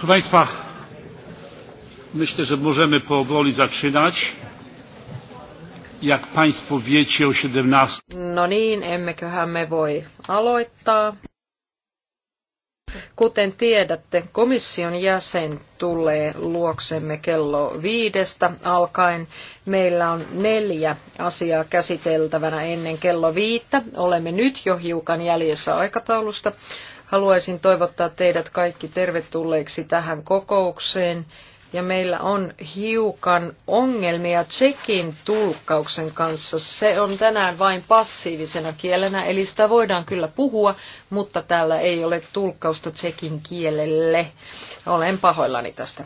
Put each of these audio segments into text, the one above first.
Proszę Państwa, myślę, że możemy powoli zaczynać. Jak Państwo wiecie o 17. No niin, emmeköhän me voi aloittaa. Kuten tiedätte, komission jäsen tulee luoksemme kello viidestä alkaen. Meillä on neljä asiaa käsiteltävänä ennen kello viittä. Olemme nyt jo hiukan jäljessä aikataulusta. Haluaisin toivottaa teidät kaikki tervetulleiksi tähän kokoukseen. Ja meillä on hiukan ongelmia Tsekin tulkkauksen kanssa. Se on tänään vain passiivisena kielenä, eli sitä voidaan kyllä puhua, mutta täällä ei ole tulkkausta Tsekin kielelle. Olen pahoillani tästä.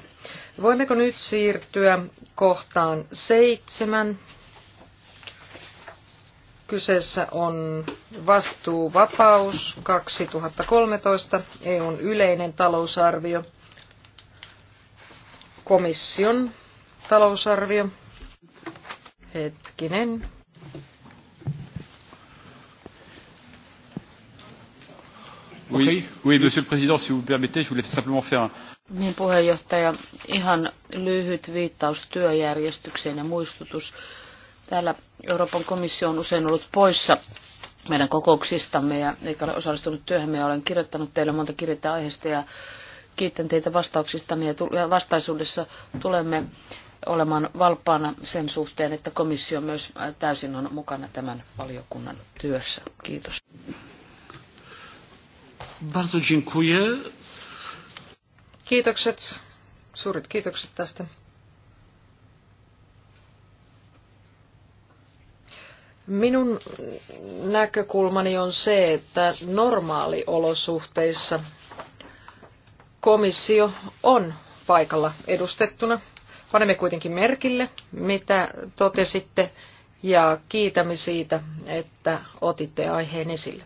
Voimmeko nyt siirtyä kohtaan seitsemän? Kyseessä on vastuuvapaus 2013, EUn yleinen talousarvio, komission talousarvio. Hetkinen. Oui, oui, monsieur le président, si vous permettez, je voulais simplement faire un... Niin puheenjohtaja, ihan lyhyt viittaus työjärjestykseen ja muistutus Täällä Euroopan komissio on usein ollut poissa meidän kokouksistamme ja eikä ole osallistunut työhömme ja olen kirjoittanut teille monta kirjettä aiheesta ja kiitän teitä vastauksista ja vastaisuudessa tulemme olemaan valppaana sen suhteen, että komissio myös äh, täysin on mukana tämän valiokunnan työssä. Kiitos. Bardzo dziękuję. Kiitokset. Suuret kiitokset tästä. Minun näkökulmani on se, että normaaliolosuhteissa komissio on paikalla edustettuna. Panemme kuitenkin merkille, mitä totesitte, ja kiitämme siitä, että otitte aiheen esille.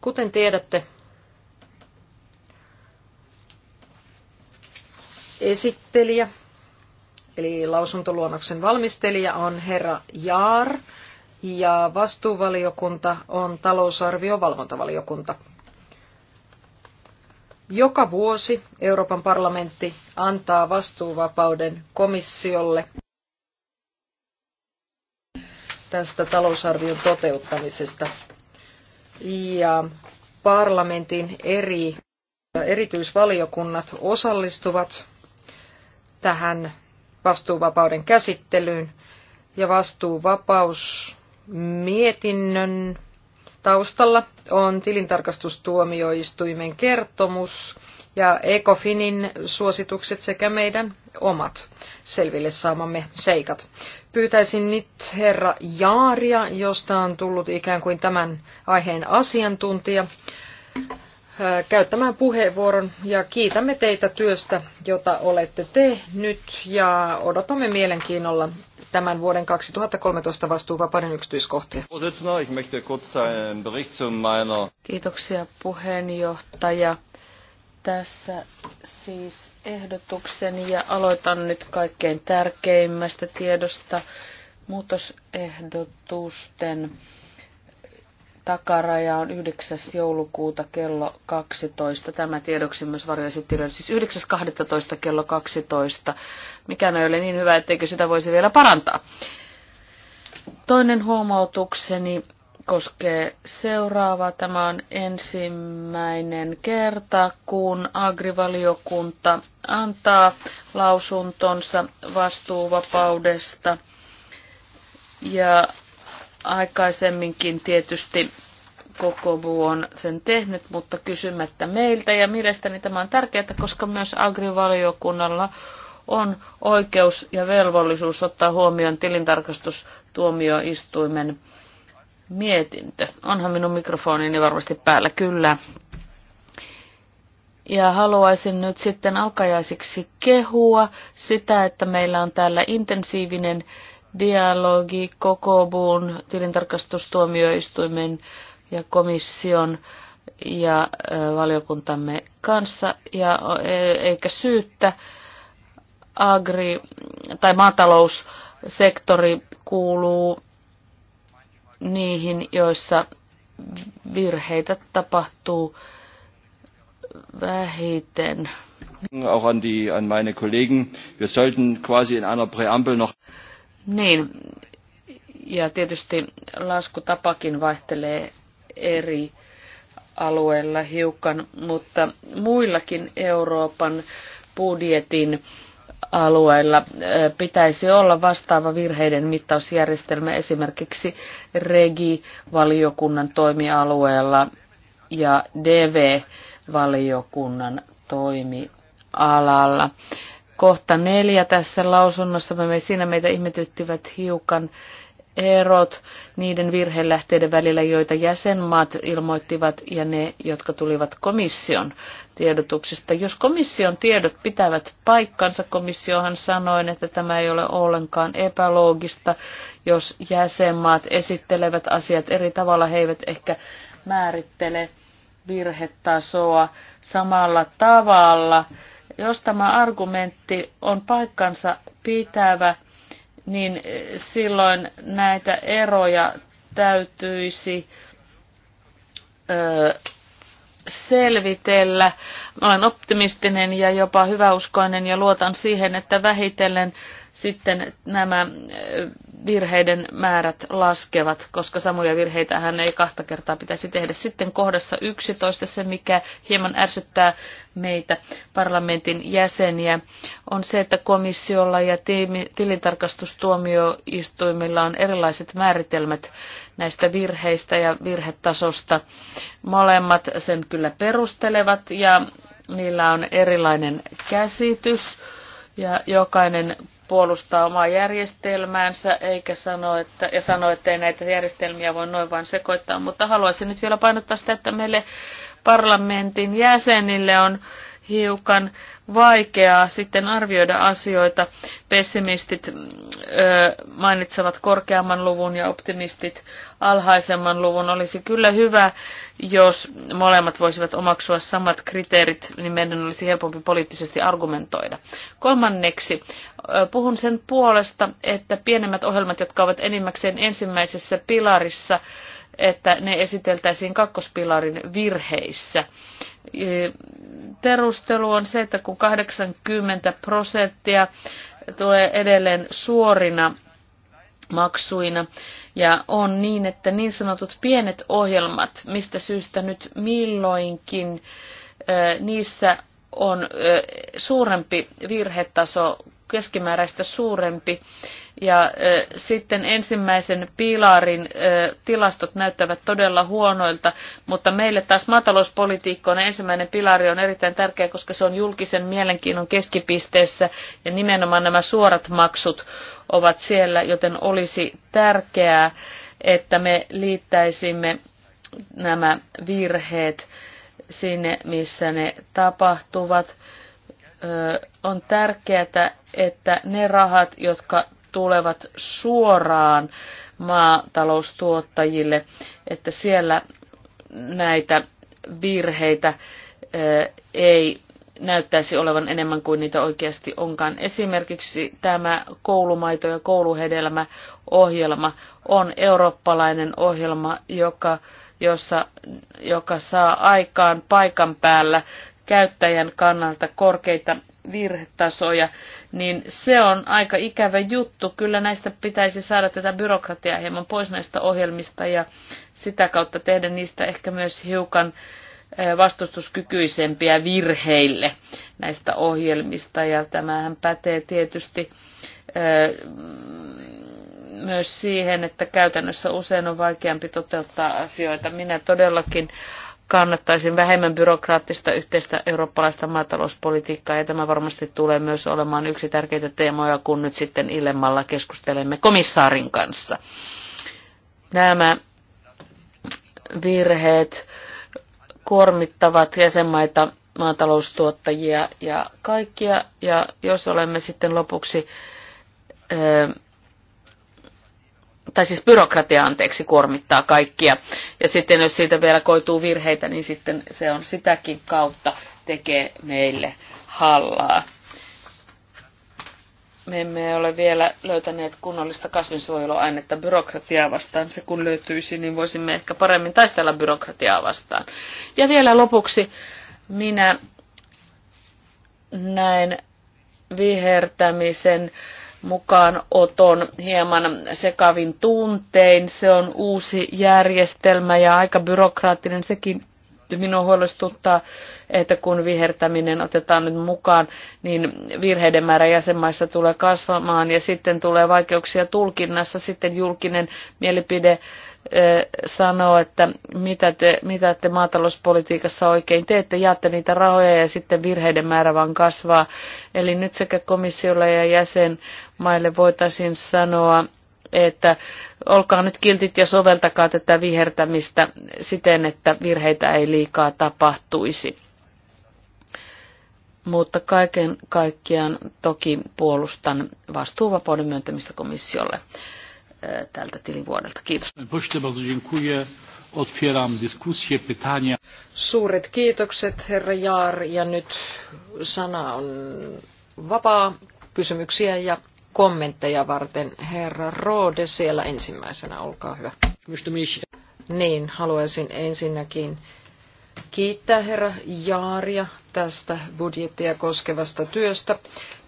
Kuten tiedätte, esittelijä, eli lausuntoluonnoksen valmistelija on herra Jaar, ja vastuuvaliokunta on talousarviovalvontavaliokunta. Joka vuosi Euroopan parlamentti antaa vastuuvapauden komissiolle tästä talousarvion toteuttamisesta. Ja parlamentin eri erityisvaliokunnat osallistuvat tähän vastuuvapauden käsittelyyn ja vastuuvapaus mietinnön taustalla on tilintarkastustuomioistuimen kertomus ja ECOFINin suositukset sekä meidän omat selville saamamme seikat. Pyytäisin nyt herra Jaaria, josta on tullut ikään kuin tämän aiheen asiantuntija, käyttämään puheenvuoron ja kiitämme teitä työstä, jota olette tehnyt ja odotamme mielenkiinnolla tämän vuoden 2013 vastuuvapauden yksityiskohtia. Kiitoksia puheenjohtaja. Tässä siis ehdotuksen ja aloitan nyt kaikkein tärkeimmästä tiedosta muutosehdotusten Takaraja on 9. joulukuuta kello 12. Tämä tiedoksi myös varjoesittelijöille. Siis 9.12. kello 12. Mikään ei ole niin hyvä, etteikö sitä voisi vielä parantaa. Toinen huomautukseni koskee seuraavaa. Tämä on ensimmäinen kerta, kun agrivaliokunta antaa lausuntonsa vastuuvapaudesta. Ja aikaisemminkin tietysti koko on sen tehnyt, mutta kysymättä meiltä. Ja mielestäni tämä on tärkeää, koska myös agrivaliokunnalla on oikeus ja velvollisuus ottaa huomioon tilintarkastustuomioistuimen mietintö. Onhan minun mikrofonini varmasti päällä, kyllä. Ja haluaisin nyt sitten alkajaisiksi kehua sitä, että meillä on täällä intensiivinen dialogi kokobuun tilintarkastustuomioistuimen ja komission ja valiokuntamme kanssa, ja eikä syyttä agri- tai maataloussektori kuuluu niihin, joissa virheitä tapahtuu vähiten. Auch an, die, an meine Kollegen. Wir sollten quasi in einer Präambel noch niin, ja tietysti laskutapakin vaihtelee eri alueilla hiukan, mutta muillakin Euroopan budjetin alueilla eh, pitäisi olla vastaava virheiden mittausjärjestelmä esimerkiksi REGI-valiokunnan toimialueella ja DV-valiokunnan toimialalla kohta neljä tässä lausunnossa. Me, siinä meitä ihmetyttivät hiukan erot niiden virhelähteiden välillä, joita jäsenmaat ilmoittivat ja ne, jotka tulivat komission tiedotuksesta. Jos komission tiedot pitävät paikkansa, komissiohan sanoi, että tämä ei ole ollenkaan epäloogista. Jos jäsenmaat esittelevät asiat eri tavalla, he eivät ehkä määrittele virhetasoa samalla tavalla. Jos tämä argumentti on paikkansa pitävä, niin silloin näitä eroja täytyisi ö, selvitellä. Olen optimistinen ja jopa hyväuskoinen ja luotan siihen, että vähitellen sitten nämä virheiden määrät laskevat, koska samoja virheitä hän ei kahta kertaa pitäisi tehdä. Sitten kohdassa 11 se, mikä hieman ärsyttää meitä parlamentin jäseniä, on se, että komissiolla ja tilintarkastustuomioistuimilla on erilaiset määritelmät näistä virheistä ja virhetasosta. Molemmat sen kyllä perustelevat ja niillä on erilainen käsitys ja jokainen puolustaa omaa järjestelmäänsä, eikä sano, että, ja sano, että ei näitä järjestelmiä voi noin vain sekoittaa. Mutta haluaisin nyt vielä painottaa sitä, että meille parlamentin jäsenille on hiukan vaikeaa sitten arvioida asioita. Pessimistit ö, mainitsevat korkeamman luvun ja optimistit alhaisemman luvun. Olisi kyllä hyvä, jos molemmat voisivat omaksua samat kriteerit, niin meidän olisi helpompi poliittisesti argumentoida. Kolmanneksi, ö, puhun sen puolesta, että pienemmät ohjelmat, jotka ovat enimmäkseen ensimmäisessä pilarissa, että ne esiteltäisiin kakkospilarin virheissä perustelu on se, että kun 80 prosenttia tulee edelleen suorina maksuina, ja on niin, että niin sanotut pienet ohjelmat, mistä syystä nyt milloinkin niissä on suurempi virhetaso, keskimääräistä suurempi, ja sitten ensimmäisen pilarin tilastot näyttävät todella huonoilta, mutta meille taas maatalouspolitiikkoon ensimmäinen pilari on erittäin tärkeä, koska se on julkisen mielenkiinnon keskipisteessä ja nimenomaan nämä suorat maksut ovat siellä, joten olisi tärkeää, että me liittäisimme nämä virheet sinne, missä ne tapahtuvat. On tärkeää, että ne rahat, jotka tulevat suoraan maataloustuottajille, että siellä näitä virheitä ei näyttäisi olevan enemmän kuin niitä oikeasti onkaan. Esimerkiksi tämä koulumaito- ja kouluhedelmäohjelma on eurooppalainen ohjelma, joka, jossa, joka saa aikaan paikan päällä käyttäjän kannalta korkeita virhetasoja, niin se on aika ikävä juttu. Kyllä näistä pitäisi saada tätä byrokratiaa hieman pois näistä ohjelmista ja sitä kautta tehdä niistä ehkä myös hiukan eh, vastustuskykyisempiä virheille näistä ohjelmista. Ja tämähän pätee tietysti eh, myös siihen, että käytännössä usein on vaikeampi toteuttaa asioita. Minä todellakin kannattaisin vähemmän byrokraattista yhteistä eurooppalaista maatalouspolitiikkaa, ja tämä varmasti tulee myös olemaan yksi tärkeitä teemoja, kun nyt sitten illemmalla keskustelemme komissaarin kanssa. Nämä virheet kuormittavat jäsenmaita, maataloustuottajia ja kaikkia, ja jos olemme sitten lopuksi tai siis byrokratia anteeksi kuormittaa kaikkia. Ja sitten jos siitä vielä koituu virheitä, niin sitten se on sitäkin kautta tekee meille hallaa. Me emme ole vielä löytäneet kunnollista kasvinsuojeluainetta byrokratiaa vastaan. Se kun löytyisi, niin voisimme ehkä paremmin taistella byrokratiaa vastaan. Ja vielä lopuksi minä näen vihertämisen äh, mukaan oton hieman sekavin tuntein. Se on uusi järjestelmä ja aika byrokraattinen sekin minua huolestuttaa, että kun vihertäminen otetaan nyt mukaan, niin virheiden määrä jäsenmaissa tulee kasvamaan ja sitten tulee vaikeuksia tulkinnassa. Sitten julkinen mielipide sanoo, että mitä te, mitä te maatalouspolitiikassa oikein teette, jaatte niitä rahoja ja sitten virheiden määrä vaan kasvaa. Eli nyt sekä komissiolle ja jäsenmaille voitaisiin sanoa, että olkaa nyt kiltit ja soveltakaa tätä vihertämistä siten, että virheitä ei liikaa tapahtuisi. Mutta kaiken kaikkiaan toki puolustan vastuuvapauden myöntämistä komissiolle tältä tilivuodelta. Kiitos. Otwieram dyskusję, pytania. Suuret kiitokset, herra Jaar, ja nyt sana on vapaa kysymyksiä ja kommentteja varten. Herra Rode siellä ensimmäisenä, olkaa hyvä. Niin, haluaisin ensinnäkin kiittää herra Jaaria tästä budjettia koskevasta työstä.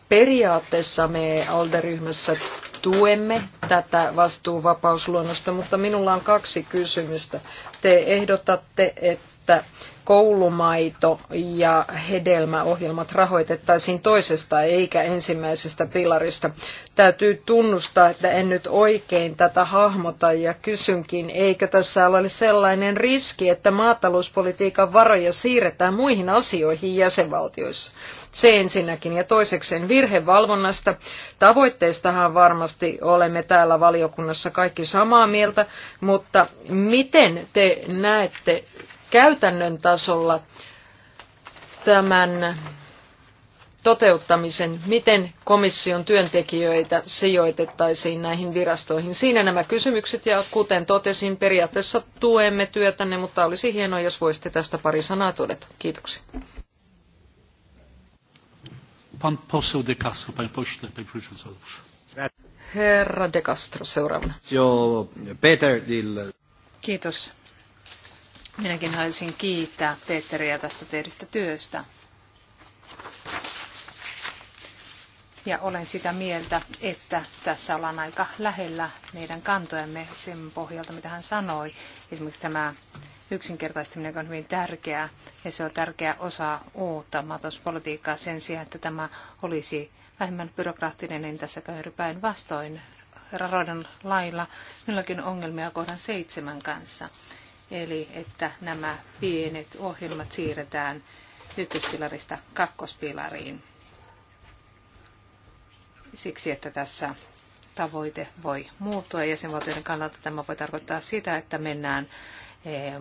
Periaatteessa me ALDE-ryhmässä tuemme tätä vastuuvapausluonnosta, mutta minulla on kaksi kysymystä. Te ehdotatte, että koulumaito- ja hedelmäohjelmat rahoitettaisiin toisesta eikä ensimmäisestä pilarista. Täytyy tunnustaa, että en nyt oikein tätä hahmota ja kysynkin, eikö tässä ole sellainen riski, että maatalouspolitiikan varoja siirretään muihin asioihin jäsenvaltioissa. Se ensinnäkin ja toisekseen virhevalvonnasta. Tavoitteistahan varmasti olemme täällä valiokunnassa kaikki samaa mieltä, mutta miten te näette käytännön tasolla tämän toteuttamisen, miten komission työntekijöitä sijoitettaisiin näihin virastoihin. Siinä nämä kysymykset ja kuten totesin, periaatteessa tuemme työtänne, mutta olisi hienoa, jos voisitte tästä pari sanaa todeta. Kiitoksia. Pan Castro, Herra de Castro, seuraavana. Kiitos Minäkin haluaisin kiittää Peetteriä tästä tehdystä työstä. Ja olen sitä mieltä, että tässä ollaan aika lähellä meidän kantojemme sen pohjalta, mitä hän sanoi. Esimerkiksi tämä yksinkertaistaminen on hyvin tärkeää ja se on tärkeä osa uutta maatalouspolitiikkaa sen sijaan, että tämä olisi vähemmän byrokraattinen, niin tässä käyry vastoin Raroiden lailla minullakin ongelmia kohdan seitsemän kanssa eli että nämä pienet ohjelmat siirretään ykköspilarista kakkospilariin. Siksi, että tässä tavoite voi muuttua. ja Jäsenvaltioiden kannalta tämä voi tarkoittaa sitä, että mennään eh,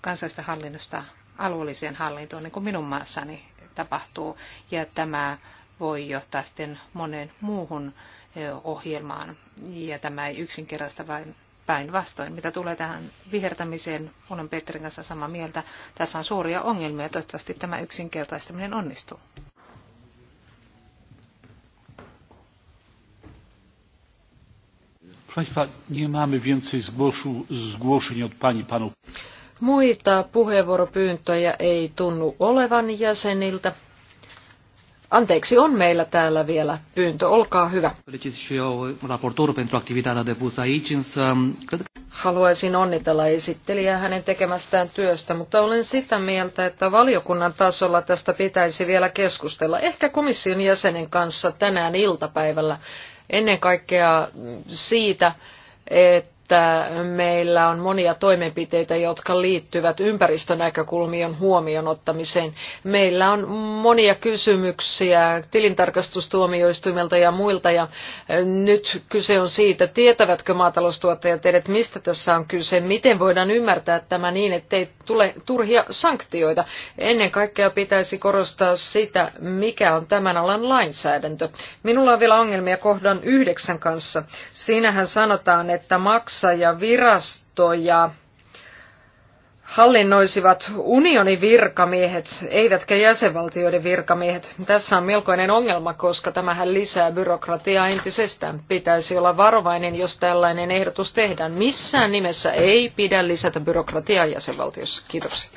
kansallista hallinnosta alueelliseen hallintoon, niin kuin minun maassani tapahtuu. Ja tämä voi johtaa sitten moneen muuhun eh, ohjelmaan. Ja tämä ei yksinkertaista vain päinvastoin. Mitä tulee tähän vihertämiseen, olen Petterin kanssa samaa mieltä. Tässä on suuria ongelmia. Toivottavasti tämä yksinkertaistaminen onnistuu. Muita puheenvuoropyyntöjä ei tunnu olevan jäseniltä. Anteeksi, on meillä täällä vielä pyyntö. Olkaa hyvä. Haluaisin onnitella esittelijää hänen tekemästään työstä, mutta olen sitä mieltä, että valiokunnan tasolla tästä pitäisi vielä keskustella. Ehkä komission jäsenen kanssa tänään iltapäivällä. Ennen kaikkea siitä, että että meillä on monia toimenpiteitä, jotka liittyvät ympäristönäkökulmien huomioon ottamiseen. Meillä on monia kysymyksiä tilintarkastustuomioistuimelta ja muilta ja nyt kyse on siitä, tietävätkö maataloustuottajat edet, mistä tässä on kyse, miten voidaan ymmärtää tämä niin, ettei tule turhia sanktioita. Ennen kaikkea pitäisi korostaa sitä, mikä on tämän alan lainsäädäntö. Minulla on vielä ongelmia kohdan yhdeksän kanssa. Siinähän sanotaan, että maks kansa ja virastoja hallinnoisivat unionin virkamiehet, eivätkä jäsenvaltioiden virkamiehet. Tässä on melkoinen ongelma, koska tämähän lisää byrokratiaa entisestään. Pitäisi olla varovainen, jos tällainen ehdotus tehdään. Missään nimessä ei pidä lisätä byrokratiaa jäsenvaltiossa. Kiitoksia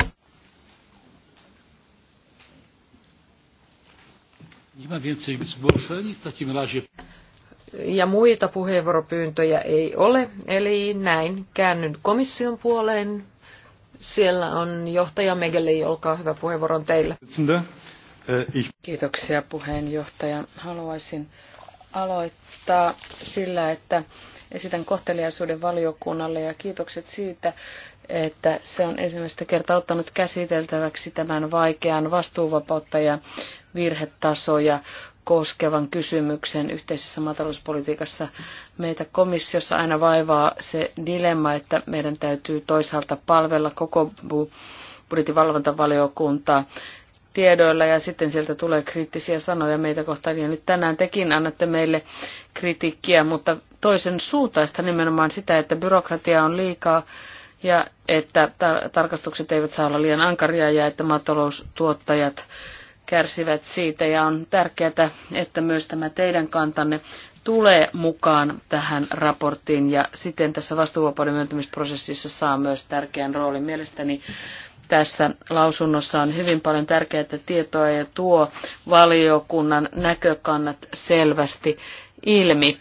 ja muita puheenvuoropyyntöjä ei ole, eli näin käännyn komission puoleen. Siellä on johtaja Megeli, olkaa hyvä puheenvuoron teille. Kiitoksia puheenjohtaja. Haluaisin aloittaa sillä, että esitän kohteliaisuuden valiokunnalle ja kiitokset siitä, että se on ensimmäistä kertaa ottanut käsiteltäväksi tämän vaikean vastuuvapautta ja virhetasoja koskevan kysymyksen yhteisessä maatalouspolitiikassa. Meitä komissiossa aina vaivaa se dilemma, että meidän täytyy toisaalta palvella koko budjetinvalvontavaliokuntaa tiedoilla ja sitten sieltä tulee kriittisiä sanoja meitä kohtaan. Ja nyt tänään tekin annatte meille kritiikkiä, mutta toisen suuntaista nimenomaan sitä, että byrokratia on liikaa ja että tarkastukset eivät saa olla liian ankaria ja että maataloustuottajat kärsivät siitä ja on tärkeää, että myös tämä teidän kantanne tulee mukaan tähän raporttiin ja siten tässä vastuuvapauden myöntämisprosessissa saa myös tärkeän roolin. Mielestäni tässä lausunnossa on hyvin paljon tärkeää tietoa ja tuo valiokunnan näkökannat selvästi ilmi.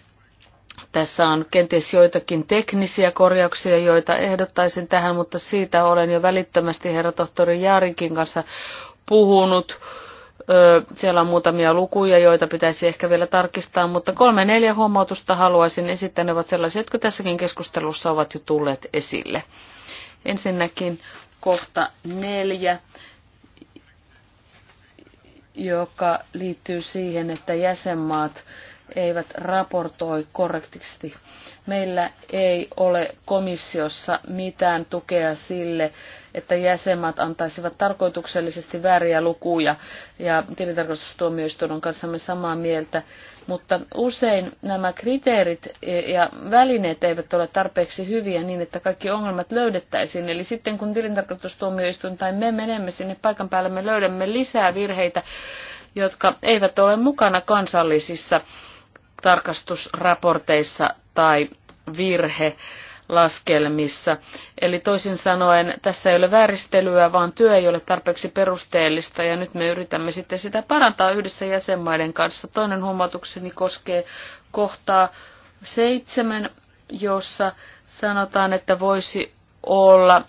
Tässä on kenties joitakin teknisiä korjauksia, joita ehdottaisin tähän, mutta siitä olen jo välittömästi herra tohtori Jaarinkin kanssa puhunut siellä on muutamia lukuja, joita pitäisi ehkä vielä tarkistaa, mutta kolme neljä huomautusta haluaisin esittää. Ne ovat sellaisia, jotka tässäkin keskustelussa ovat jo tulleet esille. Ensinnäkin kohta neljä, joka liittyy siihen, että jäsenmaat eivät raportoi korrektisti. Meillä ei ole komissiossa mitään tukea sille, että jäsenmaat antaisivat tarkoituksellisesti vääriä lukuja, ja tilintarkastustuomioistuin on kanssamme samaa mieltä, mutta usein nämä kriteerit ja välineet eivät ole tarpeeksi hyviä niin, että kaikki ongelmat löydettäisiin. Eli sitten kun tilintarkastustuomioistuin tai me menemme sinne paikan päälle, me löydämme lisää virheitä, jotka eivät ole mukana kansallisissa tarkastusraporteissa tai virhe laskelmissa. Eli toisin sanoen tässä ei ole vääristelyä, vaan työ ei ole tarpeeksi perusteellista ja nyt me yritämme sitten sitä parantaa yhdessä jäsenmaiden kanssa. Toinen huomautukseni koskee kohtaa seitsemän, jossa sanotaan, että voisi olla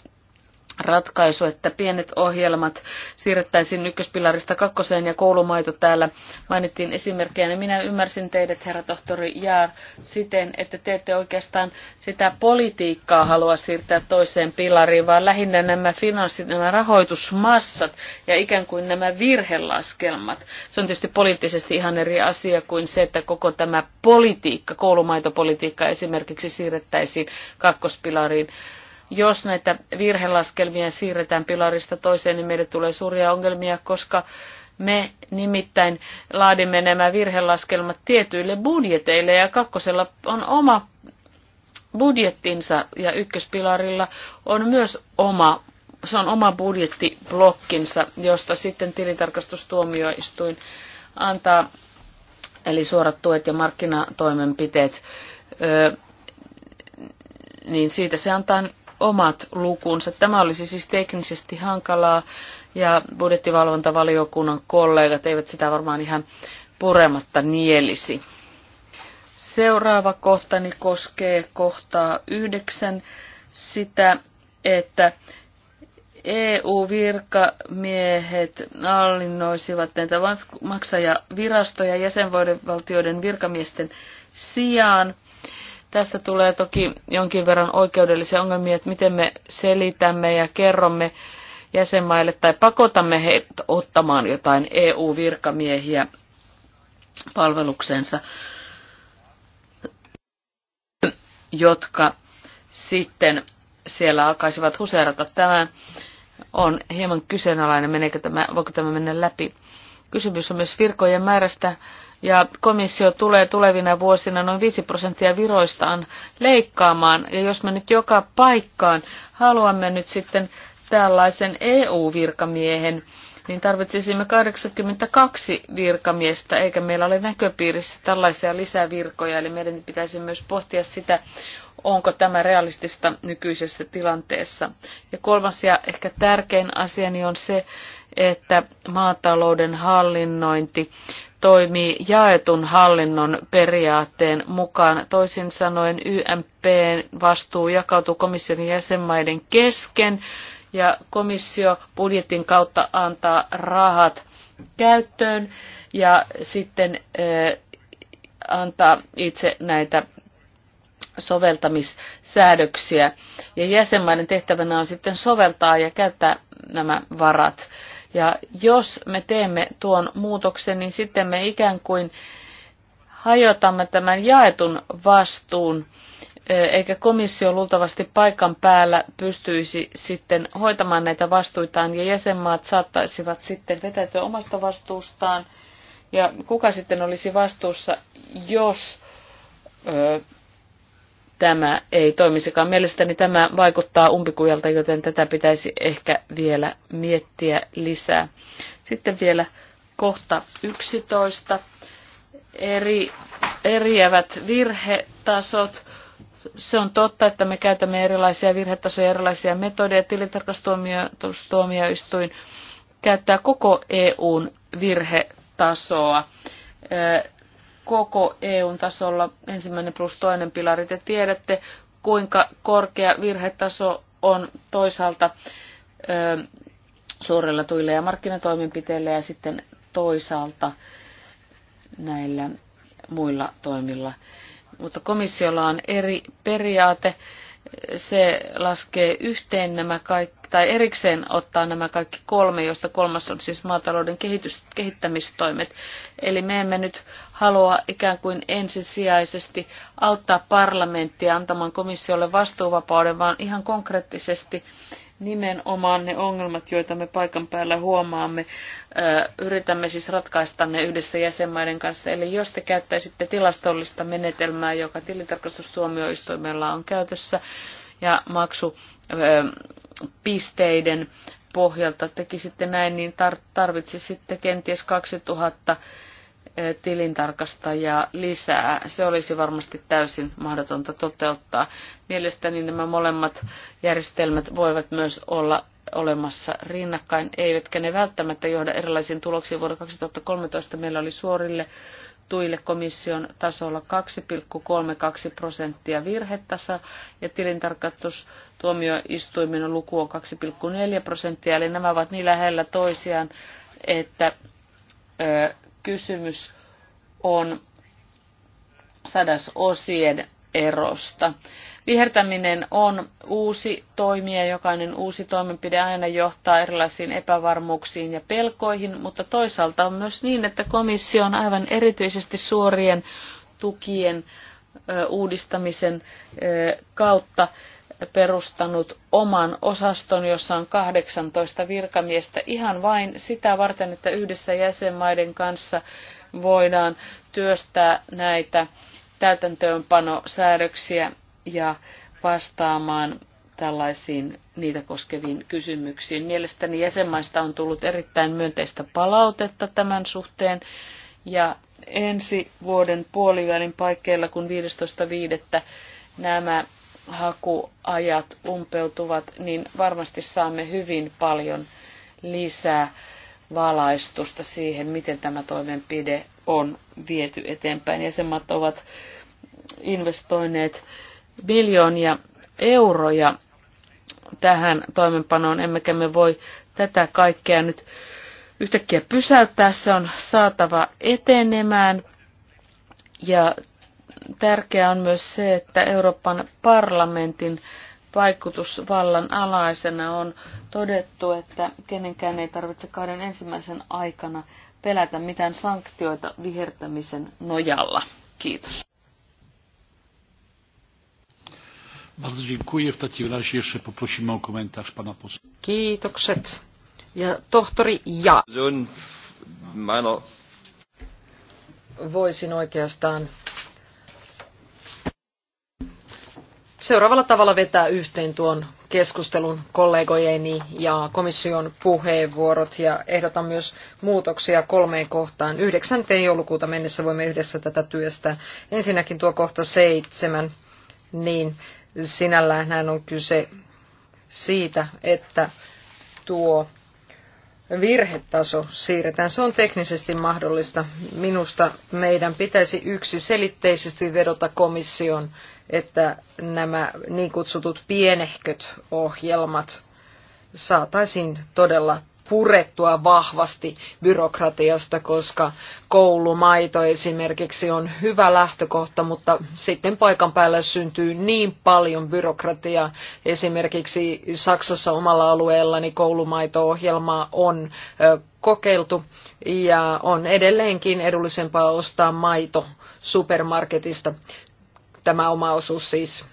ratkaisu, että pienet ohjelmat siirrettäisiin ykköspilarista kakkoseen ja koulumaito täällä mainittiin esimerkkejä, niin minä ymmärsin teidät, herra tohtori Jaar, siten, että te ette oikeastaan sitä politiikkaa halua siirtää toiseen pilariin, vaan lähinnä nämä finanssit, nämä rahoitusmassat ja ikään kuin nämä virhelaskelmat. Se on tietysti poliittisesti ihan eri asia kuin se, että koko tämä politiikka, koulumaitopolitiikka esimerkiksi siirrettäisiin kakkospilariin jos näitä virhelaskelmia siirretään pilarista toiseen, niin meille tulee suuria ongelmia, koska me nimittäin laadimme nämä virhelaskelmat tietyille budjeteille ja kakkosella on oma budjettinsa ja ykköspilarilla on myös oma, se on oma budjettiblokkinsa, josta sitten tilintarkastustuomioistuin antaa, eli suorat tuet ja markkinatoimenpiteet, öö, niin siitä se antaa omat lukunsa. Tämä olisi siis teknisesti hankalaa ja budjettivalvontavaliokunnan kollegat eivät sitä varmaan ihan purematta nielisi. Seuraava kohtani koskee kohtaa yhdeksän sitä, että EU-virkamiehet hallinnoisivat näitä maksajavirastoja jäsenvaltioiden virkamiesten sijaan. Tästä tulee toki jonkin verran oikeudellisia ongelmia, että miten me selitämme ja kerromme jäsenmaille tai pakotamme heitä ottamaan jotain EU-virkamiehiä palveluksensa, jotka sitten siellä alkaisivat huseerata. Tämä on hieman kyseenalainen, meneekö tämä, voiko tämä mennä läpi. Kysymys on myös virkojen määrästä ja komissio tulee tulevina vuosina noin 5 prosenttia viroistaan leikkaamaan. Ja jos me nyt joka paikkaan haluamme nyt sitten tällaisen EU-virkamiehen, niin tarvitsisimme 82 virkamiestä, eikä meillä ole näköpiirissä tällaisia lisävirkoja. Eli meidän pitäisi myös pohtia sitä, onko tämä realistista nykyisessä tilanteessa. Ja kolmas ja ehkä tärkein asiani niin on se, että maatalouden hallinnointi toimii jaetun hallinnon periaatteen mukaan. Toisin sanoen YMP vastuu jakautuu komission jäsenmaiden kesken ja komissio budjetin kautta antaa rahat käyttöön ja sitten antaa itse näitä soveltamissäädöksiä. Ja jäsenmaiden tehtävänä on sitten soveltaa ja käyttää nämä varat. Ja jos me teemme tuon muutoksen, niin sitten me ikään kuin hajotamme tämän jaetun vastuun, e, eikä komissio luultavasti paikan päällä pystyisi sitten hoitamaan näitä vastuitaan, ja jäsenmaat saattaisivat sitten vetäytyä omasta vastuustaan, ja kuka sitten olisi vastuussa, jos e, tämä ei toimisikaan. Mielestäni tämä vaikuttaa umpikujalta, joten tätä pitäisi ehkä vielä miettiä lisää. Sitten vielä kohta 11. Eri, eriävät virhetasot. Se on totta, että me käytämme erilaisia virhetasoja, erilaisia metodeja. Tilintarkastuomioistuin käyttää koko EUn virhetasoa koko EUn tasolla, ensimmäinen plus toinen pilari. Te tiedätte, kuinka korkea virhetaso on toisaalta ö, suurella tuilla ja markkinatoimenpiteillä ja sitten toisaalta näillä muilla toimilla. Mutta komissiolla on eri periaate. Se laskee yhteen nämä kaikki tai erikseen ottaa nämä kaikki kolme, joista kolmas on siis maatalouden kehitys, kehittämistoimet. Eli me emme nyt halua ikään kuin ensisijaisesti auttaa parlamenttia antamaan komissiolle vastuuvapauden, vaan ihan konkreettisesti nimenomaan ne ongelmat, joita me paikan päällä huomaamme, yritämme siis ratkaista ne yhdessä jäsenmaiden kanssa. Eli jos te käyttäisitte tilastollista menetelmää, joka tilintarkastustuomioistuimella on käytössä, ja maksu pisteiden pohjalta tekisitte näin, niin tar- sitten kenties 2000 eh, tilintarkastajaa lisää. Se olisi varmasti täysin mahdotonta toteuttaa. Mielestäni nämä molemmat järjestelmät voivat myös olla olemassa rinnakkain, eivätkä ne välttämättä johda erilaisiin tuloksiin. Vuonna 2013 meillä oli suorille tuille komission tasolla 2,32 prosenttia virhetasa ja tilintarkastustuomioistuimen luku on 2,4 prosenttia. Eli nämä ovat niin lähellä toisiaan, että ö, kysymys on sadasosien erosta. Vihertäminen on uusi toimi ja jokainen uusi toimenpide aina johtaa erilaisiin epävarmuuksiin ja pelkoihin, mutta toisaalta on myös niin, että komissio on aivan erityisesti suorien tukien uudistamisen kautta perustanut oman osaston, jossa on 18 virkamiestä ihan vain sitä varten, että yhdessä jäsenmaiden kanssa voidaan työstää näitä täytäntöönpanosäädöksiä ja vastaamaan tällaisiin niitä koskeviin kysymyksiin. Mielestäni jäsenmaista on tullut erittäin myönteistä palautetta tämän suhteen ja ensi vuoden puolivälin paikkeilla, kun 15.5. nämä hakuajat umpeutuvat, niin varmasti saamme hyvin paljon lisää valaistusta siihen, miten tämä toimenpide on viety eteenpäin. Jäsenmaat ovat investoineet miljoonia euroja tähän toimenpanoon, emmekä me voi tätä kaikkea nyt yhtäkkiä pysäyttää. Se on saatava etenemään. Ja tärkeää on myös se, että Euroopan parlamentin vaikutusvallan alaisena on todettu, että kenenkään ei tarvitse kahden ensimmäisen aikana pelätä mitään sanktioita vihertämisen nojalla. Kiitos. Bardzo dziękuję. W takim razie jeszcze poprosimy o komentarz pana posła. Kiitokset. Ja tohtori Ja. Voisin oikeastaan seuraavalla tavalla vetää yhteen tuon keskustelun kollegojeni ja komission puheenvuorot ja ehdotan myös muutoksia kolmeen kohtaan. 9. joulukuuta mennessä voimme yhdessä tätä työstä. Ensinnäkin tuo kohta seitsemän, niin Sinällään hän on kyse siitä, että tuo virhetaso siirretään. Se on teknisesti mahdollista. Minusta meidän pitäisi yksi selitteisesti vedota komission, että nämä niin kutsutut pienehköt ohjelmat saataisiin todella purettua vahvasti byrokratiasta, koska koulumaito esimerkiksi on hyvä lähtökohta, mutta sitten paikan päällä syntyy niin paljon byrokratiaa. Esimerkiksi Saksassa omalla alueellani koulumaito-ohjelmaa on kokeiltu ja on edelleenkin edullisempaa ostaa maito supermarketista. Tämä oma osuus siis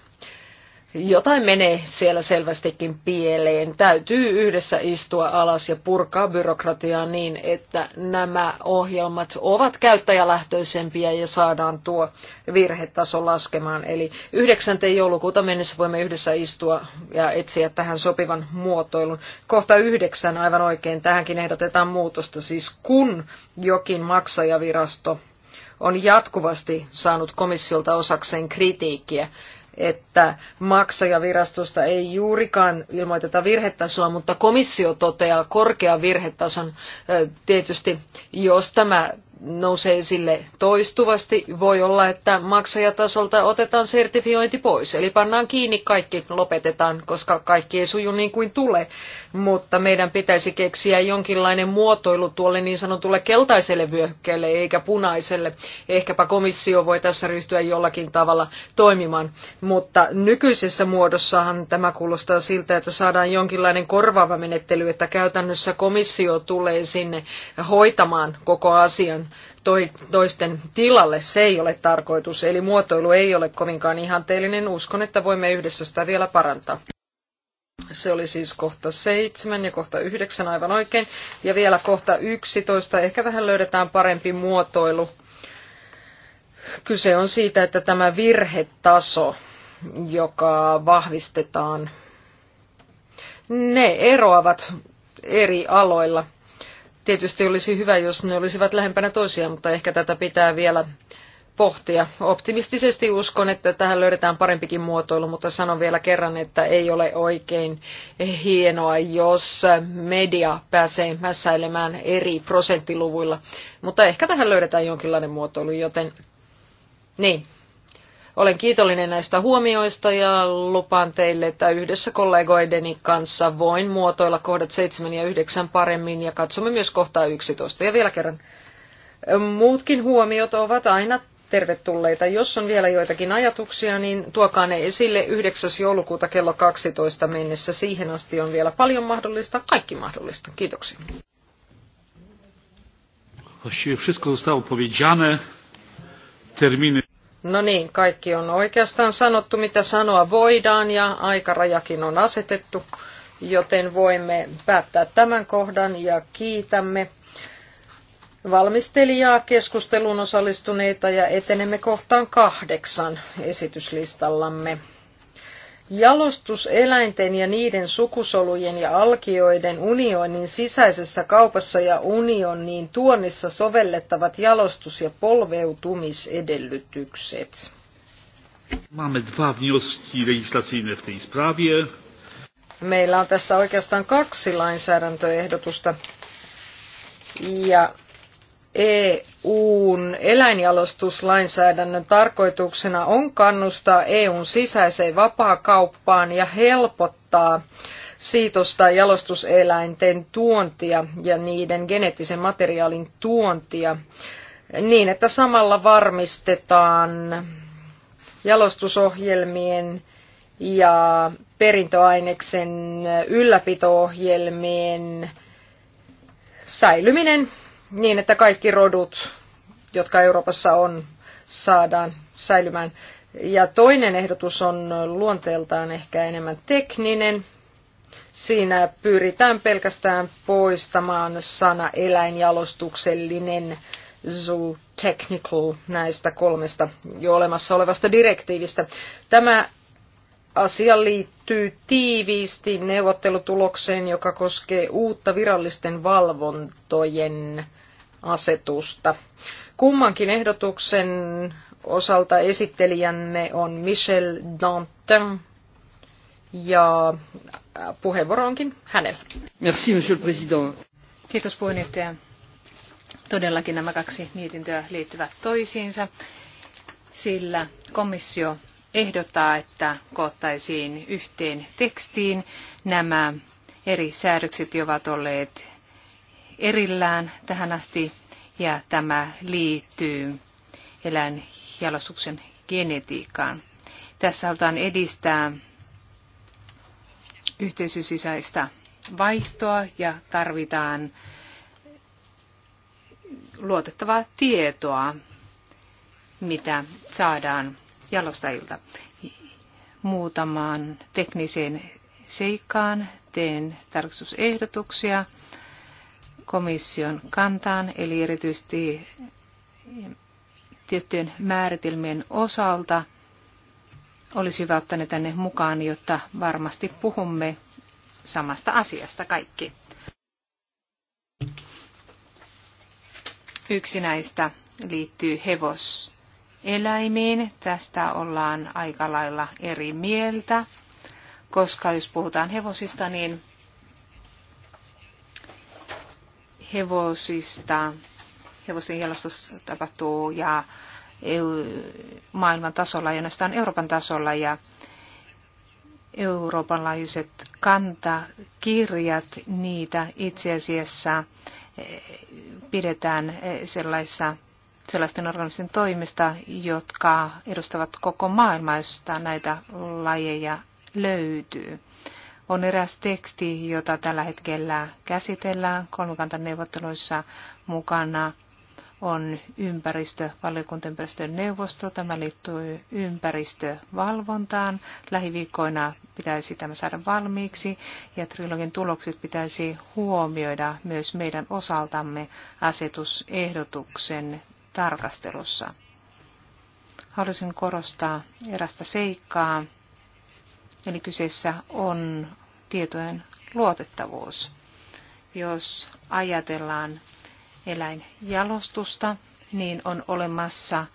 jotain menee siellä selvästikin pieleen. Täytyy yhdessä istua alas ja purkaa byrokratiaa niin, että nämä ohjelmat ovat käyttäjälähtöisempiä ja saadaan tuo virhetaso laskemaan. Eli 9. joulukuuta mennessä voimme yhdessä istua ja etsiä tähän sopivan muotoilun. Kohta 9 aivan oikein. Tähänkin ehdotetaan muutosta. Siis kun jokin maksajavirasto on jatkuvasti saanut komissiolta osakseen kritiikkiä, että maksajavirastosta ei juurikaan ilmoiteta virhetasoa, mutta komissio toteaa korkean virhetason. Tietysti jos tämä nousee esille toistuvasti. Voi olla, että maksajatasolta otetaan sertifiointi pois, eli pannaan kiinni kaikki, lopetetaan, koska kaikki ei suju niin kuin tulee. Mutta meidän pitäisi keksiä jonkinlainen muotoilu tuolle niin sanotulle keltaiselle vyöhykkeelle eikä punaiselle. Ehkäpä komissio voi tässä ryhtyä jollakin tavalla toimimaan. Mutta nykyisessä muodossahan tämä kuulostaa siltä, että saadaan jonkinlainen korvaava menettely, että käytännössä komissio tulee sinne hoitamaan koko asian toisten tilalle. Se ei ole tarkoitus, eli muotoilu ei ole kovinkaan ihanteellinen. Uskon, että voimme yhdessä sitä vielä parantaa. Se oli siis kohta 7 ja kohta 9 aivan oikein. Ja vielä kohta 11. Ehkä tähän löydetään parempi muotoilu. Kyse on siitä, että tämä virhetaso, joka vahvistetaan, ne eroavat eri aloilla. Tietysti olisi hyvä, jos ne olisivat lähempänä toisiaan, mutta ehkä tätä pitää vielä pohtia. Optimistisesti uskon, että tähän löydetään parempikin muotoilu, mutta sanon vielä kerran, että ei ole oikein hienoa, jos media pääsee mässäilemään eri prosenttiluvuilla. Mutta ehkä tähän löydetään jonkinlainen muotoilu, joten niin, olen kiitollinen näistä huomioista ja lupaan teille, että yhdessä kollegoideni kanssa voin muotoilla kohdat 7 ja 9 paremmin ja katsomme myös kohtaa 11. Ja vielä kerran, muutkin huomiot ovat aina tervetulleita. Jos on vielä joitakin ajatuksia, niin tuokaa ne esille 9. joulukuuta kello 12 mennessä. Siihen asti on vielä paljon mahdollista, kaikki mahdollista. Kiitoksia. Właściwie wszystko zostało powiedziane. Terminy No niin, kaikki on oikeastaan sanottu, mitä sanoa voidaan ja aikarajakin on asetettu, joten voimme päättää tämän kohdan ja kiitämme valmistelijaa, keskusteluun osallistuneita ja etenemme kohtaan kahdeksan esityslistallamme. Jalostus eläinten ja niiden sukusolujen ja alkioiden unionin sisäisessä kaupassa ja unionin tuonnissa sovellettavat jalostus- ja polveutumisedellytykset. Mamy dwa wnioski legislacyjne w tej sprawie. Meillä on tässä oikeastaan kaksi lainsäädäntöehdotusta. Ja EUn eläinjalostuslainsäädännön tarkoituksena on kannustaa EUn sisäiseen vapaakauppaan ja helpottaa siitosta jalostuseläinten tuontia ja niiden geneettisen materiaalin tuontia niin, että samalla varmistetaan jalostusohjelmien ja perintöaineksen ylläpitoohjelmien säilyminen niin, että kaikki rodut, jotka Euroopassa on, saadaan säilymään. Ja toinen ehdotus on luonteeltaan ehkä enemmän tekninen. Siinä pyritään pelkästään poistamaan sana eläinjalostuksellinen technical näistä kolmesta jo olemassa olevasta direktiivistä. Tämä asia liittyy tiiviisti neuvottelutulokseen, joka koskee uutta virallisten valvontojen asetusta. Kummankin ehdotuksen osalta esittelijämme on Michel Dantin ja puheenvuoro onkin hänellä. Merci, monsieur le président. Kiitos puheenjohtaja. Todellakin nämä kaksi mietintöä liittyvät toisiinsa, sillä komissio ehdottaa, että koottaisiin yhteen tekstiin nämä eri säädökset, jotka ovat olleet erillään tähän asti ja tämä liittyy eläinjalostuksen genetiikkaan. Tässä halutaan edistää yhteisösisäistä vaihtoa ja tarvitaan luotettavaa tietoa, mitä saadaan jalostajilta. Muutamaan tekniseen seikkaan teen tarkastusehdotuksia komission kantaan, eli erityisesti tiettyjen määritelmien osalta olisi hyvä ottaa ne tänne mukaan, jotta varmasti puhumme samasta asiasta kaikki. Yksi näistä liittyy hevoseläimiin. Tästä ollaan aika lailla eri mieltä, koska jos puhutaan hevosista, niin hevosista. Hevosten jalostus tapahtuu ja EU, maailman tasolla ja on Euroopan tasolla ja Euroopan laajuiset kantakirjat, niitä itse asiassa eh, pidetään eh, sellaisissa sellaisten organismien toimesta, jotka edustavat koko maailmaa, josta näitä lajeja löytyy on eräs teksti, jota tällä hetkellä käsitellään kolmikantaneuvotteluissa mukana on ympäristövaliokunta, neuvosto. Tämä liittyy ympäristövalvontaan. Lähiviikkoina pitäisi tämä saada valmiiksi ja trilogin tulokset pitäisi huomioida myös meidän osaltamme asetusehdotuksen tarkastelussa. Haluaisin korostaa erästä seikkaa, Eli kyseessä on tietojen luotettavuus. Jos ajatellaan eläinjalostusta, niin on olemassa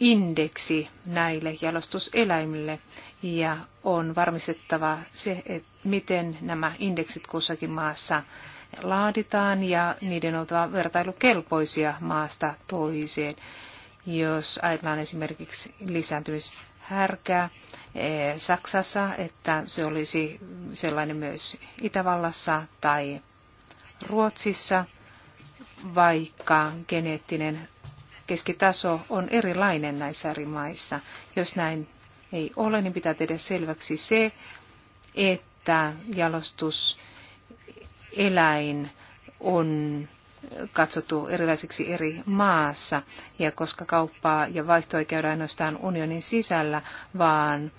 indeksi näille jalostuseläimille ja on varmistettava se, että miten nämä indeksit kussakin maassa laaditaan ja niiden on oltava vertailukelpoisia maasta toiseen. Jos ajatellaan esimerkiksi lisääntymis- härkää eh, Saksassa, että se olisi sellainen myös Itävallassa tai Ruotsissa, vaikka geneettinen keskitaso on erilainen näissä eri maissa. Jos näin ei ole, niin pitää tehdä selväksi se, että jalostuseläin on katsottu erilaisiksi eri maassa. Ja koska kauppaa ja vaihtoa ei käydä ainoastaan unionin sisällä, vaan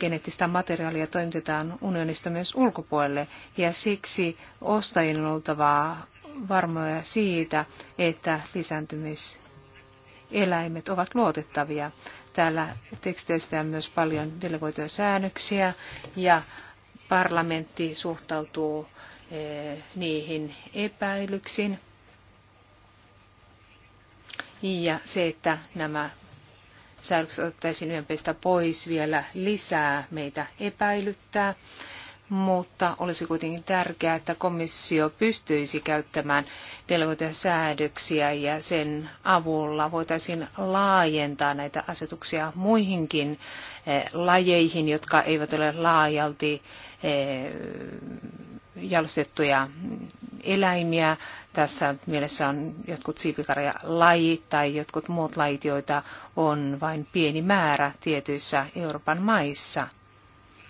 geneettistä materiaalia toimitetaan unionista myös ulkopuolelle. Ja siksi ostajien on oltava varmoja siitä, että lisääntymiseläimet ovat luotettavia. Täällä teksteistä on myös paljon delegoituja säännöksiä ja parlamentti suhtautuu Eh, niihin epäilyksiin. Ja se, että nämä säädökset otettaisiin yhden pois vielä lisää meitä epäilyttää mutta olisi kuitenkin tärkeää, että komissio pystyisi käyttämään delegoituja ja sen avulla voitaisiin laajentaa näitä asetuksia muihinkin eh, lajeihin, jotka eivät ole laajalti eh, jalostettuja eläimiä. Tässä mielessä on jotkut siipikarjalajit tai jotkut muut lajit, joita on vain pieni määrä tietyissä Euroopan maissa.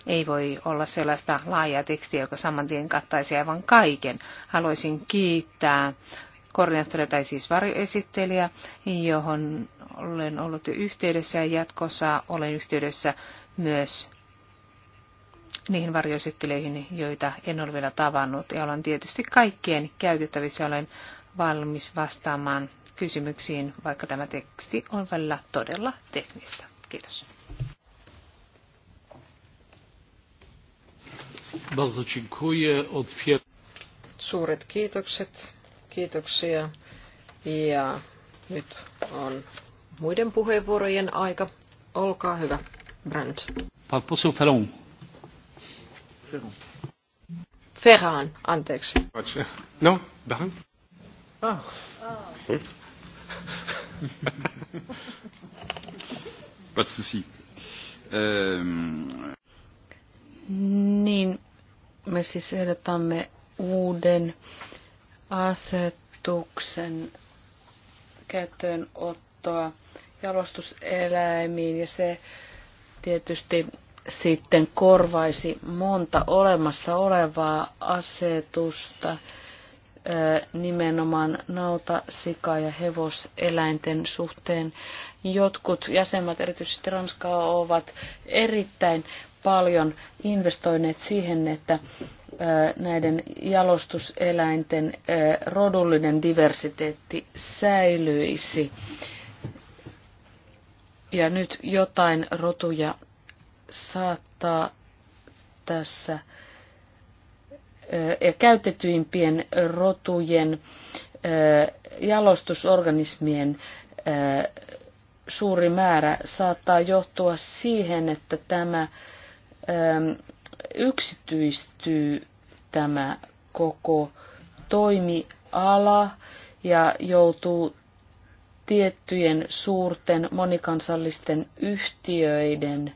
Ei voi olla sellaista laajaa tekstiä, joka saman tien kattaisi aivan kaiken. Haluaisin kiittää koordinaattoria tai siis varjoesittelijä, johon olen ollut yhteydessä ja jatkossa olen yhteydessä myös niihin varjoesittelijöihin, joita en ole vielä tavannut. Ja olen tietysti kaikkien käytettävissä, olen valmis vastaamaan kysymyksiin, vaikka tämä teksti on välillä todella teknistä. Kiitos. Bardzo dziękuję. Otwier- Suuret kiitokset. Kiitoksia. Ja nyt on muiden puheenvuorojen aika. Olkaa hyvä, Brandt. Pan poseł Ferron. Ferran, anteeksi. No, Ferran. Ah. Oh. Pas de souci. Euh... Niin, me siis ehdotamme uuden asetuksen käyttöönottoa jalostuseläimiin ja se tietysti sitten korvaisi monta olemassa olevaa asetusta nimenomaan nauta, sika ja hevoseläinten suhteen. Jotkut jäsenmaat, erityisesti Ranska, ovat erittäin paljon investoineet siihen, että näiden jalostuseläinten rodullinen diversiteetti säilyisi. Ja nyt jotain rotuja saattaa tässä ja käytetyimpien rotujen jalostusorganismien suuri määrä saattaa johtua siihen, että tämä yksityistyy tämä koko toimiala ja joutuu tiettyjen suurten monikansallisten yhtiöiden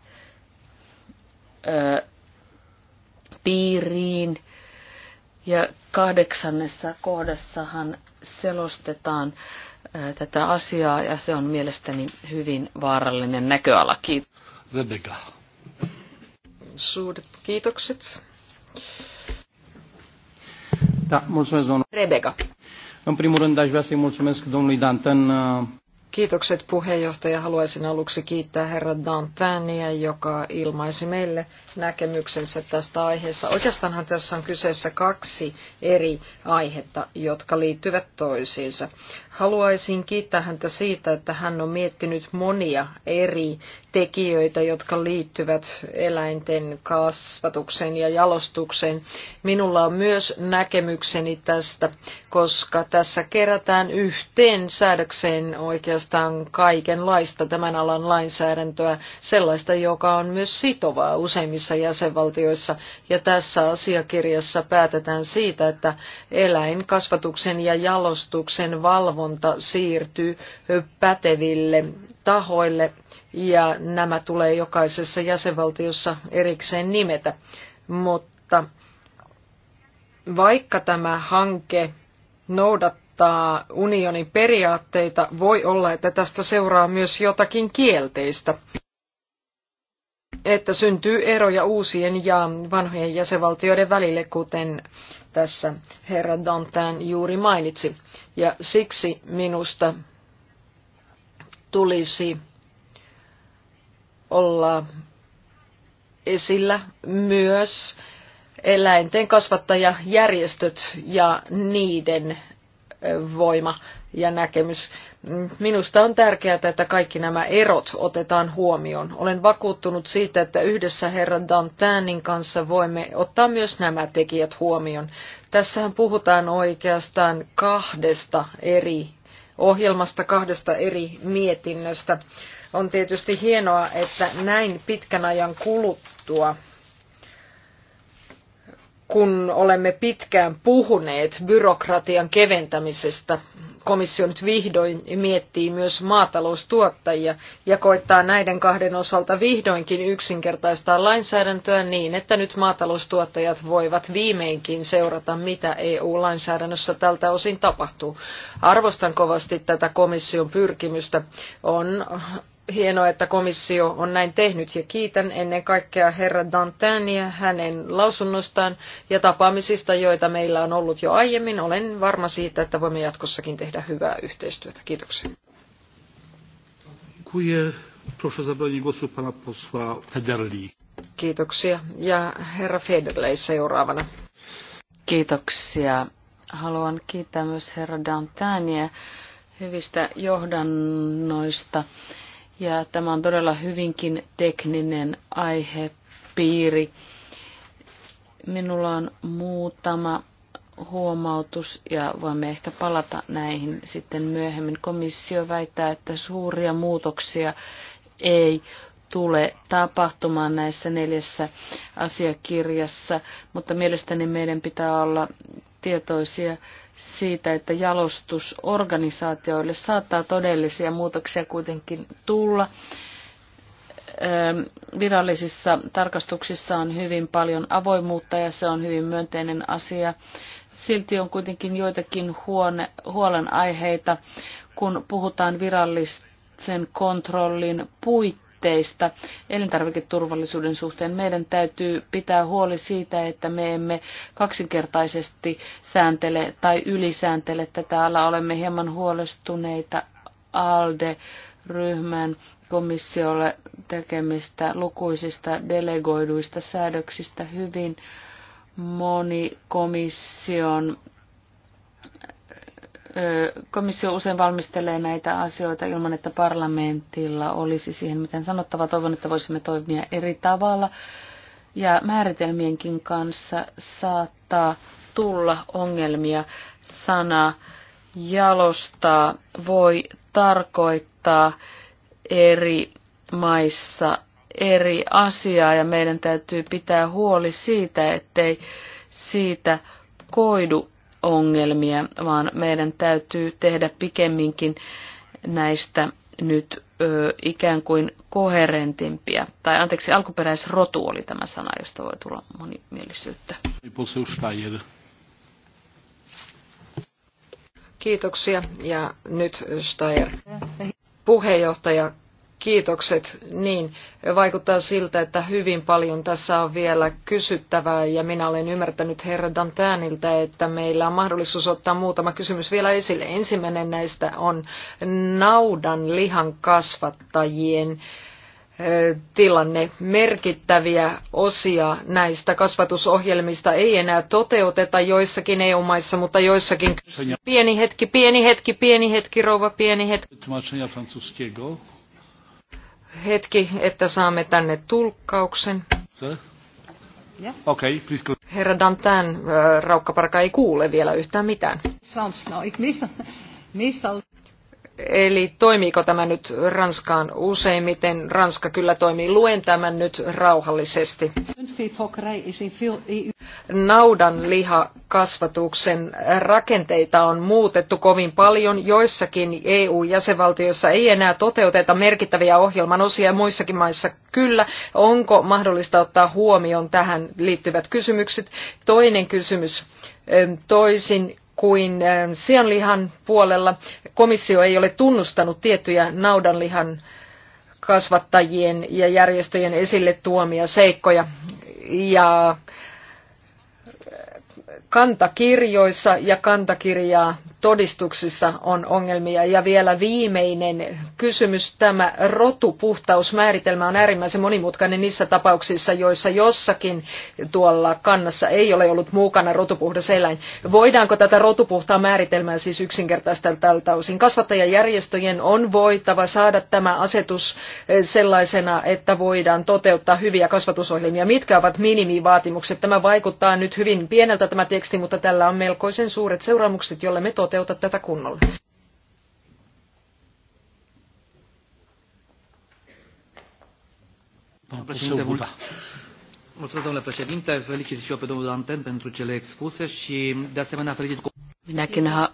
piiriin. Ja kahdeksannessa kohdassahan selostetaan tätä asiaa ja se on mielestäni hyvin vaarallinen näköala. Kiitos. Suuret kiitokset. Da, mulțumesc, domnul. Rebecca. În primul rând, aș vrea să-i mulțumesc domnului uh, Kiitokset puheenjohtaja. Haluaisin aluksi kiittää herra Dantania, joka ilmaisi meille näkemyksensä tästä aiheesta. Oikeastaanhan tässä on kyseessä kaksi eri aihetta, jotka liittyvät toisiinsa. Haluaisin kiittää häntä siitä, että hän on miettinyt monia eri tekijöitä, jotka liittyvät eläinten kasvatukseen ja jalostukseen. Minulla on myös näkemykseni tästä, koska tässä kerätään yhteen säädökseen oikeastaan kaikenlaista tämän alan lainsäädäntöä, sellaista, joka on myös sitovaa useimmissa jäsenvaltioissa. Ja tässä asiakirjassa päätetään siitä, että eläinkasvatuksen ja jalostuksen valvo valvonta siirtyy päteville tahoille ja nämä tulee jokaisessa jäsenvaltiossa erikseen nimetä. Mutta vaikka tämä hanke noudattaa unionin periaatteita, voi olla, että tästä seuraa myös jotakin kielteistä että syntyy eroja uusien ja vanhojen jäsenvaltioiden välille, kuten tässä herra Dantan juuri mainitsi. Ja siksi minusta tulisi olla esillä myös eläinten kasvattajajärjestöt ja niiden voima ja näkemys. Minusta on tärkeää, että kaikki nämä erot otetaan huomioon. Olen vakuuttunut siitä, että yhdessä herran Dantanin kanssa voimme ottaa myös nämä tekijät huomioon. Tässähän puhutaan oikeastaan kahdesta eri ohjelmasta, kahdesta eri mietinnöstä. On tietysti hienoa, että näin pitkän ajan kuluttua kun olemme pitkään puhuneet byrokratian keventämisestä, komissio nyt vihdoin miettii myös maataloustuottajia ja koittaa näiden kahden osalta vihdoinkin yksinkertaistaa lainsäädäntöä niin, että nyt maataloustuottajat voivat viimeinkin seurata, mitä EU-lainsäädännössä tältä osin tapahtuu. Arvostan kovasti tätä komission pyrkimystä. On hienoa, että komissio on näin tehnyt ja kiitän ennen kaikkea herra Dantania hänen lausunnostaan ja tapaamisista, joita meillä on ollut jo aiemmin. Olen varma siitä, että voimme jatkossakin tehdä hyvää yhteistyötä. Kiitoksia. Kiitoksia. Ja herra Federley seuraavana. Kiitoksia. Haluan kiittää myös herra Dantania hyvistä johdannoista. Ja tämä on todella hyvinkin tekninen aihepiiri. Minulla on muutama huomautus ja voimme ehkä palata näihin sitten myöhemmin. Komissio väittää, että suuria muutoksia ei tule tapahtumaan näissä neljässä asiakirjassa, mutta mielestäni meidän pitää olla tietoisia siitä, että jalostusorganisaatioille saattaa todellisia muutoksia kuitenkin tulla. Virallisissa tarkastuksissa on hyvin paljon avoimuutta ja se on hyvin myönteinen asia. Silti on kuitenkin joitakin huone, huolenaiheita, kun puhutaan virallisten kontrollin puitteista puitteista elintarviketurvallisuuden suhteen. Meidän täytyy pitää huoli siitä, että me emme kaksinkertaisesti sääntele tai ylisääntele tätä alaa. Olemme hieman huolestuneita ALDE-ryhmän komissiolle tekemistä lukuisista delegoiduista säädöksistä hyvin moni komission Komissio usein valmistelee näitä asioita ilman, että parlamentilla olisi siihen miten sanottavaa. Toivon, että voisimme toimia eri tavalla. Ja määritelmienkin kanssa saattaa tulla ongelmia. Sana jalostaa voi tarkoittaa eri maissa eri asiaa ja meidän täytyy pitää huoli siitä, ettei siitä koidu ongelmia, vaan meidän täytyy tehdä pikemminkin näistä nyt ö, ikään kuin koherentimpia. Tai anteeksi, alkuperäisrotu oli tämä sana, josta voi tulla monimielisyyttä. Kiitoksia. Ja nyt Steyer. Puheenjohtaja, Kiitokset. Niin, vaikuttaa siltä, että hyvin paljon tässä on vielä kysyttävää ja minä olen ymmärtänyt herra Dantanilta, että meillä on mahdollisuus ottaa muutama kysymys vielä esille. Ensimmäinen näistä on naudan lihan kasvattajien tilanne. Merkittäviä osia näistä kasvatusohjelmista ei enää toteuteta joissakin EU-maissa, mutta joissakin. Pieni hetki, pieni hetki, pieni hetki, rouva, pieni hetki hetki, että saamme tänne tulkkauksen. Okei, okay, Herra Dantan, äh, raukkaparka ei kuule vielä yhtään mitään. Frans, no, ik mista, Eli toimiiko tämä nyt Ranskaan useimmiten? Ranska kyllä toimii. Luen tämän nyt rauhallisesti. Naudan lihakasvatuksen rakenteita on muutettu kovin paljon. Joissakin EU-jäsenvaltioissa ei enää toteuteta merkittäviä ohjelman osia muissakin maissa kyllä. Onko mahdollista ottaa huomioon tähän liittyvät kysymykset? Toinen kysymys toisin kuin ähm, sianlihan puolella. Komissio ei ole tunnustanut tiettyjä naudanlihan kasvattajien ja järjestöjen esille tuomia seikkoja. Ja kantakirjoissa ja kantakirjaa todistuksissa on ongelmia. Ja vielä viimeinen kysymys, tämä rotupuhtausmääritelmä on äärimmäisen monimutkainen niissä tapauksissa, joissa jossakin tuolla kannassa ei ole ollut mukana rotupuhdas eläin. Voidaanko tätä rotupuhtaa määritelmää siis yksinkertaistaa tältä osin? Kasvattajajärjestöjen on voitava saada tämä asetus eh, sellaisena, että voidaan toteuttaa hyviä kasvatusohjelmia. Mitkä ovat minimivaatimukset? Tämä vaikuttaa nyt hyvin pieneltä tämä teksti, mutta tällä on melkoisen suuret seuraamukset, jolle me toteuta tätä kunnolla. Minäkin ha-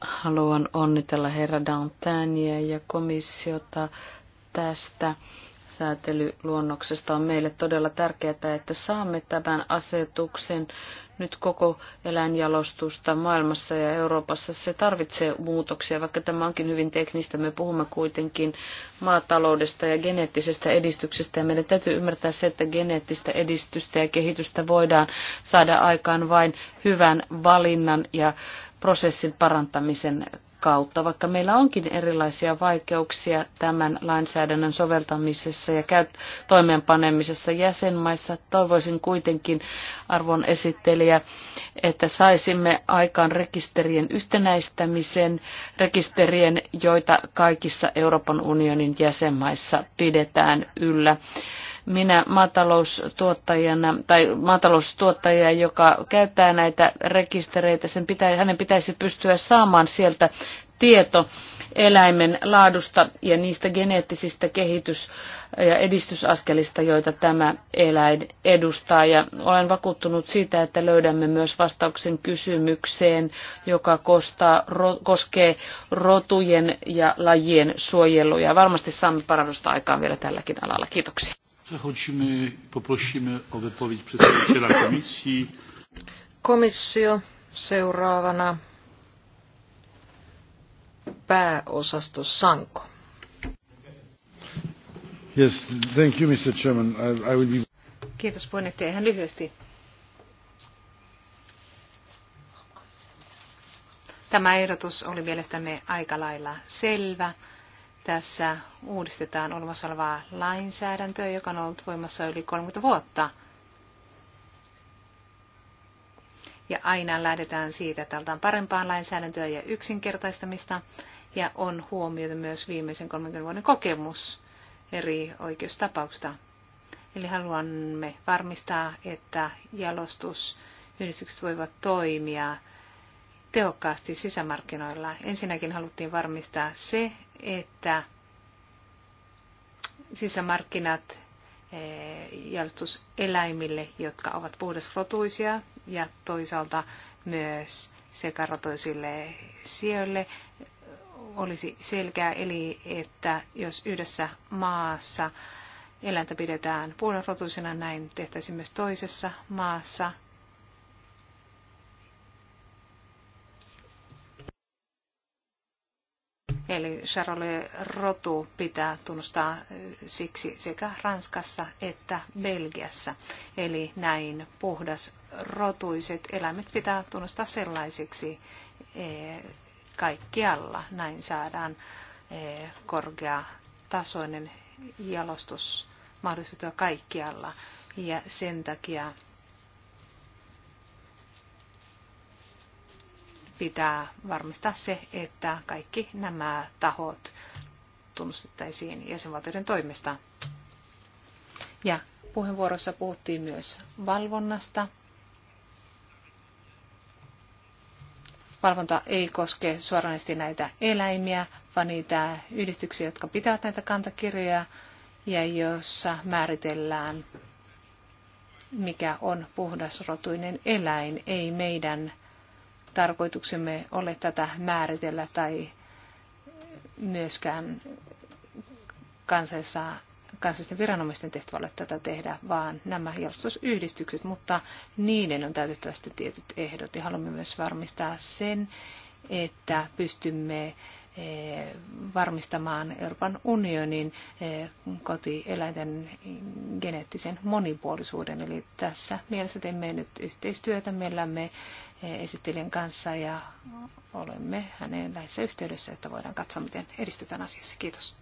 haluan onnitella herra Dantania ja komissiota tästä säätelyluonnoksesta on meille todella tärkeää, että saamme tämän asetuksen nyt koko eläinjalostusta maailmassa ja Euroopassa. Se tarvitsee muutoksia, vaikka tämä onkin hyvin teknistä. Me puhumme kuitenkin maataloudesta ja geneettisestä edistyksestä ja meidän täytyy ymmärtää se, että geneettistä edistystä ja kehitystä voidaan saada aikaan vain hyvän valinnan ja prosessin parantamisen kautta, vaikka meillä onkin erilaisia vaikeuksia tämän lainsäädännön soveltamisessa ja toimeenpanemisessa jäsenmaissa. Toivoisin kuitenkin, arvon esittelijä, että saisimme aikaan rekisterien yhtenäistämisen, rekisterien, joita kaikissa Euroopan unionin jäsenmaissa pidetään yllä minä maataloustuottajana tai maataloustuottaja, joka käyttää näitä rekistereitä, sen pitä, hänen pitäisi pystyä saamaan sieltä tieto eläimen laadusta ja niistä geneettisistä kehitys- ja edistysaskelista, joita tämä eläin edustaa. Ja olen vakuuttunut siitä, että löydämme myös vastauksen kysymykseen, joka kostaa, ro, koskee rotujen ja lajien suojelua. varmasti saamme parannusta aikaan vielä tälläkin alalla. Kiitoksia. Przechodzimy, poprosimy o wypowiedź przedstawiciela komisji. Komissio seuraavana pääosasto Sanko. Yes, thank you, Mr. Chairman. I, I will be... Kiitos puheenjohtaja. Ihan lyhyesti. Tämä ehdotus oli mielestämme aika lailla selvä tässä uudistetaan olemassa olevaa lainsäädäntöä, joka on ollut voimassa yli 30 vuotta. Ja aina lähdetään siitä, että aletaan parempaan lainsäädäntöä ja yksinkertaistamista. Ja on huomioitu myös viimeisen 30 vuoden kokemus eri oikeustapauksista. Eli haluamme varmistaa, että jalostusyhdistykset voivat toimia tehokkaasti sisämarkkinoilla. Ensinnäkin haluttiin varmistaa se, että sisämarkkinat eh, eläimille, jotka ovat puhdasrotuisia ja toisaalta myös sekarotuisille sijoille olisi selkeä, eli että jos yhdessä maassa eläintä pidetään puhdasrotuisena, näin tehtäisiin myös toisessa maassa – Eli Charolais rotu pitää tunnustaa siksi sekä Ranskassa että Belgiassa. Eli näin puhdas rotuiset eläimet pitää tunnustaa sellaisiksi e, kaikkialla. Näin saadaan e, korkeatasoinen jalostus mahdollistettua kaikkialla. Ja sen takia pitää varmistaa se, että kaikki nämä tahot tunnustettaisiin jäsenvaltioiden toimesta. Ja puheenvuorossa puhuttiin myös valvonnasta. Valvonta ei koske suoranaisesti näitä eläimiä, vaan niitä yhdistyksiä, jotka pitävät näitä kantakirjoja ja jossa määritellään, mikä on puhdasrotuinen eläin, ei meidän tarkoituksemme ole tätä määritellä tai myöskään kansallisten viranomaisten tehtävälle tätä tehdä, vaan nämä jalostusyhdistykset, mutta niiden on täytettävästi tietyt ehdot. Ja haluamme myös varmistaa sen, että pystymme Eh, varmistamaan Euroopan unionin eh, kotieläinten geneettisen monipuolisuuden. Eli tässä mielessä teemme nyt yhteistyötä meillämme eh, esittelijän kanssa ja olemme hänen lähes yhteydessä, että voidaan katsoa, miten edistytään asiassa. Kiitos.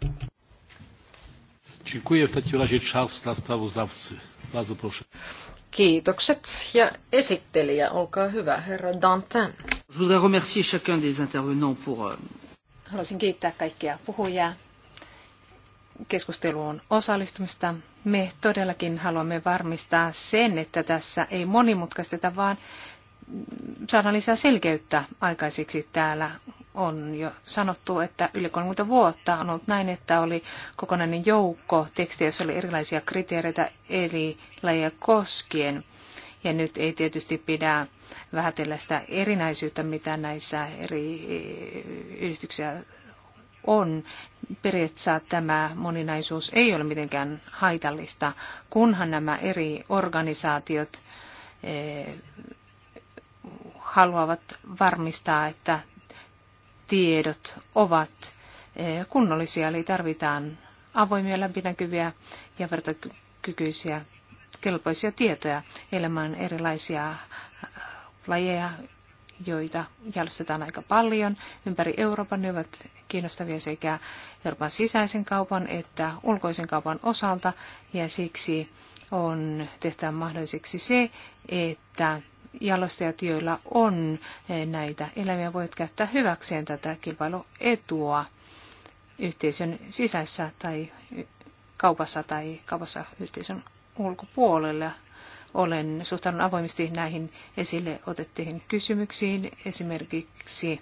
Kiitokset ja esittelijä, olkaa hyvä, herra Dantin. Je voudrais remercier chacun des intervenants pour euh, Haluaisin kiittää kaikkia puhujia keskusteluun osallistumista. Me todellakin haluamme varmistaa sen, että tässä ei monimutkaisteta, vaan saadaan lisää selkeyttä aikaiseksi. Täällä on jo sanottu, että yli 30 vuotta on ollut näin, että oli kokonainen joukko tekstiä, jossa oli erilaisia kriteereitä eli lajeja koskien. Ja nyt ei tietysti pidä vähätellä sitä erinäisyyttä, mitä näissä eri e, yhdistyksissä on. Periaatteessa tämä moninaisuus ei ole mitenkään haitallista, kunhan nämä eri organisaatiot e, haluavat varmistaa, että tiedot ovat e, kunnollisia, eli tarvitaan avoimia, läpinäkyviä ja vertakykyisiä kelpoisia tietoja elämään erilaisia lajeja, joita jalostetaan aika paljon ympäri Euroopan. Ne ovat kiinnostavia sekä Euroopan sisäisen kaupan että ulkoisen kaupan osalta ja siksi on tehtävä mahdolliseksi se, että jalostajat, joilla on näitä eläimiä, voivat käyttää hyväkseen tätä kilpailuetua yhteisön sisässä tai kaupassa tai kaupassa yhteisön ulkopuolella. Olen suhtaudun avoimesti näihin esille otettuihin kysymyksiin, esimerkiksi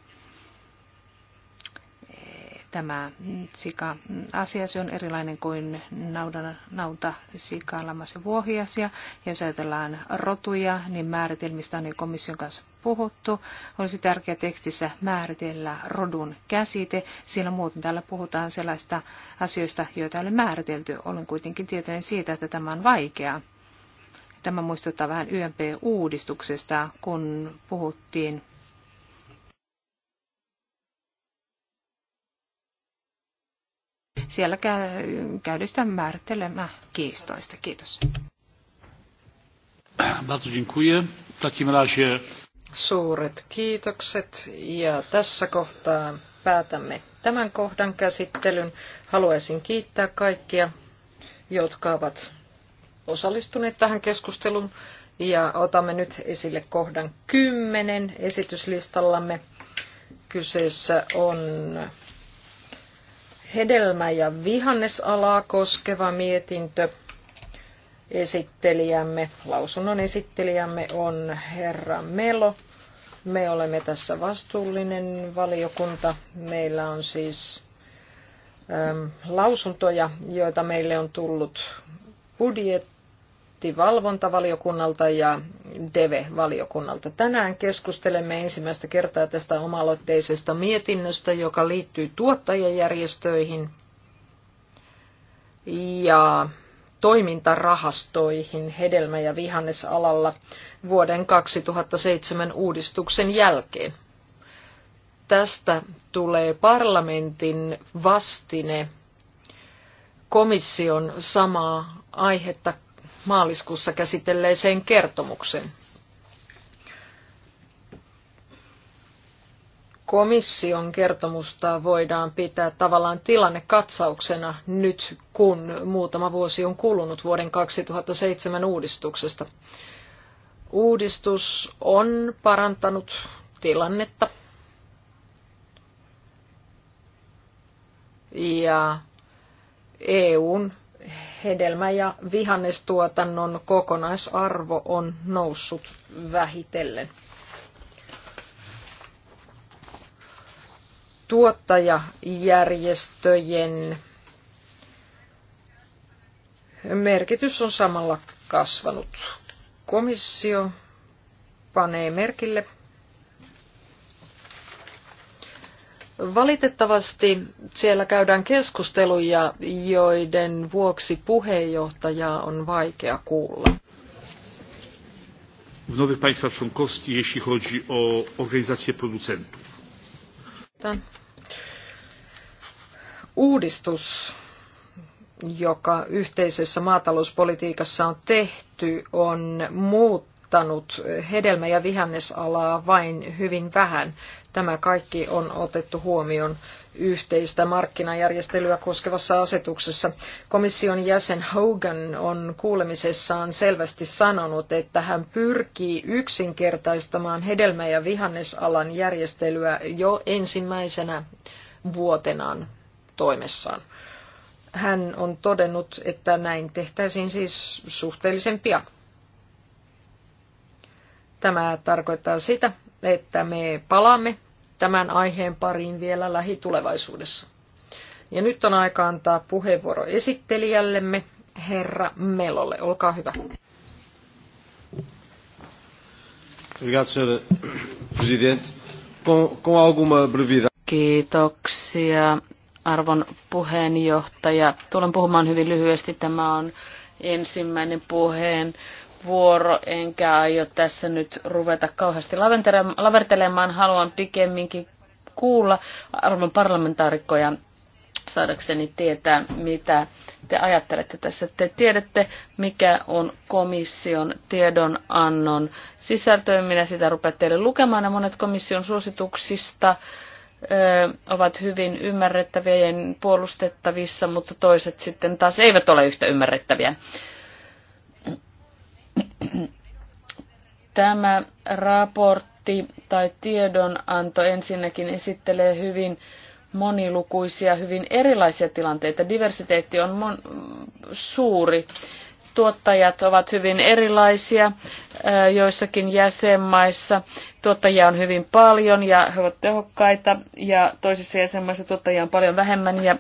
eh, tämä sika-asia, se on erilainen kuin nauda, nauta, sika, lammas ja vuohiasia. Ja jos ajatellaan rotuja, niin määritelmistä on jo komission kanssa puhuttu. Olisi tärkeää tekstissä määritellä rodun käsite, sillä muuten täällä puhutaan sellaista asioista, joita ei ole määritelty. Olen kuitenkin tietoinen siitä, että tämä on vaikeaa. Tämä muistuttaa vähän YMP-uudistuksesta, kun puhuttiin siellä käydyistä määrittelemä kiistoista. Kiitos. Suuret kiitokset ja tässä kohtaa päätämme tämän kohdan käsittelyn. Haluaisin kiittää kaikkia, jotka ovat osallistuneet tähän keskusteluun ja otamme nyt esille kohdan 10 esityslistallamme. Kyseessä on hedelmä- ja vihannesalaa koskeva mietintö. Esittelijämme, lausunnon esittelijämme on herra Melo. Me olemme tässä vastuullinen valiokunta. Meillä on siis lausuntoja, joita meille on tullut budjettivalvontavaliokunnalta ja DEVE-valiokunnalta. Tänään keskustelemme ensimmäistä kertaa tästä omaloitteisesta mietinnöstä, joka liittyy tuottajajärjestöihin ja toimintarahastoihin hedelmä- ja vihannesalalla vuoden 2007 uudistuksen jälkeen. Tästä tulee parlamentin vastine komission samaa aihetta maaliskuussa käsitelleeseen kertomukseen. Komission kertomusta voidaan pitää tavallaan tilannekatsauksena nyt, kun muutama vuosi on kulunut vuoden 2007 uudistuksesta. Uudistus on parantanut tilannetta ja EUn hedelmä- ja vihannestuotannon kokonaisarvo on noussut vähitellen. Tuottajajärjestöjen merkitys on samalla kasvanut. Komissio panee merkille Valitettavasti siellä käydään keskusteluja, joiden vuoksi puheenjohtajaa on vaikea kuulla. W nowych państwach członkowskich, jeśli chodzi o organizację producentów. Uudistus, joka yhteisessä maatalouspolitiikassa on tehty, on muut koskettanut hedelmä- ja vihannesalaa vain hyvin vähän. Tämä kaikki on otettu huomioon yhteistä markkinajärjestelyä koskevassa asetuksessa. Komission jäsen Hogan on kuulemisessaan selvästi sanonut, että hän pyrkii yksinkertaistamaan hedelmä- ja vihannesalan järjestelyä jo ensimmäisenä vuotenaan toimessaan. Hän on todennut, että näin tehtäisiin siis suhteellisen pian. Tämä tarkoittaa sitä, että me palaamme tämän aiheen pariin vielä lähitulevaisuudessa. Ja nyt on aika antaa puheenvuoro esittelijällemme, herra Melolle. Olkaa hyvä. Kiitoksia, arvon puheenjohtaja. Tulen puhumaan hyvin lyhyesti. Tämä on ensimmäinen puheen vuoro, enkä aio tässä nyt ruveta kauheasti lavertelemaan. Haluan pikemminkin kuulla arvon parlamentaarikkoja saadakseni tietää, mitä te ajattelette tässä. Te tiedätte, mikä on komission tiedonannon sisältö. Minä sitä rupean teille lukemaan. Ja monet komission suosituksista ö, ovat hyvin ymmärrettäviä ja puolustettavissa, mutta toiset sitten taas eivät ole yhtä ymmärrettäviä. Tämä raportti tai tiedonanto ensinnäkin esittelee hyvin monilukuisia, hyvin erilaisia tilanteita. Diversiteetti on mon- suuri. Tuottajat ovat hyvin erilaisia joissakin jäsenmaissa. Tuottajia on hyvin paljon ja he ovat tehokkaita ja toisissa jäsenmaissa tuottajia on paljon vähemmän ja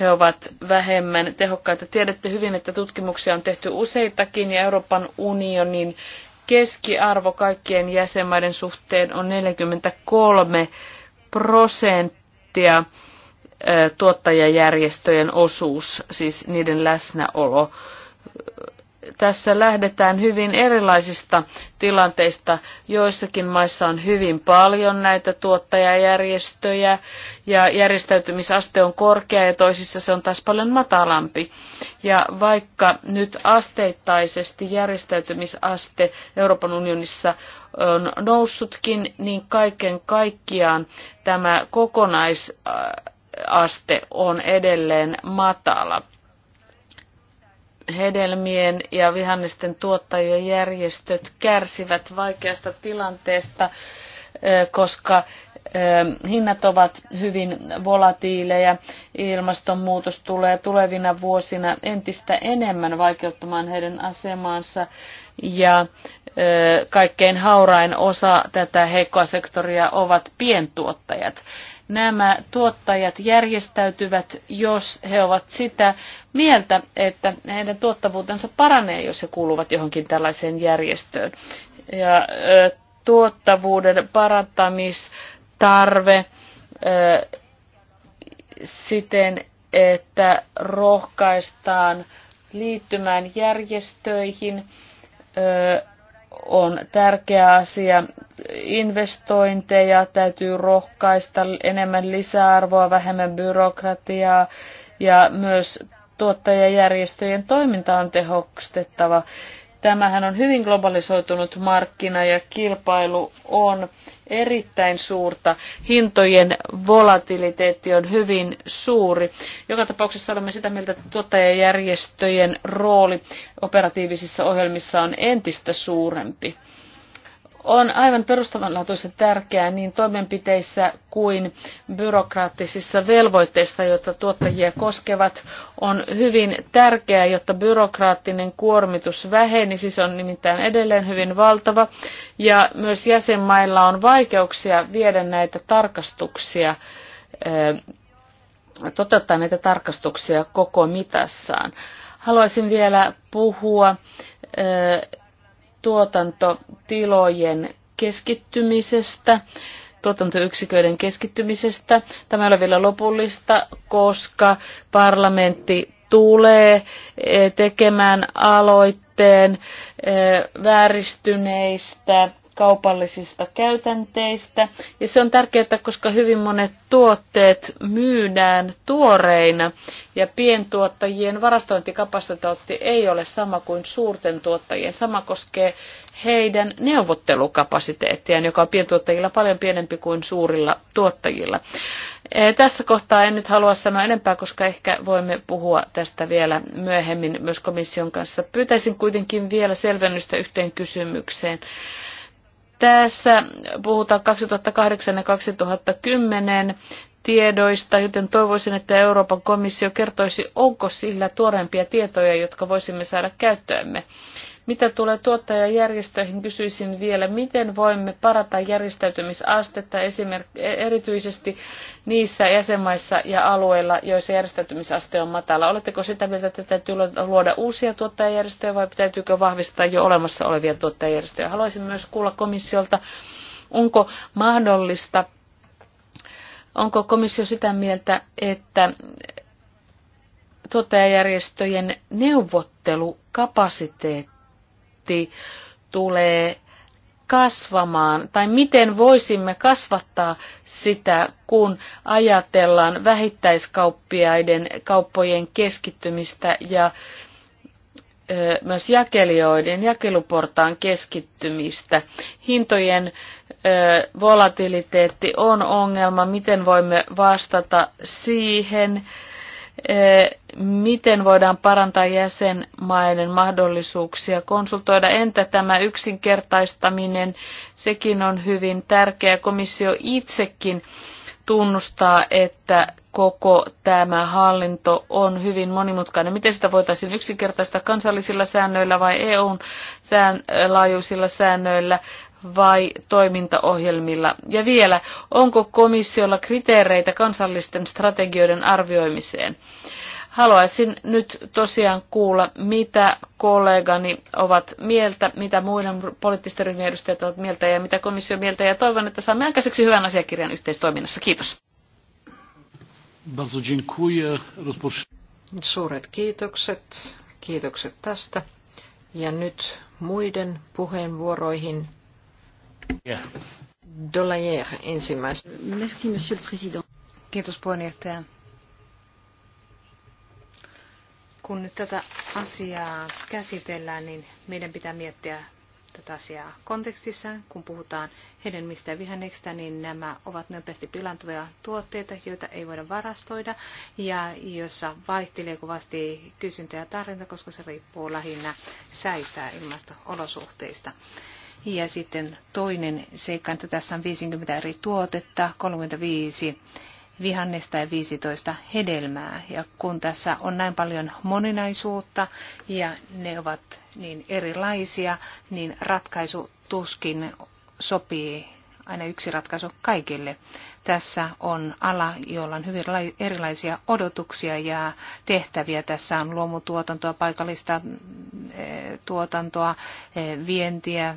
he ovat vähemmän tehokkaita. Tiedätte hyvin, että tutkimuksia on tehty useitakin ja Euroopan unionin keskiarvo kaikkien jäsenmaiden suhteen on 43 prosenttia tuottajajärjestöjen osuus, siis niiden läsnäolo tässä lähdetään hyvin erilaisista tilanteista. Joissakin maissa on hyvin paljon näitä tuottajajärjestöjä ja järjestäytymisaste on korkea ja toisissa se on taas paljon matalampi. Ja vaikka nyt asteittaisesti järjestäytymisaste Euroopan unionissa on noussutkin, niin kaiken kaikkiaan tämä kokonaisaste on edelleen matala hedelmien ja vihannesten tuottajien järjestöt kärsivät vaikeasta tilanteesta, koska hinnat ovat hyvin volatiileja. Ilmastonmuutos tulee tulevina vuosina entistä enemmän vaikeuttamaan heidän asemaansa. Ja kaikkein haurain osa tätä heikkoa sektoria ovat pientuottajat nämä tuottajat järjestäytyvät, jos he ovat sitä mieltä, että heidän tuottavuutensa paranee, jos he kuuluvat johonkin tällaiseen järjestöön. Ja tuottavuuden parantamistarve siten, että rohkaistaan liittymään järjestöihin, on tärkeä asia. Investointeja täytyy rohkaista enemmän lisäarvoa, vähemmän byrokratiaa ja myös tuottajajärjestöjen toiminta on tehostettava. Tämähän on hyvin globalisoitunut markkina ja kilpailu on erittäin suurta. Hintojen volatiliteetti on hyvin suuri. Joka tapauksessa olemme sitä mieltä, että tuottajajärjestöjen rooli operatiivisissa ohjelmissa on entistä suurempi on aivan perustavanlaatuisen tärkeää niin toimenpiteissä kuin byrokraattisissa velvoitteissa, joita tuottajia koskevat, on hyvin tärkeää, jotta byrokraattinen kuormitus vähenisi. Se on nimittäin edelleen hyvin valtava ja myös jäsenmailla on vaikeuksia viedä näitä tarkastuksia eh, toteuttaa näitä tarkastuksia koko mitassaan. Haluaisin vielä puhua eh, tuotantotilojen keskittymisestä, tuotantoyksiköiden keskittymisestä. Tämä ei ole vielä lopullista, koska parlamentti tulee eh, tekemään aloitteen eh, vääristyneistä kaupallisista käytänteistä. Ja se on tärkeää, koska hyvin monet tuotteet myydään tuoreina ja pientuottajien varastointikapasiteetti ei ole sama kuin suurten tuottajien. Sama koskee heidän neuvottelukapasiteettiaan, joka on pientuottajilla paljon pienempi kuin suurilla tuottajilla. E, tässä kohtaa en nyt halua sanoa enempää, koska ehkä voimme puhua tästä vielä myöhemmin myös komission kanssa. Pyytäisin kuitenkin vielä selvennystä yhteen kysymykseen. Tässä puhutaan 2008 ja 2010 tiedoista, joten toivoisin, että Euroopan komissio kertoisi, onko sillä tuorempia tietoja, jotka voisimme saada käyttöömme. Mitä tulee tuottajajärjestöihin, kysyisin vielä, miten voimme parata järjestäytymisastetta e- erityisesti niissä jäsenmaissa ja alueilla, joissa järjestäytymisaste on matala. Oletteko sitä mieltä, että täytyy luoda uusia tuottajajärjestöjä vai täytyykö vahvistaa jo olemassa olevia tuottajajärjestöjä? Haluaisin myös kuulla komissiolta, onko mahdollista, onko komissio sitä mieltä, että tuottajajärjestöjen neuvottelukapasiteetti budjetti tulee kasvamaan tai miten voisimme kasvattaa sitä, kun ajatellaan vähittäiskauppiaiden kauppojen keskittymistä ja ö, myös jakelijoiden, jakeluportaan keskittymistä. Hintojen ö, volatiliteetti on ongelma, miten voimme vastata siihen. Ö, Eh, miten voidaan parantaa jäsenmaiden mahdollisuuksia konsultoida. Entä tämä yksinkertaistaminen? Sekin on hyvin tärkeä. Komissio itsekin tunnustaa, että koko tämä hallinto on hyvin monimutkainen. Miten sitä voitaisiin yksinkertaista kansallisilla säännöillä vai EUn laajuisilla säännöillä vai toimintaohjelmilla? Ja vielä, onko komissiolla kriteereitä kansallisten strategioiden arvioimiseen? Haluaisin nyt tosiaan kuulla, mitä kollegani ovat mieltä, mitä muiden poliittisten ryhmien edustajat ovat mieltä ja mitä komissio on mieltä. Ja toivon, että saamme aikaiseksi hyvän asiakirjan yhteistoiminnassa. Kiitos. Suuret kiitokset. Kiitokset tästä. Ja nyt muiden puheenvuoroihin. Yeah. ensimmäisenä. Merci, monsieur le président. Kiitos puheenjohtaja. Kun nyt tätä asiaa käsitellään, niin meidän pitää miettiä tätä asiaa kontekstissa. Kun puhutaan hedelmistä ja vihanneksista, niin nämä ovat nopeasti pilantuvia tuotteita, joita ei voida varastoida ja joissa vaihtelee kovasti kysyntä ja tarjonta, koska se riippuu lähinnä säistä ilmasto-olosuhteista. Ja sitten toinen seikka, että tässä on 50 eri tuotetta, 35 vihannesta ja 15 hedelmää. Ja kun tässä on näin paljon moninaisuutta ja ne ovat niin erilaisia, niin ratkaisu tuskin sopii aina yksi ratkaisu kaikille. Tässä on ala, jolla on hyvin erilaisia odotuksia ja tehtäviä. Tässä on luomutuotantoa, paikallista mm, e, tuotantoa, e, vientiä,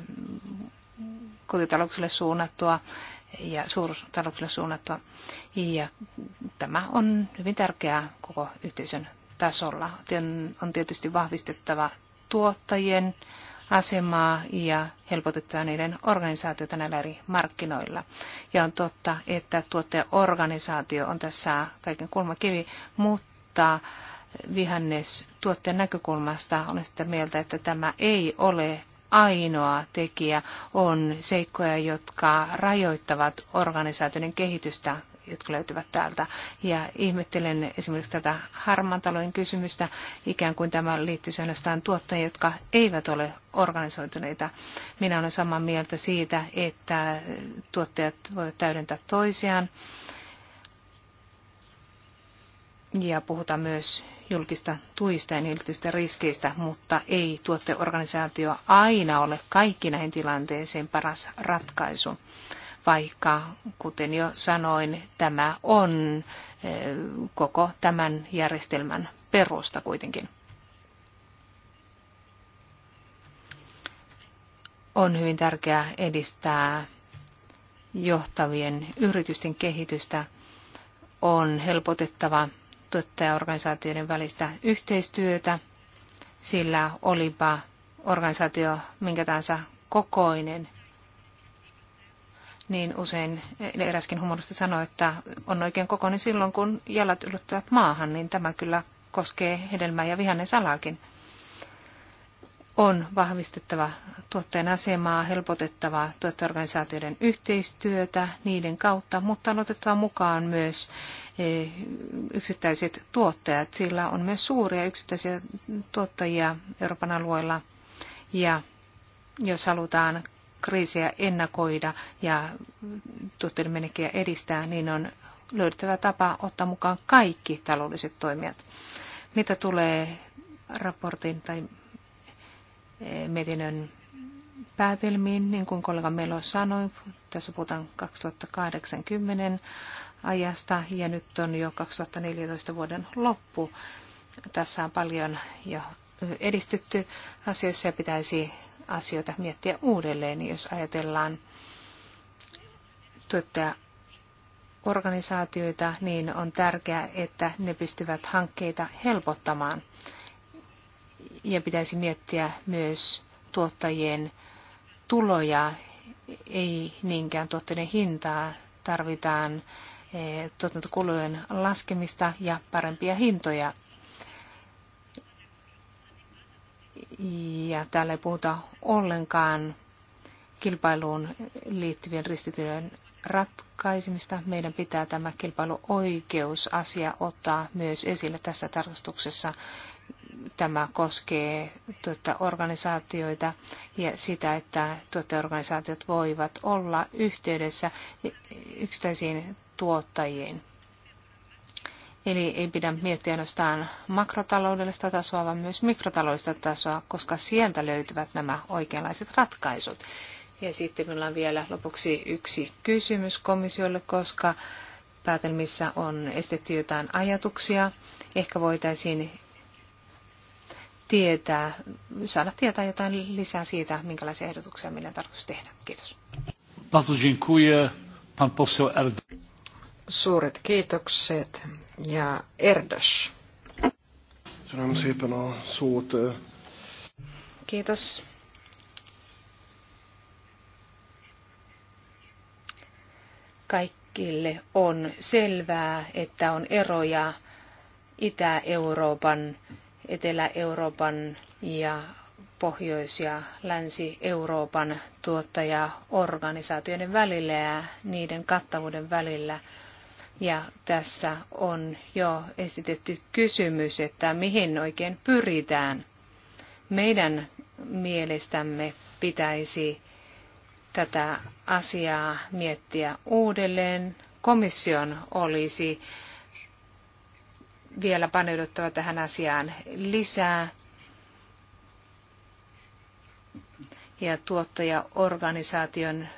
kotitalouksille suunnattua ja suurtalouksille suunnattua. Ja tämä on hyvin tärkeää koko yhteisön tasolla. On tietysti vahvistettava tuottajien asemaa ja helpotetaan niiden organisaatiota näillä eri markkinoilla. Ja on totta, että tuottajaorganisaatio on tässä kaiken kulmakivi, mutta vihannes tuotteen näkökulmasta on sitä mieltä, että tämä ei ole ainoa tekijä on seikkoja, jotka rajoittavat organisaatioiden kehitystä jotka löytyvät täältä. Ja ihmettelen esimerkiksi tätä harmaan talouden kysymystä, ikään kuin tämä liittyisi ainoastaan tuottajia, jotka eivät ole organisoituneita. Minä olen samaa mieltä siitä, että tuottajat voivat täydentää toisiaan. Ja puhutaan myös julkista tuista ja julkisista riskeistä, mutta ei tuotteorganisaatio aina ole kaikki näihin tilanteeseen paras ratkaisu vaikka kuten jo sanoin, tämä on eh, koko tämän järjestelmän perusta kuitenkin. On hyvin tärkeää edistää johtavien yritysten kehitystä. On helpotettava tuottajaorganisaatioiden välistä yhteistyötä, sillä olipa organisaatio minkä tahansa kokoinen – niin usein eräskin humorista sanoi, että on oikein kokoinen silloin, kun jalat ylittävät maahan, niin tämä kyllä koskee hedelmää ja salaakin. On vahvistettava tuottajan asemaa, helpotettava tuottajaorganisaatioiden yhteistyötä niiden kautta, mutta on otettava mukaan myös e, yksittäiset tuottajat, sillä on myös suuria yksittäisiä tuottajia Euroopan alueella ja jos halutaan kriisejä ennakoida ja tuotteiden edistää, niin on löydettävä tapa ottaa mukaan kaikki taloudelliset toimijat. Mitä tulee raportin tai eh, mietinnön päätelmiin, niin kuin kollega Melo sanoi, tässä puhutaan 2080 ajasta ja nyt on jo 2014 vuoden loppu. Tässä on paljon jo edistytty asioissa ja pitäisi asioita miettiä uudelleen, niin jos ajatellaan tuottaa organisaatioita, niin on tärkeää, että ne pystyvät hankkeita helpottamaan. Ja pitäisi miettiä myös tuottajien tuloja, ei niinkään tuotteiden hintaa. Tarvitaan eh, tuotantokulujen laskemista ja parempia hintoja ja täällä ei puhuta ollenkaan kilpailuun liittyvien ristityön ratkaisemista. Meidän pitää tämä kilpailuoikeusasia ottaa myös esille tässä tarkastuksessa. Tämä koskee tuota, organisaatioita ja sitä, että tuottajaorganisaatiot voivat olla yhteydessä yksittäisiin tuottajiin. Eli ei pidä miettiä ainoastaan makrotaloudellista tasoa, vaan myös mikrotaloudellista tasoa, koska sieltä löytyvät nämä oikeanlaiset ratkaisut. Ja sitten meillä on vielä lopuksi yksi kysymys komissiolle, koska päätelmissä on estetty jotain ajatuksia. Ehkä voitaisiin tietää, saada tietää jotain lisää siitä, minkälaisia ehdotuksia meillä on tarkoitus tehdä. Kiitos. Suuret kiitokset ja Erdos. No, Kiitos. Kaikille on selvää, että on eroja Itä-Euroopan, Etelä-Euroopan ja Pohjois- ja Länsi-Euroopan tuottajaorganisaatioiden välillä ja niiden kattavuuden välillä – ja tässä on jo esitetty kysymys, että mihin oikein pyritään. Meidän mielestämme pitäisi tätä asiaa miettiä uudelleen. Komission olisi vielä paneuduttava tähän asiaan lisää. Ja tuottajaorganisaation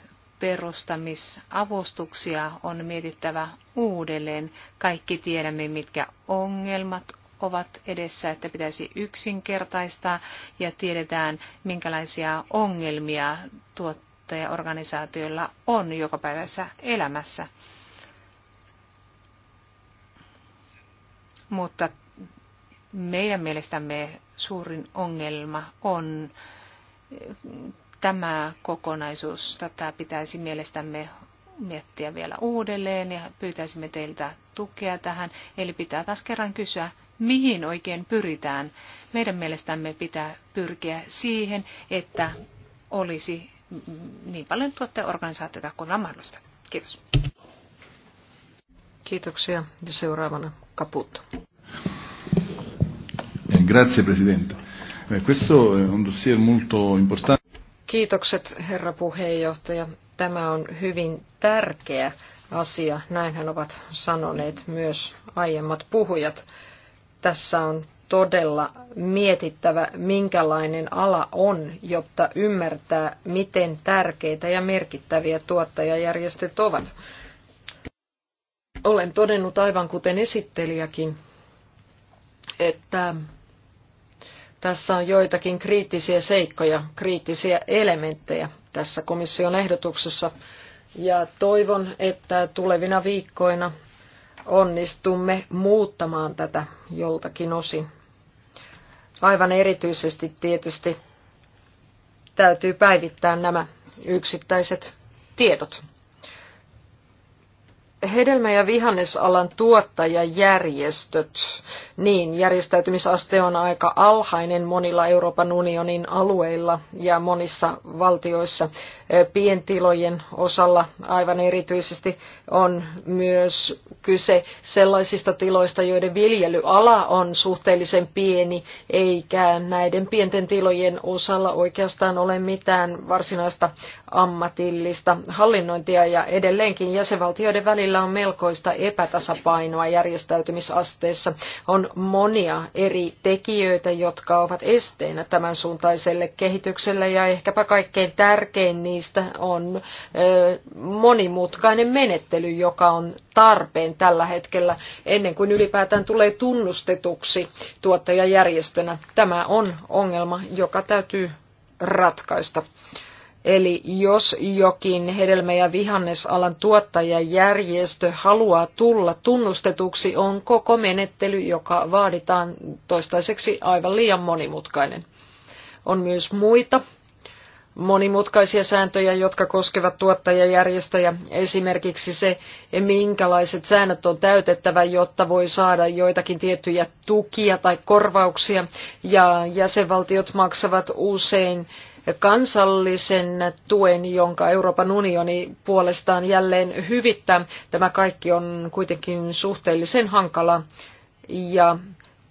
perustamisavustuksia on mietittävä uudelleen. Kaikki tiedämme, mitkä ongelmat ovat edessä, että pitäisi yksinkertaistaa ja tiedetään, minkälaisia ongelmia tuottajaorganisaatioilla on joka päivässä elämässä. Mutta meidän mielestämme suurin ongelma on tämä kokonaisuus, tätä pitäisi mielestämme miettiä vielä uudelleen ja pyytäisimme teiltä tukea tähän. Eli pitää taas kerran kysyä, mihin oikein pyritään. Meidän mielestämme pitää pyrkiä siihen, että olisi niin paljon organisaatiota kuin on mahdollista. Kiitos. Kiitoksia. Ja seuraavana Caputo. Eh, grazie Presidente. Eh, questo è un dossier molto importante. Kiitokset, herra puheenjohtaja. Tämä on hyvin tärkeä asia. Näinhän ovat sanoneet myös aiemmat puhujat. Tässä on todella mietittävä, minkälainen ala on, jotta ymmärtää, miten tärkeitä ja merkittäviä tuottajajärjestöt ovat. Olen todennut aivan kuten esittelijäkin, että tässä on joitakin kriittisiä seikkoja, kriittisiä elementtejä tässä komission ehdotuksessa. Ja toivon, että tulevina viikkoina onnistumme muuttamaan tätä joltakin osin. Aivan erityisesti tietysti täytyy päivittää nämä yksittäiset tiedot. Hedelmä- ja vihannesalan tuottajajärjestöt, niin järjestäytymisaste on aika alhainen monilla Euroopan unionin alueilla ja monissa valtioissa pientilojen osalla aivan erityisesti on myös kyse sellaisista tiloista, joiden viljelyala on suhteellisen pieni, eikä näiden pienten tilojen osalla oikeastaan ole mitään varsinaista ammatillista hallinnointia ja edelleenkin jäsenvaltioiden välillä on melkoista epätasapainoa järjestäytymisasteessa. On monia eri tekijöitä, jotka ovat esteenä tämän suuntaiselle kehitykselle ja ehkäpä kaikkein tärkein niistä on monimutkainen menettely, joka on tarpeen tällä hetkellä ennen kuin ylipäätään tulee tunnustetuksi tuottajajärjestönä. Tämä on ongelma, joka täytyy ratkaista. Eli jos jokin hedelmä- ja vihannesalan tuottajajärjestö haluaa tulla tunnustetuksi, on koko menettely, joka vaaditaan toistaiseksi aivan liian monimutkainen. On myös muita monimutkaisia sääntöjä, jotka koskevat tuottajajärjestöjä. Esimerkiksi se, minkälaiset säännöt on täytettävä, jotta voi saada joitakin tiettyjä tukia tai korvauksia. Ja jäsenvaltiot maksavat usein kansallisen tuen, jonka Euroopan unioni puolestaan jälleen hyvittää. Tämä kaikki on kuitenkin suhteellisen hankala ja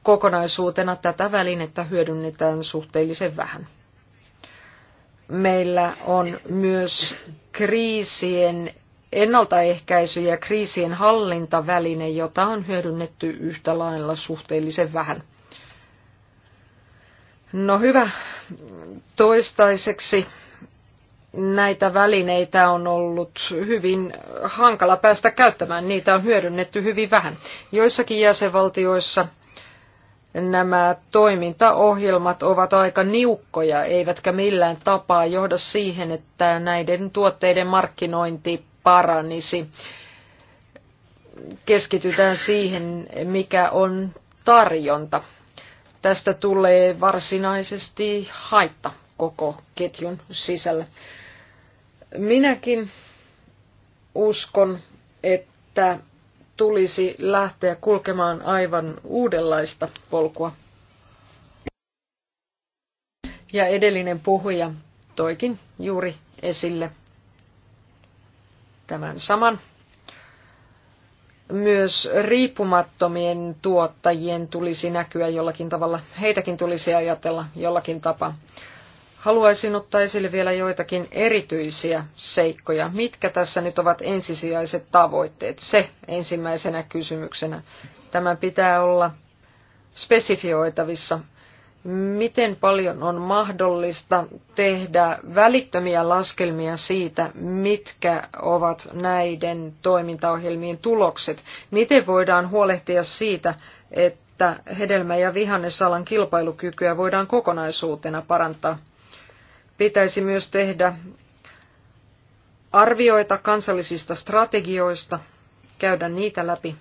kokonaisuutena tätä välinettä hyödynnetään suhteellisen vähän meillä on myös kriisien ennaltaehkäisy ja kriisien hallintaväline, jota on hyödynnetty yhtä lailla suhteellisen vähän. No hyvä. Toistaiseksi näitä välineitä on ollut hyvin hankala päästä käyttämään. Niitä on hyödynnetty hyvin vähän. Joissakin jäsenvaltioissa nämä toimintaohjelmat ovat aika niukkoja, eivätkä millään tapaa johda siihen, että näiden tuotteiden markkinointi paranisi. Keskitytään siihen, mikä on tarjonta. Tästä tulee varsinaisesti haitta koko ketjun sisällä. Minäkin uskon, että tulisi lähteä kulkemaan aivan uudenlaista polkua. Ja edellinen puhuja toikin juuri esille tämän saman. Myös riippumattomien tuottajien tulisi näkyä jollakin tavalla. Heitäkin tulisi ajatella jollakin tapaa. Haluaisin ottaa esille vielä joitakin erityisiä seikkoja. Mitkä tässä nyt ovat ensisijaiset tavoitteet? Se ensimmäisenä kysymyksenä. Tämä pitää olla spesifioitavissa. Miten paljon on mahdollista tehdä välittömiä laskelmia siitä, mitkä ovat näiden toimintaohjelmien tulokset? Miten voidaan huolehtia siitä, että hedelmä- ja vihannesalan kilpailukykyä voidaan kokonaisuutena parantaa? Pitäisi myös tehdä arvioita kansallisista strategioista, käydä niitä läpi,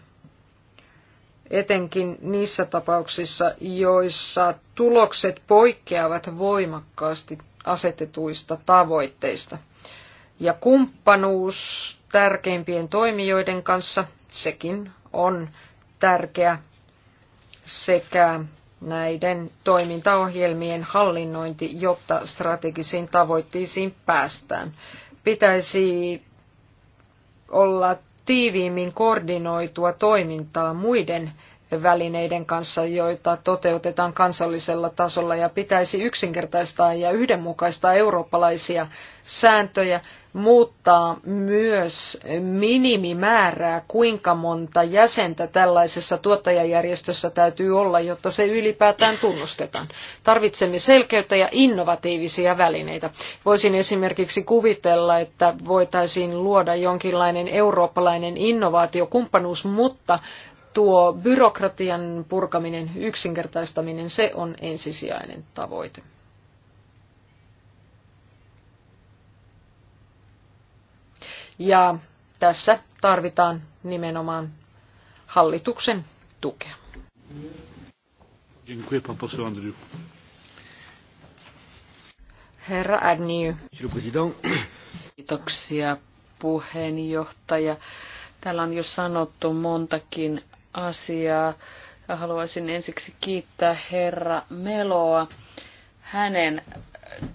etenkin niissä tapauksissa, joissa tulokset poikkeavat voimakkaasti asetetuista tavoitteista. Ja kumppanuus tärkeimpien toimijoiden kanssa, sekin on tärkeä sekä näiden toimintaohjelmien hallinnointi, jotta strategisiin tavoitteisiin päästään. Pitäisi olla tiiviimmin koordinoitua toimintaa muiden välineiden kanssa, joita toteutetaan kansallisella tasolla ja pitäisi yksinkertaistaa ja yhdenmukaistaa eurooppalaisia sääntöjä muuttaa myös minimimäärää, kuinka monta jäsentä tällaisessa tuottajajärjestössä täytyy olla, jotta se ylipäätään tunnustetaan. Tarvitsemme selkeyttä ja innovatiivisia välineitä. Voisin esimerkiksi kuvitella, että voitaisiin luoda jonkinlainen eurooppalainen innovaatiokumppanuus, mutta tuo byrokratian purkaminen, yksinkertaistaminen, se on ensisijainen tavoite. Ja tässä tarvitaan nimenomaan hallituksen tukea. Herra Agnew. Kiitoksia puheenjohtaja. Täällä on jo sanottu montakin asiaa. Ja haluaisin ensiksi kiittää herra Meloa hänen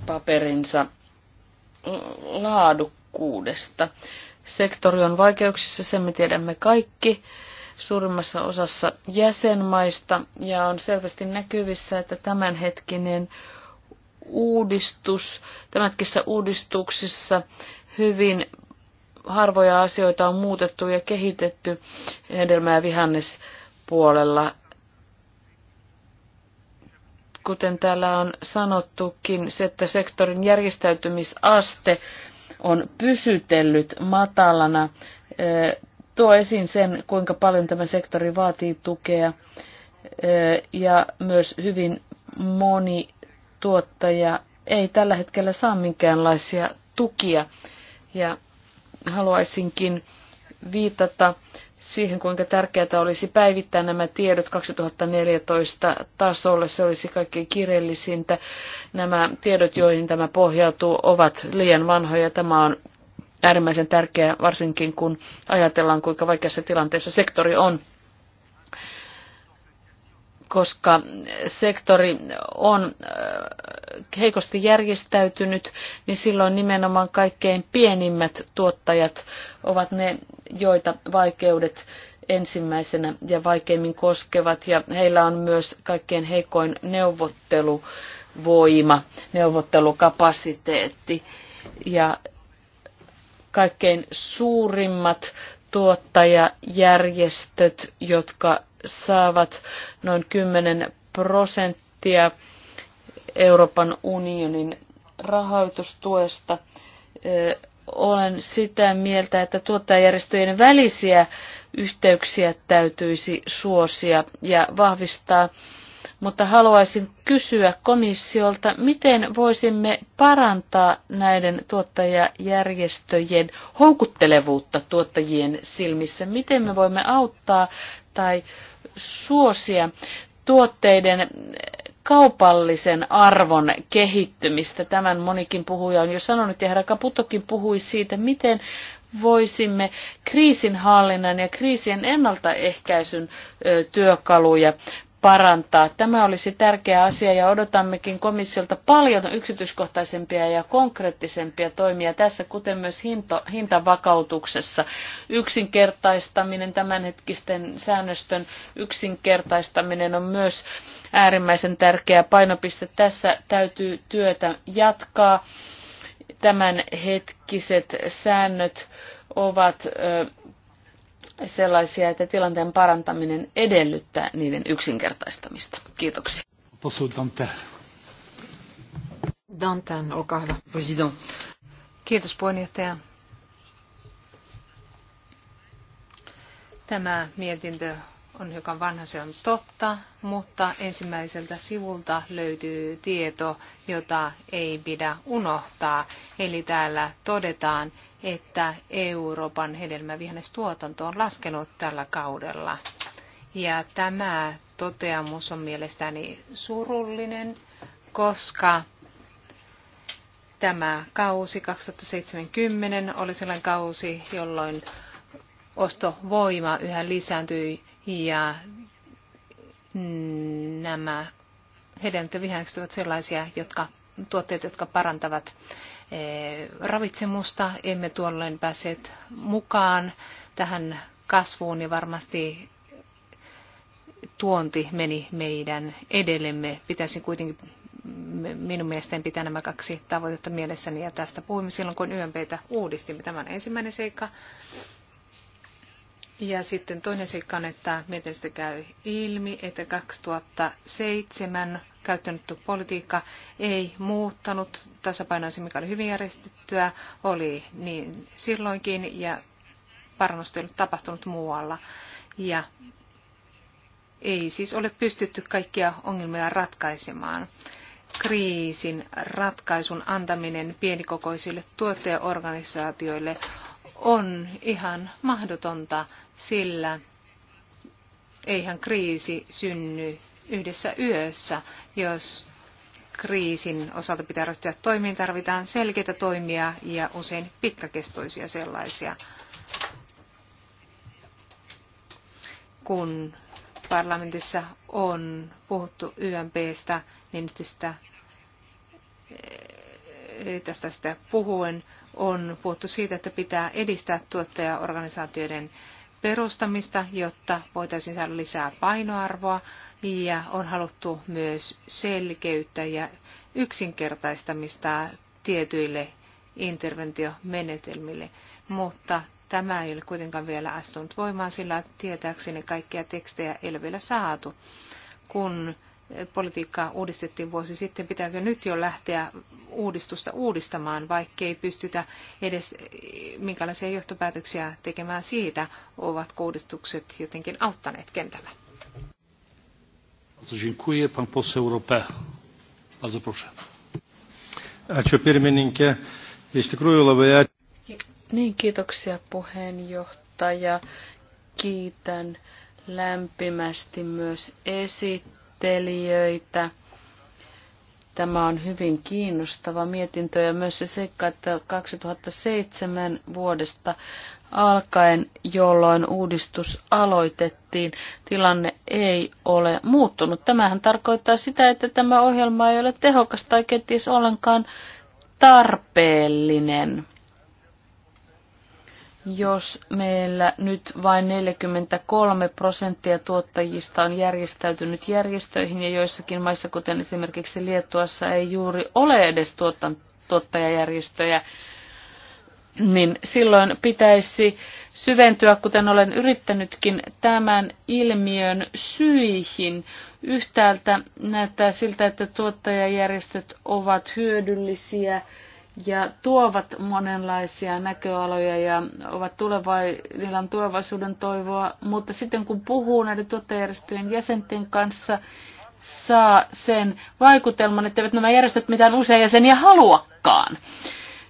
paperinsa laadukkaan tehokkuudesta. Sektori on vaikeuksissa, sen me tiedämme kaikki suurimmassa osassa jäsenmaista ja on selvästi näkyvissä, että tämänhetkinen uudistus, tämänhetkisissä uudistuksissa hyvin harvoja asioita on muutettu ja kehitetty hedelmä- ja vihannespuolella. Kuten täällä on sanottukin, se, että sektorin järjestäytymisaste on pysytellyt matalana, tuo esiin sen, kuinka paljon tämä sektori vaatii tukea ja myös hyvin moni tuottaja ei tällä hetkellä saa minkäänlaisia tukia. Ja haluaisinkin viitata siihen, kuinka tärkeää olisi päivittää nämä tiedot 2014 tasolle. Se olisi kaikkein kirjellisintä Nämä tiedot, joihin tämä pohjautuu, ovat liian vanhoja. Tämä on äärimmäisen tärkeää, varsinkin kun ajatellaan, kuinka vaikeassa tilanteessa sektori on koska sektori on heikosti järjestäytynyt, niin silloin nimenomaan kaikkein pienimmät tuottajat ovat ne, joita vaikeudet ensimmäisenä ja vaikeimmin koskevat. Ja heillä on myös kaikkein heikoin neuvotteluvoima, neuvottelukapasiteetti. Ja kaikkein suurimmat tuottajajärjestöt, jotka saavat noin 10 prosenttia Euroopan unionin rahoitustuesta. Olen sitä mieltä, että tuottajajärjestöjen välisiä yhteyksiä täytyisi suosia ja vahvistaa, mutta haluaisin kysyä komissiolta, miten voisimme parantaa näiden tuottajajärjestöjen houkuttelevuutta tuottajien silmissä, miten me voimme auttaa tai suosia tuotteiden kaupallisen arvon kehittymistä. Tämän monikin puhuja on jo sanonut ja herra Kaputokin puhui siitä, miten voisimme kriisinhallinnan ja kriisien ennaltaehkäisyn työkaluja parantaa. Tämä olisi tärkeä asia ja odotammekin komissiolta paljon yksityiskohtaisempia ja konkreettisempia toimia tässä, kuten myös hinto, hintavakautuksessa. Yksinkertaistaminen, tämänhetkisten säännöstön yksinkertaistaminen on myös äärimmäisen tärkeä painopiste. Tässä täytyy työtä jatkaa. Tämän hetkiset säännöt ovat sellaisia, että tilanteen parantaminen edellyttää niiden yksinkertaistamista. Kiitoksia. Dantan, olkaa hyvä. President. Kiitos puheenjohtaja. Tämä mietintö on hiukan vanha, se on totta, mutta ensimmäiseltä sivulta löytyy tieto, jota ei pidä unohtaa. Eli täällä todetaan, että Euroopan hedelmävihannestuotanto on laskenut tällä kaudella. Ja tämä toteamus on mielestäni surullinen, koska tämä kausi 2070 oli sellainen kausi, jolloin ostovoima yhä lisääntyi ja nämä hedelmätövihannekset ovat sellaisia jotka, tuotteet, jotka parantavat eh, ravitsemusta. Emme tuolloin päässeet mukaan tähän kasvuun ja varmasti tuonti meni meidän edellemme. Pitäisin kuitenkin minun mielestäni pitää nämä kaksi tavoitetta mielessäni ja tästä puhuimme silloin, kun YMPtä uudistimme. Tämä on ensimmäinen seikka. Ja sitten toinen seikka on, että mietinnöstä käy ilmi, että 2007 käyttänyt politiikka ei muuttanut se mikä oli hyvin järjestettyä, oli niin silloinkin ja parannusta ei ollut tapahtunut muualla. Ja ei siis ole pystytty kaikkia ongelmia ratkaisemaan. Kriisin ratkaisun antaminen pienikokoisille tuottajaorganisaatioille on ihan mahdotonta, sillä eihän kriisi synny yhdessä yössä. Jos kriisin osalta pitää ryhtyä toimiin, tarvitaan selkeitä toimia ja usein pitkäkestoisia sellaisia. Kun parlamentissa on puhuttu YMPstä, niin nyt sitä, eh, tästä sitä puhuen on puhuttu siitä, että pitää edistää tuottajaorganisaatioiden perustamista, jotta voitaisiin saada lisää painoarvoa ja on haluttu myös selkeyttä ja yksinkertaistamista tietyille interventiomenetelmille. Mutta tämä ei ole kuitenkaan vielä astunut voimaan, sillä tietääkseni kaikkia tekstejä ei ole vielä saatu. Kun politiikkaa uudistettiin vuosi sitten, pitääkö nyt jo lähteä uudistusta uudistamaan, vaikkei pystytä edes minkälaisia johtopäätöksiä tekemään siitä, ovat uudistukset jotenkin auttaneet kentällä. Niin, kiitoksia puheenjohtaja. Kiitän lämpimästi myös esittää esittelijöitä. Tämä on hyvin kiinnostava mietintö ja myös se seikka, että 2007 vuodesta alkaen, jolloin uudistus aloitettiin, tilanne ei ole muuttunut. Tämähän tarkoittaa sitä, että tämä ohjelma ei ole tehokas tai kenties ollenkaan tarpeellinen jos meillä nyt vain 43 prosenttia tuottajista on järjestäytynyt järjestöihin ja joissakin maissa, kuten esimerkiksi Liettuassa, ei juuri ole edes tuottajajärjestöjä, niin silloin pitäisi syventyä, kuten olen yrittänytkin, tämän ilmiön syihin. Yhtäältä näyttää siltä, että tuottajajärjestöt ovat hyödyllisiä ja tuovat monenlaisia näköaloja ja ovat tulevai, on tulevaisuuden toivoa, mutta sitten kun puhuu näiden tuottajärjestöjen jäsenten kanssa, saa sen vaikutelman, että eivät nämä järjestöt mitään usein jäseniä haluakaan.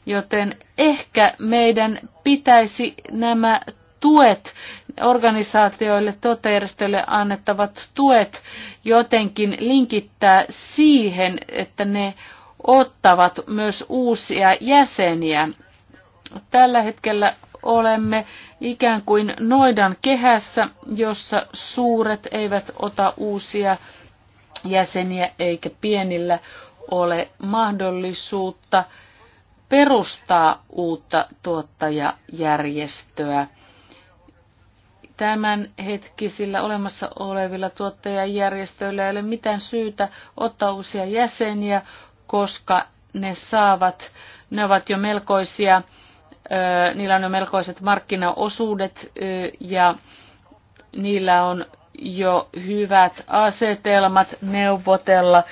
Joten ehkä meidän pitäisi nämä tuet, organisaatioille, tuottajärjestöille annettavat tuet jotenkin linkittää siihen, että ne ottavat myös uusia jäseniä. Tällä hetkellä olemme ikään kuin noidan kehässä, jossa suuret eivät ota uusia jäseniä eikä pienillä ole mahdollisuutta perustaa uutta tuottajajärjestöä. Tämän hetkisillä olemassa olevilla tuottajajärjestöillä ei ole mitään syytä ottaa uusia jäseniä, koska ne saavat, ne ovat jo melkoisia, niillä on jo melkoiset markkinaosuudet ja niillä on jo hyvät asetelmat neuvotella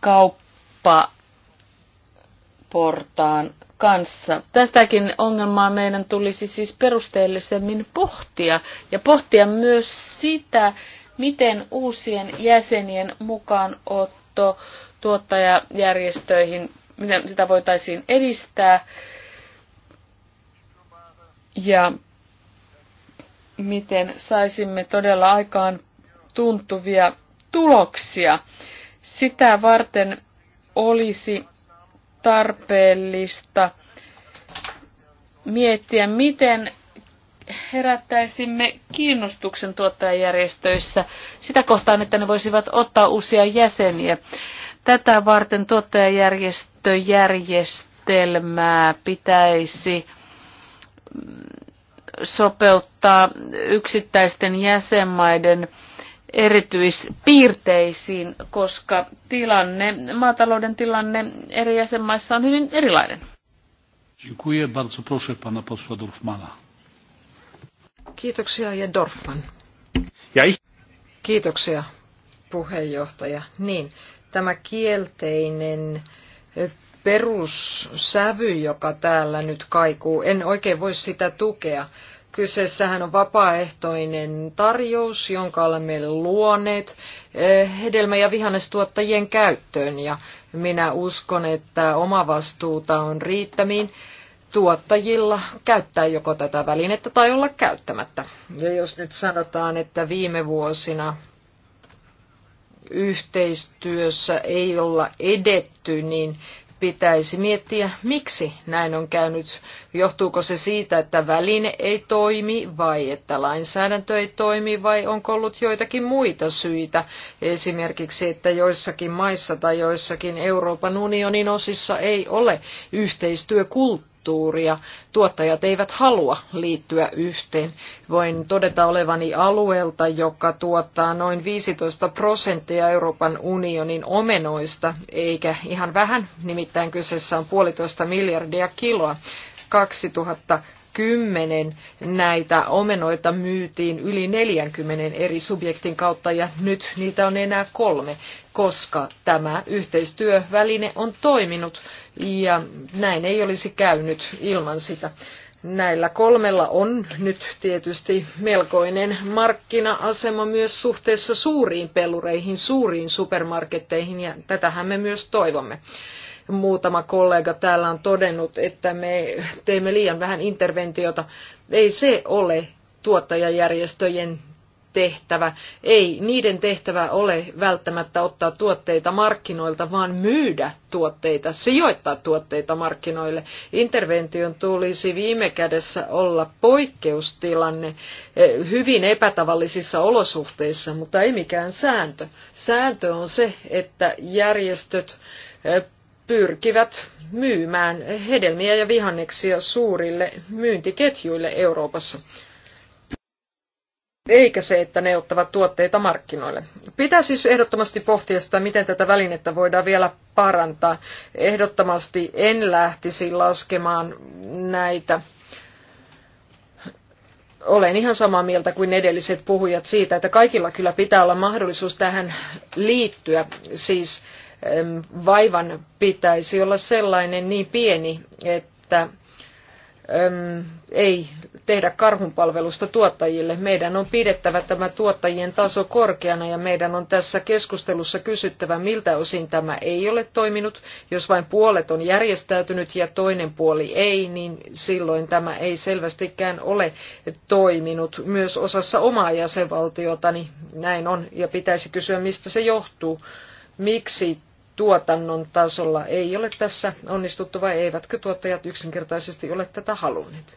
kauppaportaan kanssa. Tästäkin ongelmaa meidän tulisi siis perusteellisemmin pohtia ja pohtia myös sitä, miten uusien jäsenien mukaanotto tuottajajärjestöihin, miten sitä voitaisiin edistää ja miten saisimme todella aikaan tuntuvia tuloksia. Sitä varten olisi tarpeellista miettiä, miten herättäisimme kiinnostuksen tuottajajärjestöissä sitä kohtaan, että ne voisivat ottaa uusia jäseniä. Tätä varten tuottajajärjestöjärjestelmää pitäisi mm, sopeuttaa yksittäisten jäsenmaiden erityispiirteisiin, koska tilanne, maatalouden tilanne eri jäsenmaissa on hyvin erilainen. Dziękuję. Bardzo proszę pana posła Dorfmana. Kiitoksia ja Dorfman. Kiitoksia puheenjohtaja. Niin, tämä kielteinen perussävy, joka täällä nyt kaikuu, en oikein voi sitä tukea. Kyseessähän on vapaaehtoinen tarjous, jonka olemme luoneet eh, hedelmä- ja vihannestuottajien käyttöön. Ja minä uskon, että oma vastuuta on riittämiin tuottajilla käyttää joko tätä välinettä tai olla käyttämättä. Ja jos nyt sanotaan, että viime vuosina yhteistyössä ei olla edetty, niin pitäisi miettiä, miksi näin on käynyt. Johtuuko se siitä, että väline ei toimi vai että lainsäädäntö ei toimi vai onko ollut joitakin muita syitä? Esimerkiksi, että joissakin maissa tai joissakin Euroopan unionin osissa ei ole yhteistyökulttuuria kulttuuria. Tuottajat eivät halua liittyä yhteen. Voin todeta olevani alueelta, joka tuottaa noin 15 prosenttia Euroopan unionin omenoista, eikä ihan vähän, nimittäin kyseessä on puolitoista miljardia kiloa. 2000 kymmenen näitä omenoita myytiin yli 40 eri subjektin kautta ja nyt niitä on enää kolme, koska tämä yhteistyöväline on toiminut ja näin ei olisi käynyt ilman sitä. Näillä kolmella on nyt tietysti melkoinen markkina-asema myös suhteessa suuriin pelureihin, suuriin supermarketteihin ja tätähän me myös toivomme muutama kollega täällä on todennut, että me teemme liian vähän interventiota. Ei se ole tuottajajärjestöjen tehtävä. Ei niiden tehtävä ole välttämättä ottaa tuotteita markkinoilta, vaan myydä tuotteita, sijoittaa tuotteita markkinoille. Intervention tulisi viime kädessä olla poikkeustilanne eh, hyvin epätavallisissa olosuhteissa, mutta ei mikään sääntö. Sääntö on se, että järjestöt eh, pyrkivät myymään hedelmiä ja vihanneksia suurille myyntiketjuille Euroopassa eikä se, että ne ottavat tuotteita markkinoille. Pitää siis ehdottomasti pohtia sitä, miten tätä välinettä voidaan vielä parantaa. Ehdottomasti en lähtisi laskemaan näitä. Olen ihan samaa mieltä kuin edelliset puhujat siitä, että kaikilla kyllä pitää olla mahdollisuus tähän liittyä. Siis vaivan pitäisi olla sellainen niin pieni, että äm, ei tehdä karhunpalvelusta tuottajille. Meidän on pidettävä tämä tuottajien taso korkeana ja meidän on tässä keskustelussa kysyttävä, miltä osin tämä ei ole toiminut. Jos vain puolet on järjestäytynyt ja toinen puoli ei, niin silloin tämä ei selvästikään ole toiminut. Myös osassa omaa niin näin on ja pitäisi kysyä, mistä se johtuu miksi tuotannon tasolla ei ole tässä onnistuttu vai eivätkö tuottajat yksinkertaisesti ole tätä halunneet?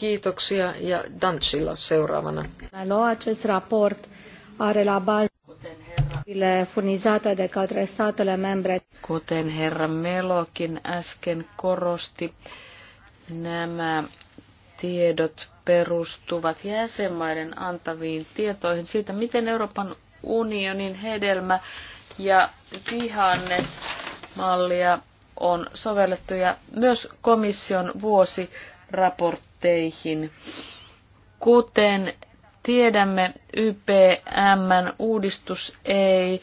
Kiitoksia ja Dancilla seuraavana. membre. Kuten herra Melokin äsken korosti, nämä tiedot perustuvat jäsenmaiden antaviin tietoihin siitä, miten Euroopan unionin hedelmä ja vihannesmallia on sovellettu ja myös komission vuosiraportteihin. Kuten tiedämme, YPMn uudistus ei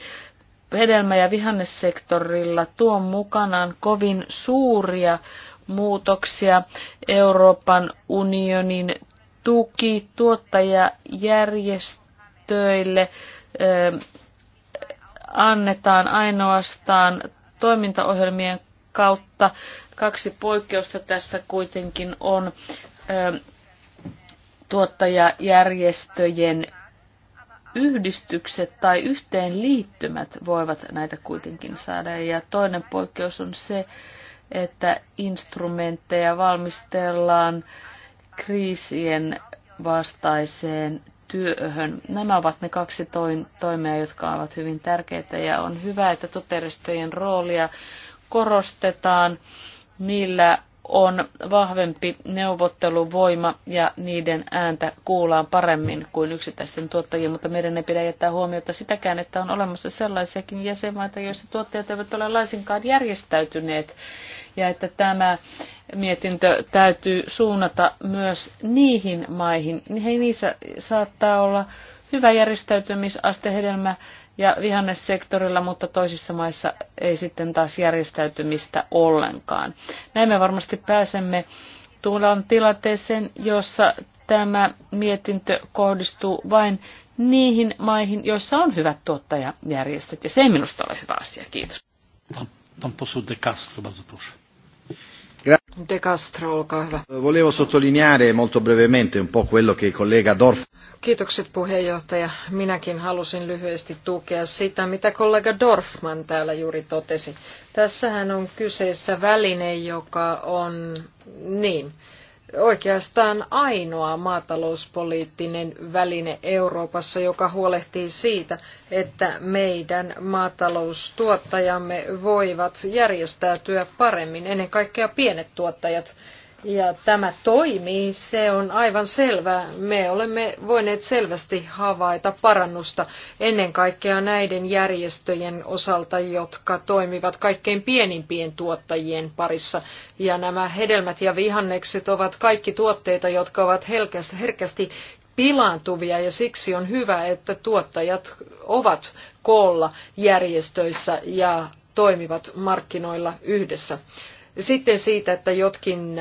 hedelmä- ja vihannessektorilla tuo mukanaan kovin suuria muutoksia Euroopan unionin tuki tuottajajärjestöille annetaan ainoastaan toimintaohjelmien kautta. Kaksi poikkeusta tässä kuitenkin on tuottajajärjestöjen yhdistykset tai yhteenliittymät voivat näitä kuitenkin saada. Ja toinen poikkeus on se, että instrumentteja valmistellaan kriisien vastaiseen työhön. Nämä ovat ne kaksi toimea, jotka ovat hyvin tärkeitä ja on hyvä, että toteristojen roolia korostetaan. Niillä on vahvempi neuvotteluvoima ja niiden ääntä kuullaan paremmin kuin yksittäisten tuottajien, mutta meidän ei pidä jättää huomiota sitäkään, että on olemassa sellaisiakin jäsenmaita, joissa tuottajat eivät ole laisinkaan järjestäytyneet ja että tämä mietintö täytyy suunnata myös niihin maihin. Hei, niissä saattaa olla hyvä järjestäytymisaste hedelmä ja vihannessektorilla, mutta toisissa maissa ei sitten taas järjestäytymistä ollenkaan. Näin me varmasti pääsemme tullaan tilanteeseen, jossa tämä mietintö kohdistuu vain niihin maihin, joissa on hyvät tuottajajärjestöt, ja se ei minusta ole hyvä asia. Kiitos. No. Pan poseł De Castro, bardzo proszę. De Castro, olkaa hyvä. Volevo sottolineare molto brevemente un po' quello che il collega Dorf... Kiitokset puheenjohtaja. Minäkin halusin lyhyesti tukea sitä, mitä kollega Dorfman täällä juuri totesi. Tässähän on kyseessä väline, joka on niin oikeastaan ainoa maatalouspoliittinen väline Euroopassa, joka huolehtii siitä, että meidän maataloustuottajamme voivat järjestäytyä paremmin, ennen kaikkea pienet tuottajat. Ja tämä toimii, se on aivan selvä. Me olemme voineet selvästi havaita parannusta ennen kaikkea näiden järjestöjen osalta, jotka toimivat kaikkein pienimpien tuottajien parissa. Ja nämä hedelmät ja vihannekset ovat kaikki tuotteita, jotka ovat herkästi pilaantuvia ja siksi on hyvä, että tuottajat ovat koolla järjestöissä ja toimivat markkinoilla yhdessä. Sitten siitä, että jotkin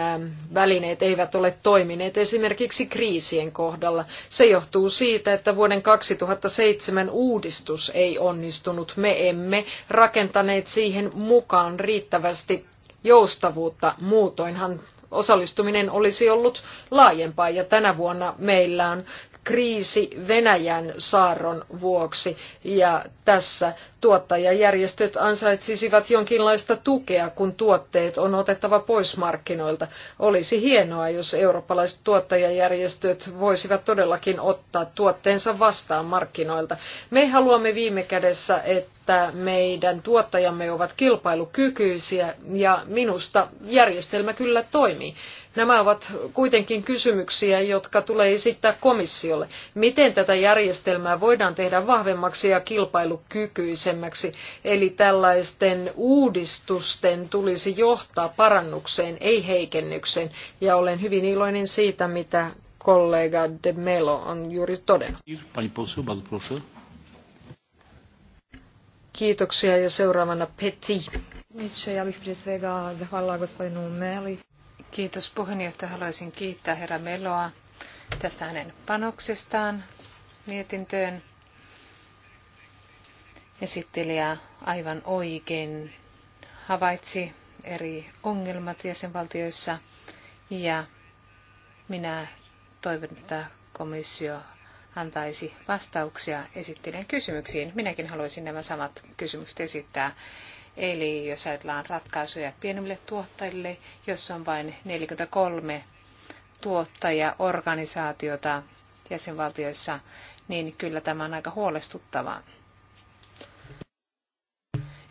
välineet eivät ole toimineet esimerkiksi kriisien kohdalla. Se johtuu siitä, että vuoden 2007 uudistus ei onnistunut. Me emme rakentaneet siihen mukaan riittävästi joustavuutta. Muutoinhan osallistuminen olisi ollut laajempaa ja tänä vuonna meillä on kriisi Venäjän saarron vuoksi ja tässä tuottajajärjestöt ansaitsisivat jonkinlaista tukea, kun tuotteet on otettava pois markkinoilta. Olisi hienoa, jos eurooppalaiset tuottajajärjestöt voisivat todellakin ottaa tuotteensa vastaan markkinoilta. Me haluamme viime kädessä, että meidän tuottajamme ovat kilpailukykyisiä ja minusta järjestelmä kyllä toimii. Nämä ovat kuitenkin kysymyksiä, jotka tulee esittää komissiolle. Miten tätä järjestelmää voidaan tehdä vahvemmaksi ja kilpailukykyisemmäksi? Eli tällaisten uudistusten tulisi johtaa parannukseen, ei heikennykseen. Ja olen hyvin iloinen siitä, mitä kollega De Melo on juuri todennut. Kiitoksia ja seuraavana Peti. Ja prije svega zahvalila gospodinu Meli. Kiitos puheenjohtaja. Haluaisin kiittää herra Meloa tästä hänen panoksestaan mietintöön. Esittelijä aivan oikein havaitsi eri ongelmat jäsenvaltioissa ja minä toivon, että komissio antaisi vastauksia esittelijän kysymyksiin. Minäkin haluaisin nämä samat kysymykset esittää. Eli jos ajatellaan ratkaisuja pienemmille tuottajille, jos on vain 43 tuottajaorganisaatiota jäsenvaltioissa, niin kyllä tämä on aika huolestuttavaa.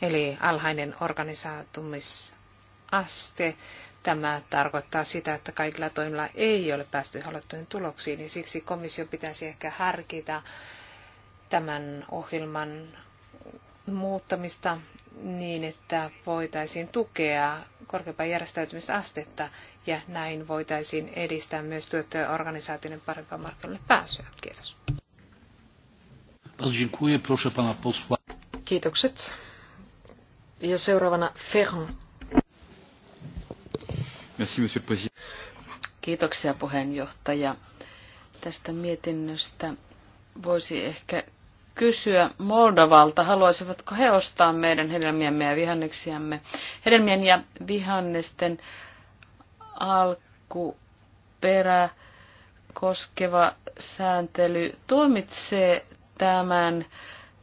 Eli alhainen organisaatumisaste. Tämä tarkoittaa sitä, että kaikilla toimilla ei ole päästy haluttuihin tuloksiin, ja niin siksi komissio pitäisi ehkä harkita tämän ohjelman muuttamista niin, että voitaisiin tukea korkeampaa järjestäytymisastetta ja näin voitaisiin edistää myös organisaatioiden parempaa markkinoille pääsyä. Kiitos. Kiitokset. Ja seuraavana Ferron. Merci, monsieur le président. Kiitoksia puheenjohtaja. Tästä mietinnöstä voisi ehkä kysyä Moldavalta haluaisivatko he ostaa meidän hedelmiämme ja vihanneksiamme. Hedelmien ja vihannesten alkuperä koskeva sääntely tuomitsee tämän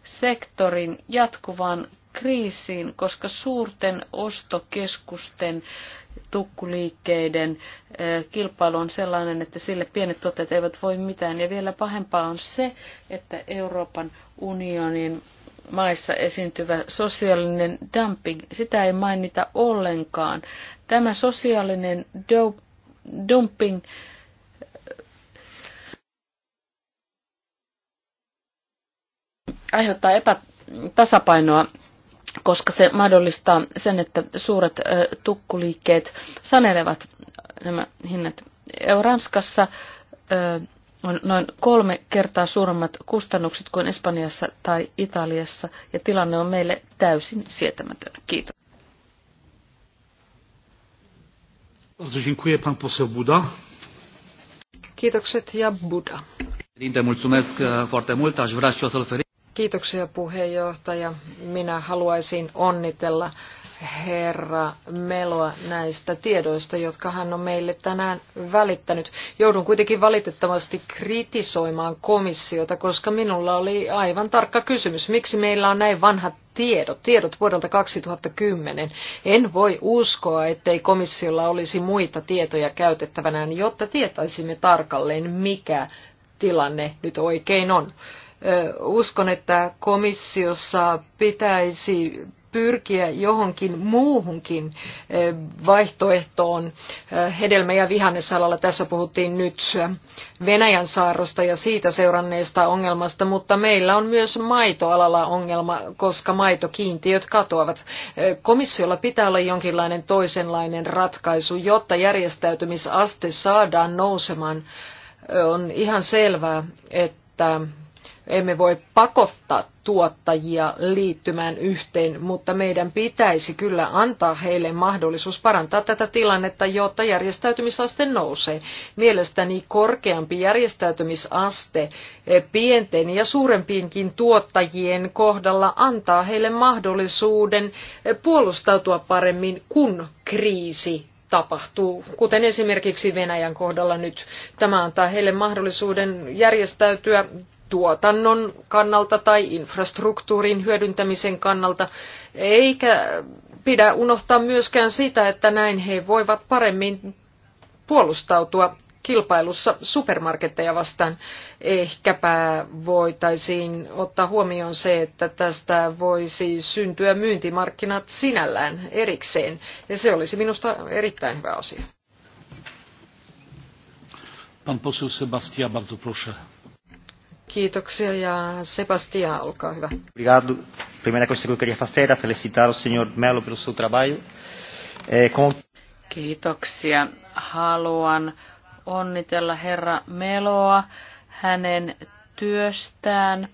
sektorin jatkuvan kriisiin, koska suurten ostokeskusten tukkuliikkeiden kilpailu on sellainen, että sille pienet tuotteet eivät voi mitään. Ja vielä pahempaa on se, että Euroopan unionin maissa esiintyvä sosiaalinen dumping, sitä ei mainita ollenkaan. Tämä sosiaalinen dumping aiheuttaa epätasapainoa koska se mahdollistaa sen, että suuret tukkuliikkeet sanelevat nämä hinnat. Ranskassa on noin kolme kertaa suuremmat kustannukset kuin Espanjassa tai Italiassa, ja tilanne on meille täysin sietämätön. Kiitos. Kiitokset ja Buda. Kiitokset ja buda. Kiitoksia puheenjohtaja. Minä haluaisin onnitella herra Meloa näistä tiedoista, jotka hän on meille tänään välittänyt. Joudun kuitenkin valitettavasti kritisoimaan komissiota, koska minulla oli aivan tarkka kysymys, miksi meillä on näin vanhat tiedot, tiedot vuodelta 2010. En voi uskoa, ettei komissiolla olisi muita tietoja käytettävänään, jotta tietäisimme tarkalleen, mikä tilanne nyt oikein on uskon, että komissiossa pitäisi pyrkiä johonkin muuhunkin vaihtoehtoon. Hedelmä- ja vihannesalalla tässä puhuttiin nyt Venäjän saarrosta ja siitä seuranneesta ongelmasta, mutta meillä on myös maitoalalla ongelma, koska maitokiintiöt katoavat. Komissiolla pitää olla jonkinlainen toisenlainen ratkaisu, jotta järjestäytymisaste saadaan nousemaan. On ihan selvää, että emme voi pakottaa tuottajia liittymään yhteen, mutta meidän pitäisi kyllä antaa heille mahdollisuus parantaa tätä tilannetta, jotta järjestäytymisaste nousee. Mielestäni korkeampi järjestäytymisaste eh, pienten ja suurempienkin tuottajien kohdalla antaa heille mahdollisuuden eh, puolustautua paremmin, kun kriisi tapahtuu, kuten esimerkiksi Venäjän kohdalla nyt. Tämä antaa heille mahdollisuuden järjestäytyä tuotannon kannalta tai infrastruktuurin hyödyntämisen kannalta, eikä pidä unohtaa myöskään sitä, että näin he voivat paremmin puolustautua kilpailussa supermarketteja vastaan. Ehkäpä voitaisiin ottaa huomioon se, että tästä voisi syntyä myyntimarkkinat sinällään erikseen, ja se olisi minusta erittäin hyvä asia. Pan poseł Sebastian, bardzo proszę. Kiitoksia ja Sebastia, olkaa hyvä. Obrigado. Primeira coisa que eu queria fazer era felicitar o senhor Melo pelo seu trabalho. Kiitoksia. Haluan onnitella herra Meloa hänen työstään.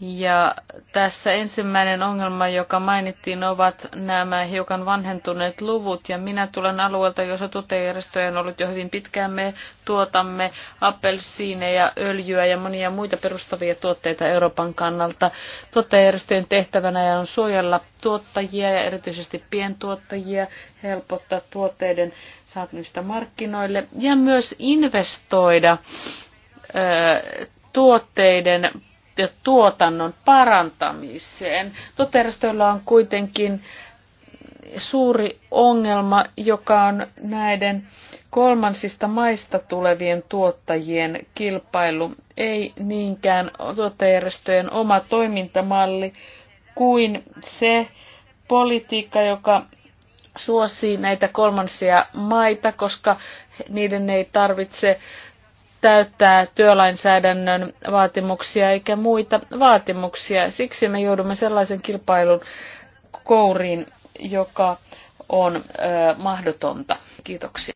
Ja tässä ensimmäinen ongelma, joka mainittiin, ovat nämä hiukan vanhentuneet luvut. Ja minä tulen alueelta, jossa tutejärjestöjä on ollut jo hyvin pitkään. Me tuotamme appelsiineja, öljyä ja monia muita perustavia tuotteita Euroopan kannalta. Tutejärjestöjen tehtävänä on suojella tuottajia ja erityisesti pientuottajia, helpottaa tuotteiden saatmista markkinoille ja myös investoida tuotteiden ja tuotannon parantamiseen. Toteristoilla on kuitenkin suuri ongelma, joka on näiden kolmansista maista tulevien tuottajien kilpailu, ei niinkään tuottajärjestöjen oma toimintamalli kuin se politiikka, joka suosii näitä kolmansia maita, koska niiden ei tarvitse täyttää työlainsäädännön vaatimuksia eikä muita vaatimuksia. Siksi me joudumme sellaisen kilpailun kouriin, joka on ö, mahdotonta. Kiitoksia.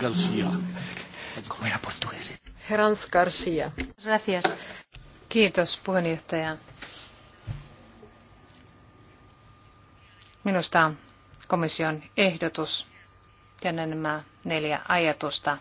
Garcia. Herans Garcia. Gracias. Kiitos puheenjohtaja. Minusta komission ehdotus ja nämä neljä ajatusta,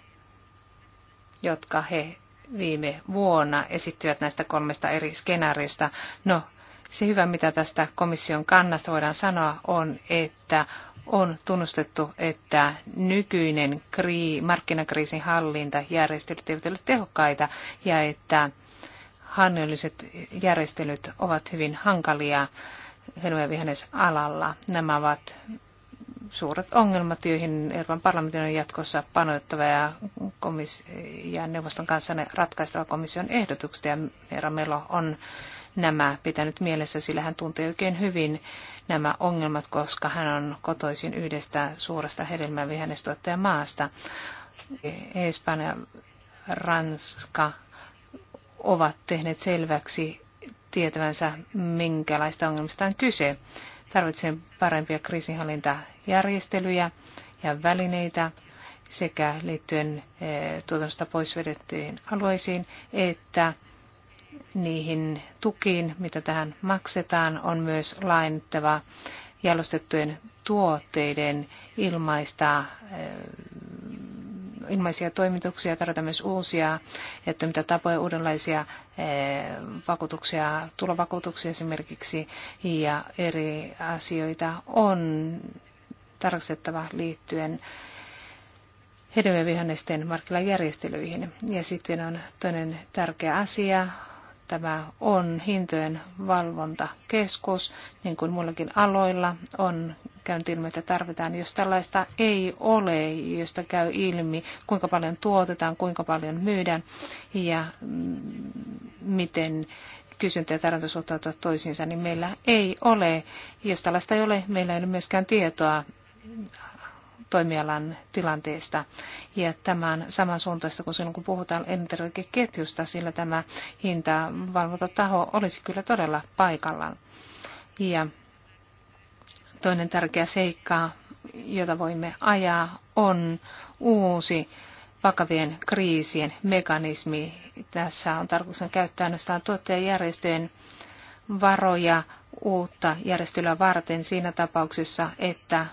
jotka he viime vuonna esittivät näistä kolmesta eri skenaariosta. No, se hyvä, mitä tästä komission kannasta voidaan sanoa, on, että on tunnustettu, että nykyinen krii, markkinakriisin hallintajärjestelyt eivät ole tehokkaita ja että hannolliset järjestelyt ovat hyvin hankalia alalla Nämä ovat suuret ongelmat, joihin Euroopan parlamentin on jatkossa panoittava ja, komis- ja neuvoston kanssa ne ratkaistava komission ehdotukset. Ja Eero Melo on nämä pitänyt mielessä, sillä hän tuntee oikein hyvin nämä ongelmat, koska hän on kotoisin yhdestä suuresta hedelmävihannestuottajan maasta. Espanja, Ranska ovat tehneet selväksi tietävänsä, minkälaista ongelmista on kyse. Tarvitsemme parempia kriisinhallinta- järjestelyjä ja välineitä sekä liittyen eh, tuotannosta pois vedettyihin alueisiin, että niihin tukiin, mitä tähän maksetaan, on myös laajennettava jalostettujen tuotteiden ilmaista, eh, ilmaisia toimituksia, tarvitaan myös uusia mitä tapoja, uudenlaisia eh, vakuutuksia, tulovakuutuksia esimerkiksi, ja eri asioita on tarkastettava liittyen hedelmävihannesten markkinajärjestelyihin. Ja sitten on toinen tärkeä asia, tämä on hintojen valvontakeskus, niin kuin muillakin aloilla on käynyt ilmi, että tarvitaan. Jos tällaista ei ole, josta käy ilmi, kuinka paljon tuotetaan, kuinka paljon myydään ja mm, miten kysyntä ja tarjonta suhtautuvat toisiinsa, niin meillä ei ole, jos tällaista ei ole, meillä ei ole myöskään tietoa toimialan tilanteesta. Ja tämä on samansuuntaista kuin silloin, kun puhutaan elintarvikeketjusta, sillä tämä hintavalvontataho olisi kyllä todella paikallaan. Ja toinen tärkeä seikka, jota voimme ajaa, on uusi vakavien kriisien mekanismi. Tässä on tarkoitus käyttää ainoastaan tuottajajärjestöjen varoja uutta järjestelyä varten siinä tapauksessa, että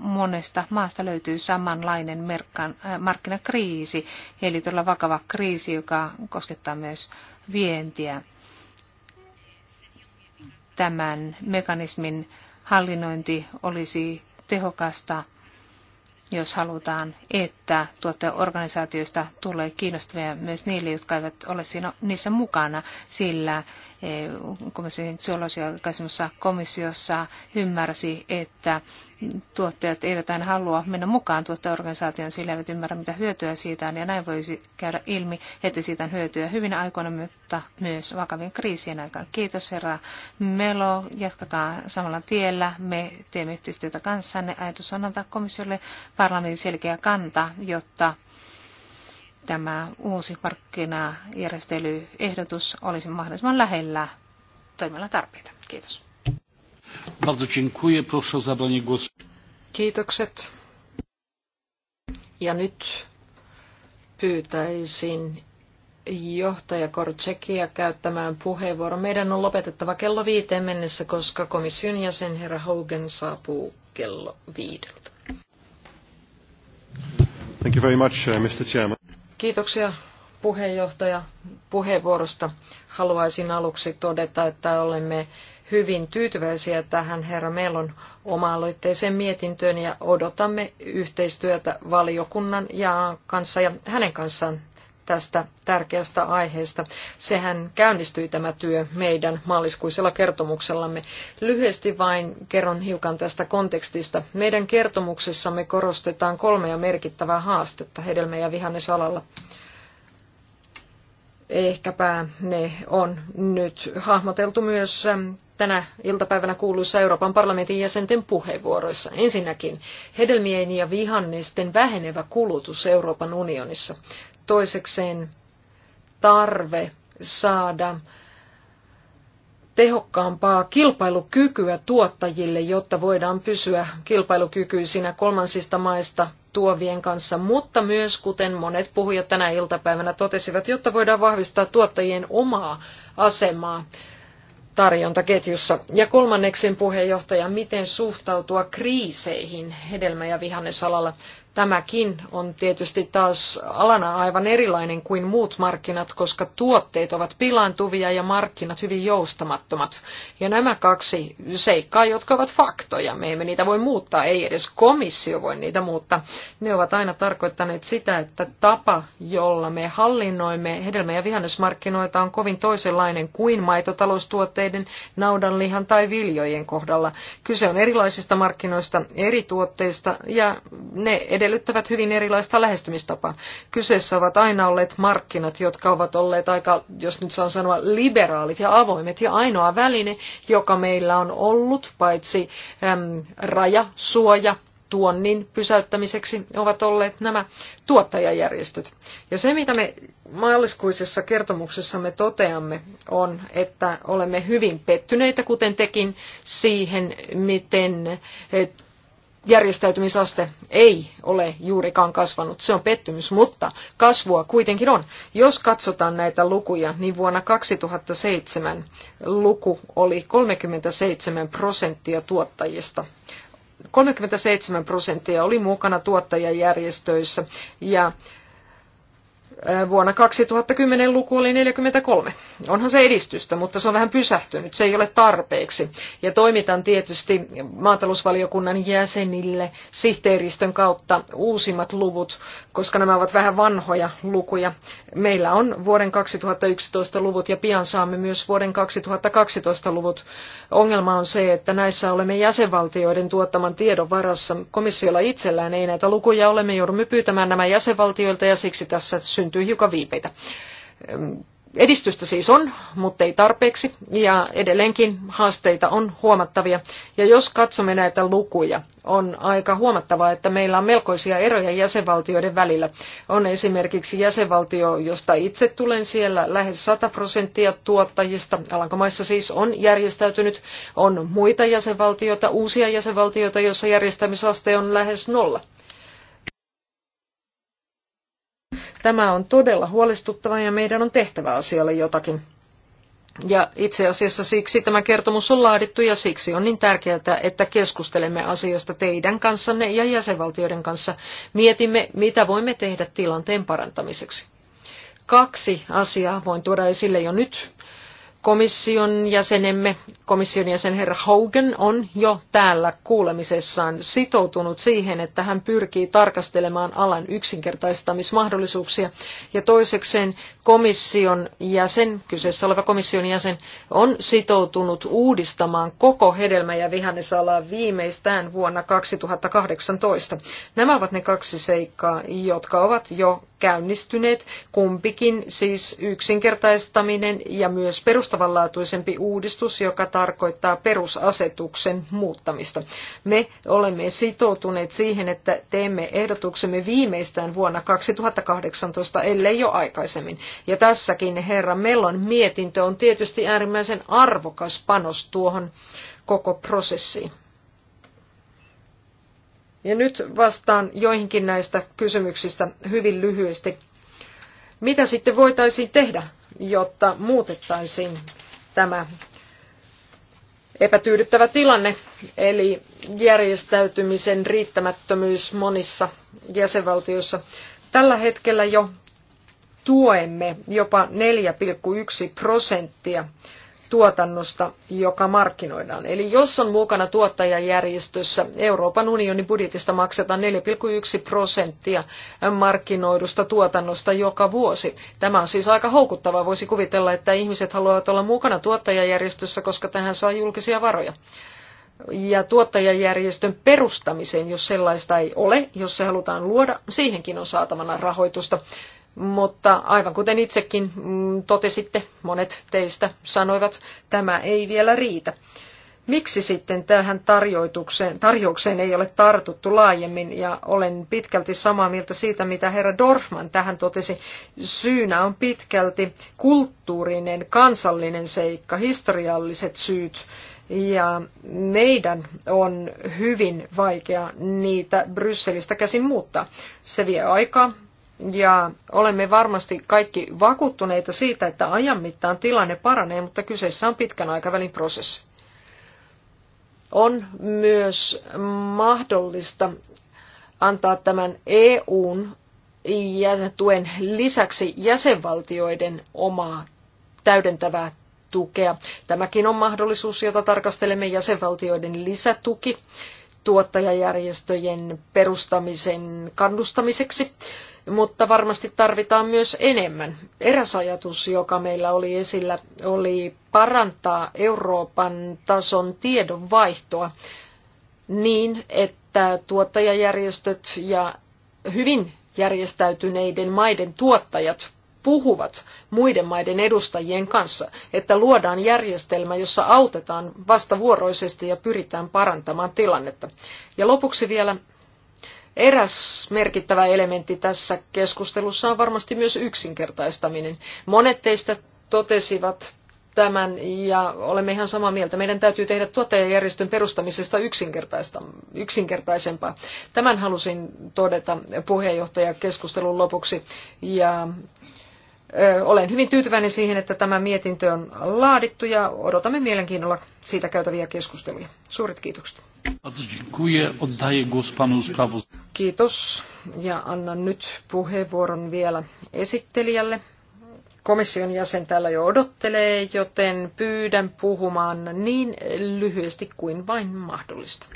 monesta maasta löytyy samanlainen merkkan, äh, markkinakriisi, eli todella vakava kriisi, joka koskettaa myös vientiä. Tämän mekanismin hallinnointi olisi tehokasta, jos halutaan, että tuottajaorganisaatioista tulee kiinnostavia myös niille, jotka eivät ole siinä, niissä mukana, sillä eh, komission komissiossa ymmärsi, että tuottajat eivät aina halua mennä mukaan tuottajaorganisaatioon, sillä eivät ymmärrä, mitä hyötyä siitä on, ja näin voisi käydä ilmi, että siitä on hyötyä hyvin aikoina, mutta myös vakavien kriisien aikaan. Kiitos herra Melo, jatkakaa samalla tiellä. Me teemme yhteistyötä kanssanne. Ajatus on antaa komissiolle parlamentin selkeä kanta, jotta tämä uusi markkinajärjestelyehdotus olisi mahdollisimman lähellä toimialan tarpeita. Kiitos. Bardzo dziękuję. Proszę o zabranie głosu. Kiitokset. Ja nyt pyytäisin johtaja Korczekia käyttämään puheenvuoron. Meidän on lopetettava kello viiteen mennessä, koska komission jäsen herra Hogan saapuu kello viideltä. Thank you very much, uh, Mr. Chairman. Kiitoksia puheenjohtaja puheenvuorosta. Haluaisin aluksi todeta, että olemme hyvin tyytyväisiä tähän herra Mellon oma-aloitteiseen mietintöön ja odotamme yhteistyötä valiokunnan ja kanssa ja hänen kanssaan tästä tärkeästä aiheesta. Sehän käynnistyi tämä työ meidän maaliskuisella kertomuksellamme. Lyhyesti vain kerron hiukan tästä kontekstista. Meidän kertomuksessamme korostetaan kolmea merkittävää haastetta hedelmä- ja vihannesalalla. Ehkäpä ne on nyt hahmoteltu myös tänä iltapäivänä kuuluissa Euroopan parlamentin jäsenten puheenvuoroissa. Ensinnäkin hedelmien ja vihannesten vähenevä kulutus Euroopan unionissa. Toisekseen tarve saada tehokkaampaa kilpailukykyä tuottajille, jotta voidaan pysyä kilpailukykyisinä kolmansista maista tuovien kanssa, mutta myös, kuten monet puhujat tänä iltapäivänä totesivat, jotta voidaan vahvistaa tuottajien omaa asemaa tarjontaketjussa. Ja kolmanneksen puheenjohtaja, miten suhtautua kriiseihin hedelmä- ja vihannesalalla? Tämäkin on tietysti taas alana aivan erilainen kuin muut markkinat, koska tuotteet ovat pilaantuvia ja markkinat hyvin joustamattomat. Ja nämä kaksi seikkaa, jotka ovat faktoja, me emme niitä voi muuttaa, ei edes komissio voi niitä muuttaa. Ne ovat aina tarkoittaneet sitä, että tapa, jolla me hallinnoimme hedelmä- ja vihannesmarkkinoita on kovin toisenlainen kuin maitotaloustuotteiden, naudanlihan tai viljojen kohdalla. Kyse on erilaisista markkinoista, eri tuotteista ja ne edelleen edellyttävät hyvin erilaista lähestymistapaa. Kyseessä ovat aina olleet markkinat, jotka ovat olleet aika, jos nyt saan sanoa, liberaalit ja avoimet. Ja ainoa väline, joka meillä on ollut, paitsi äm, raja, suoja, tuonnin pysäyttämiseksi ovat olleet nämä tuottajajärjestöt. Ja se, mitä me maaliskuisessa kertomuksessamme toteamme, on, että olemme hyvin pettyneitä, kuten tekin, siihen, miten järjestäytymisaste ei ole juurikaan kasvanut. Se on pettymys, mutta kasvua kuitenkin on. Jos katsotaan näitä lukuja, niin vuonna 2007 luku oli 37 prosenttia tuottajista. 37 prosenttia oli mukana tuottajajärjestöissä ja Vuonna 2010 luku oli 43. Onhan se edistystä, mutta se on vähän pysähtynyt. Se ei ole tarpeeksi. Ja toimitan tietysti maatalousvaliokunnan jäsenille sihteeristön kautta uusimmat luvut, koska nämä ovat vähän vanhoja lukuja. Meillä on vuoden 2011 luvut ja pian saamme myös vuoden 2012 luvut. Ongelma on se, että näissä olemme jäsenvaltioiden tuottaman tiedon varassa. Komissiolla itsellään ei näitä lukuja ole. Me joudumme pyytämään nämä jäsenvaltioilta ja siksi tässä syntyy hiukan viipeitä. Edistystä siis on, mutta ei tarpeeksi, ja edelleenkin haasteita on huomattavia. Ja jos katsomme näitä lukuja, on aika huomattavaa, että meillä on melkoisia eroja jäsenvaltioiden välillä. On esimerkiksi jäsenvaltio, josta itse tulen siellä, lähes 100 prosenttia tuottajista, Alankomaissa siis on järjestäytynyt, on muita jäsenvaltioita, uusia jäsenvaltioita, joissa järjestämisaste on lähes nolla. Tämä on todella huolestuttava ja meidän on tehtävä asialle jotakin. Ja itse asiassa siksi tämä kertomus on laadittu ja siksi on niin tärkeää, että keskustelemme asiasta teidän kanssanne ja jäsenvaltioiden kanssa. Mietimme, mitä voimme tehdä tilanteen parantamiseksi. Kaksi asiaa voin tuoda esille jo nyt komission jäsenemme, komission jäsen herra Hogan, on jo täällä kuulemisessaan sitoutunut siihen, että hän pyrkii tarkastelemaan alan yksinkertaistamismahdollisuuksia. Ja toisekseen komission jäsen, kyseessä oleva komission jäsen, on sitoutunut uudistamaan koko hedelmä- ja vihannesalaa viimeistään vuonna 2018. Nämä ovat ne kaksi seikkaa, jotka ovat jo käynnistyneet, kumpikin siis yksinkertaistaminen ja myös perustavanlaatuisempi uudistus, joka tarkoittaa perusasetuksen muuttamista. Me olemme sitoutuneet siihen, että teemme ehdotuksemme viimeistään vuonna 2018, ellei jo aikaisemmin. Ja tässäkin herra Mellon mietintö on tietysti äärimmäisen arvokas panos tuohon koko prosessiin. Ja nyt vastaan joihinkin näistä kysymyksistä hyvin lyhyesti. Mitä sitten voitaisiin tehdä, jotta muutettaisiin tämä epätyydyttävä tilanne, eli järjestäytymisen riittämättömyys monissa jäsenvaltioissa. Tällä hetkellä jo tuemme jopa 4,1 prosenttia tuotannosta, joka markkinoidaan. Eli jos on mukana tuottajajärjestössä, Euroopan unionin budjetista maksetaan 4,1 prosenttia markkinoidusta tuotannosta joka vuosi. Tämä on siis aika houkuttavaa. Voisi kuvitella, että ihmiset haluavat olla mukana tuottajajärjestössä, koska tähän saa julkisia varoja ja tuottajajärjestön perustamiseen, jos sellaista ei ole, jos se halutaan luoda, siihenkin on saatavana rahoitusta. Mutta aivan kuten itsekin mm, totesitte, monet teistä sanoivat, tämä ei vielä riitä. Miksi sitten tähän tarjoukseen, tarjoukseen ei ole tartuttu laajemmin, ja olen pitkälti samaa mieltä siitä, mitä herra Dorfman tähän totesi. Syynä on pitkälti kulttuurinen, kansallinen seikka, historialliset syyt, ja meidän on hyvin vaikea niitä Brysselistä käsin muuttaa. Se vie aikaa, ja olemme varmasti kaikki vakuuttuneita siitä, että ajan mittaan tilanne paranee, mutta kyseessä on pitkän aikavälin prosessi. On myös mahdollista antaa tämän EUn tuen lisäksi jäsenvaltioiden omaa täydentävää tukea. Tämäkin on mahdollisuus, jota tarkastelemme jäsenvaltioiden lisätuki tuottajajärjestöjen perustamisen kannustamiseksi mutta varmasti tarvitaan myös enemmän. Eräs ajatus, joka meillä oli esillä, oli parantaa Euroopan tason tiedonvaihtoa niin, että tuottajajärjestöt ja hyvin järjestäytyneiden maiden tuottajat puhuvat muiden maiden edustajien kanssa, että luodaan järjestelmä, jossa autetaan vastavuoroisesti ja pyritään parantamaan tilannetta. Ja lopuksi vielä Eräs merkittävä elementti tässä keskustelussa on varmasti myös yksinkertaistaminen. Monet teistä totesivat tämän ja olemme ihan samaa mieltä. Meidän täytyy tehdä tuottajajärjestön perustamisesta yksinkertaisempaa. Tämän halusin todeta puheenjohtajakeskustelun lopuksi ja olen hyvin tyytyväinen siihen, että tämä mietintö on laadittu ja odotamme mielenkiinnolla siitä käytäviä keskusteluja. Suuret kiitokset. Kiitos ja annan nyt puheenvuoron vielä esittelijälle. Komission jäsen täällä jo odottelee, joten pyydän puhumaan niin lyhyesti kuin vain mahdollista.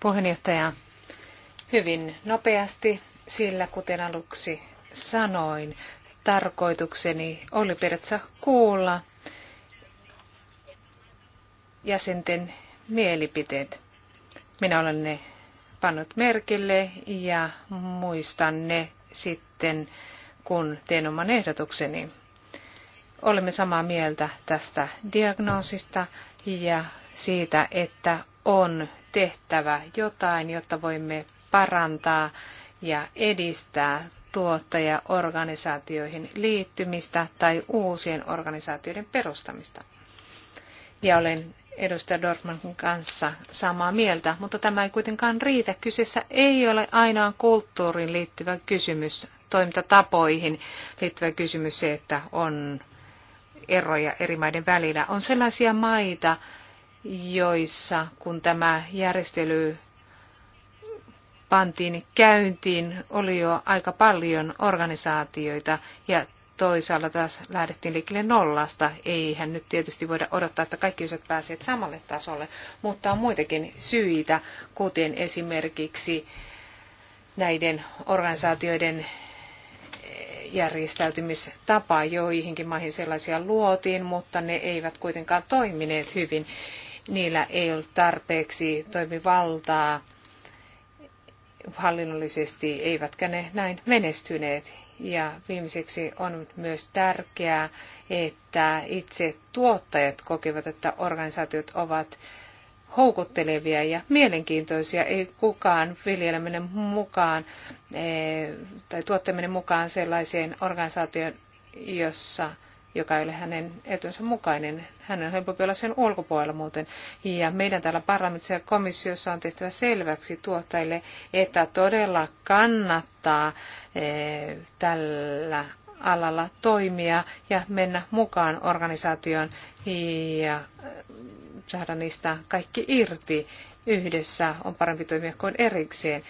Puheenjohtaja, hyvin nopeasti, sillä kuten aluksi sanoin, tarkoitukseni oli periaatteessa kuulla jäsenten mielipiteet. Minä olen ne pannut merkille ja muistan ne sitten, kun teen oman ehdotukseni. Olemme samaa mieltä tästä diagnoosista ja siitä, että on tehtävä jotain, jotta voimme parantaa ja edistää tuottajaorganisaatioihin liittymistä tai uusien organisaatioiden perustamista. Ja olen edustaja Dorfmanin kanssa samaa mieltä, mutta tämä ei kuitenkaan riitä. Kyseessä ei ole ainoa kulttuuriin liittyvä kysymys, toimintatapoihin liittyvä kysymys se, että on eroja eri maiden välillä. On sellaisia maita, joissa kun tämä järjestely pantiin käyntiin, oli jo aika paljon organisaatioita ja toisaalla taas lähdettiin liikkeelle nollasta. Eihän nyt tietysti voida odottaa, että kaikki osat pääsevät samalle tasolle, mutta on muitakin syitä, kuten esimerkiksi näiden organisaatioiden järjestäytymistapa. Joihinkin maihin sellaisia luotiin, mutta ne eivät kuitenkaan toimineet hyvin. Niillä ei ollut tarpeeksi toimivaltaa hallinnollisesti, eivätkä ne näin menestyneet. Ja viimeiseksi on myös tärkeää, että itse tuottajat kokevat, että organisaatiot ovat houkuttelevia ja mielenkiintoisia. Ei kukaan viljeleminen mukaan eh, tai tuottaminen mukaan sellaiseen organisaatioon, jossa joka ei ole hänen etunsa mukainen. Hän on helpompi olla sen ulkopuolella muuten. Ja meidän täällä parlamentissa ja komissiossa on tehtävä selväksi tuottajille, että todella kannattaa eh, tällä alalla toimia ja mennä mukaan organisaatioon ja eh, saada niistä kaikki irti. Yhdessä on parempi toimia kuin erikseen.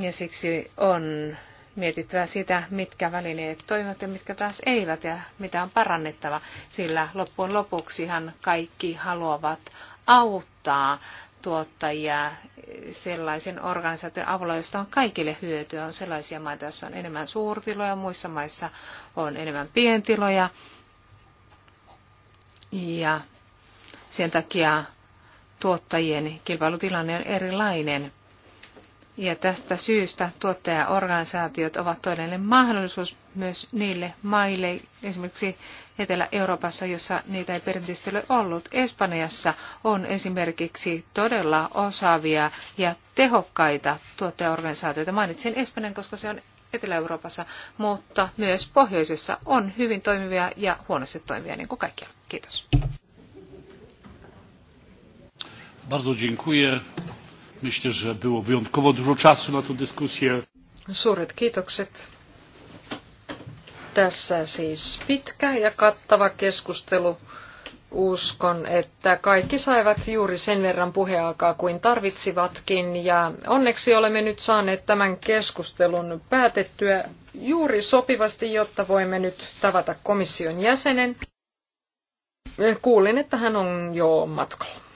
Ja siksi on mietittävä sitä, mitkä välineet toimivat ja mitkä taas eivät ja mitä on parannettava, sillä loppujen lopuksihan kaikki haluavat auttaa tuottajia sellaisen organisaation avulla, josta on kaikille hyötyä. On sellaisia maita, joissa on enemmän suurtiloja, muissa maissa on enemmän pientiloja. Ja sen takia tuottajien kilpailutilanne on erilainen. Ja tästä syystä tuottajaorganisaatiot ovat todellinen mahdollisuus myös niille maille, esimerkiksi Etelä-Euroopassa, jossa niitä ei perinteisesti ole ollut. Espanjassa on esimerkiksi todella osaavia ja tehokkaita tuottajaorganisaatioita. Mainitsin Espanjan, koska se on Etelä-Euroopassa, mutta myös pohjoisessa on hyvin toimivia ja huonosti toimivia, niin kuin kaikkialla. Kiitos. Bardzo dziękuję. Myślę, że było wyjątkowo dużo czasu na tę dyskusję. Suuret kiitokset. Tässä siis pitkä ja kattava keskustelu. Uskon, että kaikki saivat juuri sen verran puheaikaa kuin tarvitsivatkin ja onneksi olemme nyt saaneet tämän keskustelun päätettyä juuri sopivasti, jotta voimme nyt tavata komission jäsenen. Kuulin, että hän on jo matkalla.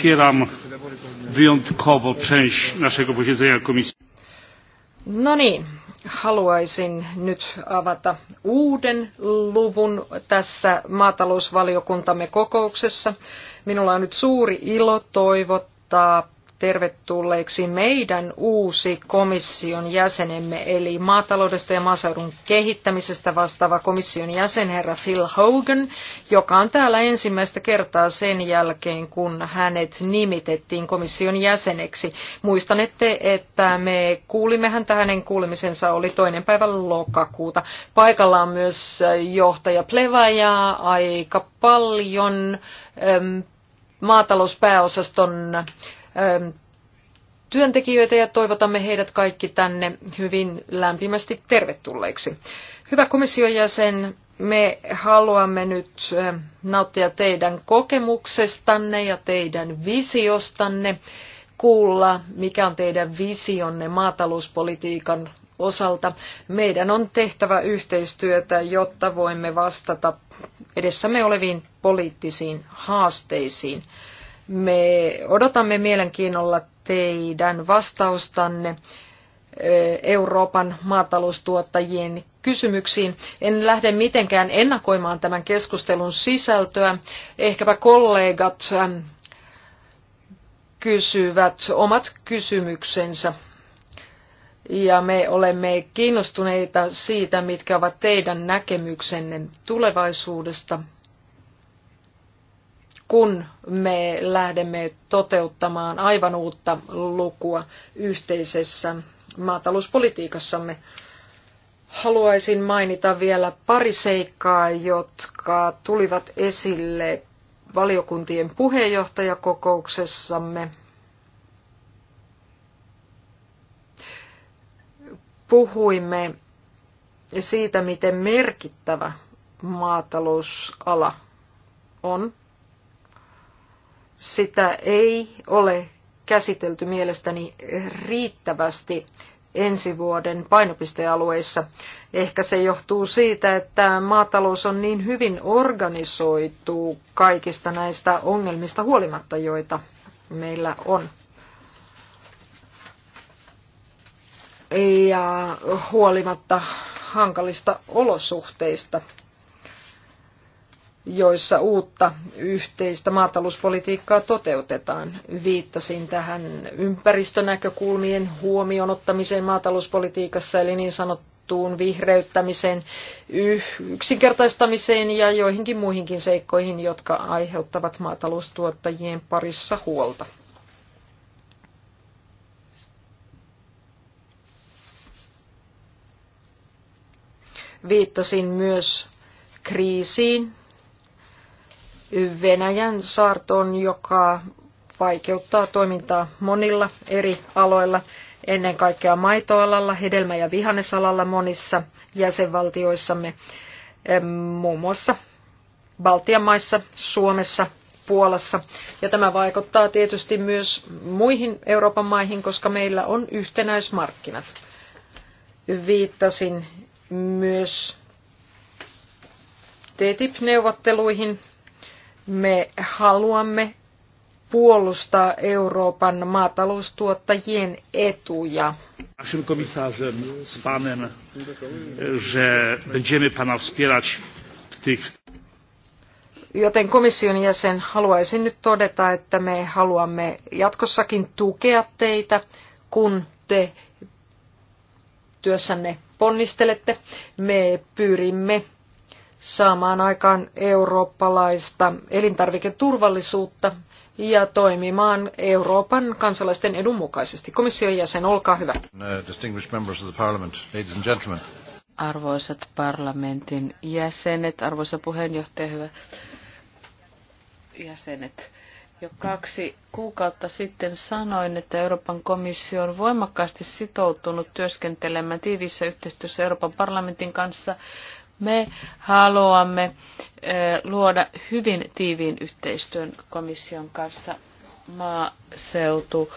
otwieram wyjątkowo część naszego posiedzenia komisji. No niin, haluaisin nyt avata uuden luvun tässä maatalousvaliokuntamme kokouksessa. Minulla on nyt suuri ilo toivottaa tervetulleeksi meidän uusi komission jäsenemme, eli maataloudesta ja maaseudun kehittämisestä vastaava komission jäsen, herra Phil Hogan, joka on täällä ensimmäistä kertaa sen jälkeen, kun hänet nimitettiin komission jäseneksi. Muistanette, että me kuulimme häntä, hänen kuulemisensa oli toinen päivä lokakuuta. Paikalla on myös johtaja Plevaja, aika paljon maatalouspääosaston työntekijöitä ja toivotamme heidät kaikki tänne hyvin lämpimästi tervetulleiksi. Hyvä komission jäsen, me haluamme nyt nauttia teidän kokemuksestanne ja teidän visiostanne, kuulla, mikä on teidän visionne maatalouspolitiikan osalta. Meidän on tehtävä yhteistyötä, jotta voimme vastata edessämme oleviin poliittisiin haasteisiin. Me odotamme mielenkiinnolla teidän vastaustanne Euroopan maataloustuottajien kysymyksiin. En lähde mitenkään ennakoimaan tämän keskustelun sisältöä. Ehkäpä kollegat kysyvät omat kysymyksensä. Ja me olemme kiinnostuneita siitä, mitkä ovat teidän näkemyksenne tulevaisuudesta kun me lähdemme toteuttamaan aivan uutta lukua yhteisessä maatalouspolitiikassamme. Haluaisin mainita vielä pari seikkaa, jotka tulivat esille valiokuntien puheenjohtajakokouksessamme. Puhuimme siitä, miten merkittävä maatalousala on sitä ei ole käsitelty mielestäni riittävästi ensi vuoden painopistealueissa. Ehkä se johtuu siitä, että maatalous on niin hyvin organisoitu kaikista näistä ongelmista huolimatta, joita meillä on. Ja huolimatta hankalista olosuhteista joissa uutta yhteistä maatalouspolitiikkaa toteutetaan. Viittasin tähän ympäristönäkökulmien huomioon ottamiseen maatalouspolitiikassa, eli niin sanottuun vihreyttämiseen, yksinkertaistamiseen ja joihinkin muihinkin seikkoihin, jotka aiheuttavat maataloustuottajien parissa huolta. Viittasin myös kriisiin, Venäjän saarton, joka vaikeuttaa toimintaa monilla eri aloilla, ennen kaikkea maitoalalla, hedelmä- ja vihannesalalla monissa jäsenvaltioissamme, muun muassa Baltian maissa, Suomessa, Puolassa. Ja tämä vaikuttaa tietysti myös muihin Euroopan maihin, koska meillä on yhtenäismarkkinat. Viittasin myös TTIP-neuvotteluihin me haluamme puolustaa Euroopan maataloustuottajien etuja. Naszym komisarzem z panem, że będziemy pana wspierać w tych Joten komission jäsen haluaisin nyt todeta, että me haluamme jatkossakin tukea teitä, kun te työssänne ponnistelette. Me pyrimme saamaan aikaan eurooppalaista elintarviketurvallisuutta ja toimimaan Euroopan kansalaisten edun mukaisesti. Komission jäsen, olkaa hyvä. Uh, Arvoisat parlamentin jäsenet, arvoisa puheenjohtaja, hyvä jäsenet. Jo kaksi kuukautta sitten sanoin, että Euroopan komissio on voimakkaasti sitoutunut työskentelemään tiiviissä yhteistyössä Euroopan parlamentin kanssa me haluamme luoda hyvin tiiviin yhteistyön komission kanssa maaseutu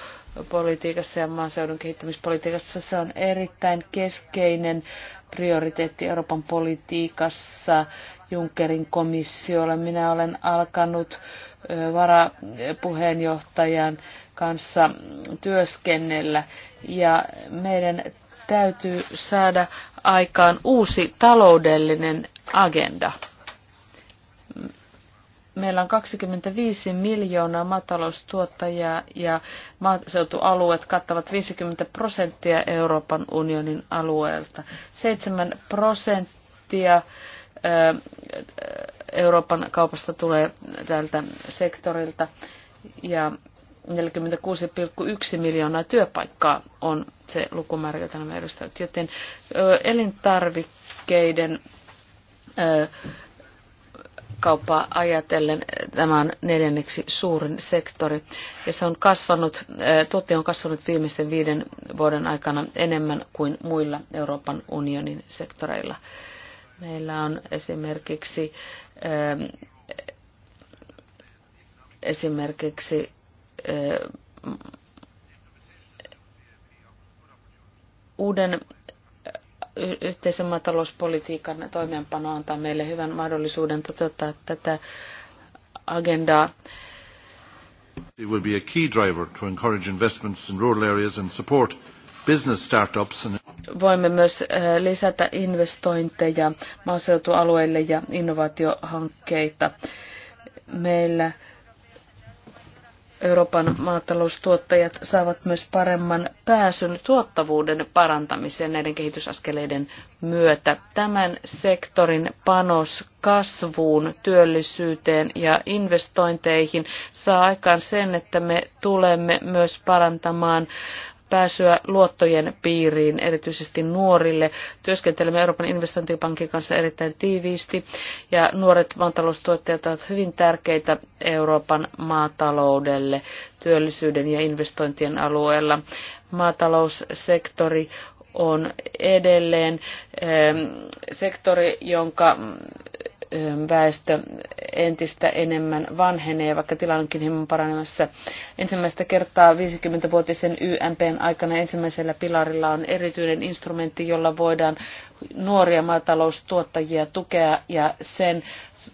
politiikassa ja maaseudun kehittämispolitiikassa. Se on erittäin keskeinen prioriteetti Euroopan politiikassa Junckerin komissiolle. Minä olen alkanut varapuheenjohtajan kanssa työskennellä ja meidän täytyy saada aikaan uusi taloudellinen agenda. Meillä on 25 miljoonaa maataloustuottajaa ja maaseutualueet kattavat 50 prosenttia Euroopan unionin alueelta. 7 prosenttia Euroopan kaupasta tulee tältä sektorilta ja 46,1 miljoonaa työpaikkaa on se lukumäärä, jota nämä edustavat. Joten elintarvikkeiden kauppaa ajatellen tämä on neljänneksi suurin sektori. Ja se on kasvanut, tuotti on kasvanut viimeisten viiden vuoden aikana enemmän kuin muilla Euroopan unionin sektoreilla. Meillä on esimerkiksi, esimerkiksi uuden yhteisen maatalouspolitiikan toimeenpano antaa meille hyvän mahdollisuuden toteuttaa tätä agendaa. It will be a key driver to encourage investments in rural areas and support business startups and Voimme myös lisätä investointeja maaseutualueille ja innovaatiohankkeita. Meillä Euroopan maataloustuottajat saavat myös paremman pääsyn tuottavuuden parantamiseen näiden kehitysaskeleiden myötä. Tämän sektorin panos kasvuun, työllisyyteen ja investointeihin saa aikaan sen, että me tulemme myös parantamaan pääsyä luottojen piiriin, erityisesti nuorille. Työskentelemme Euroopan investointipankin kanssa erittäin tiiviisti ja nuoret maataloustuottajat ovat hyvin tärkeitä Euroopan maataloudelle työllisyyden ja investointien alueella. Maataloussektori on edelleen eh, sektori, jonka väestö entistä enemmän vanhenee, vaikka tilanne onkin hieman paranemassa. Ensimmäistä kertaa 50-vuotisen YMPn aikana ensimmäisellä pilarilla on erityinen instrumentti, jolla voidaan nuoria maataloustuottajia tukea ja sen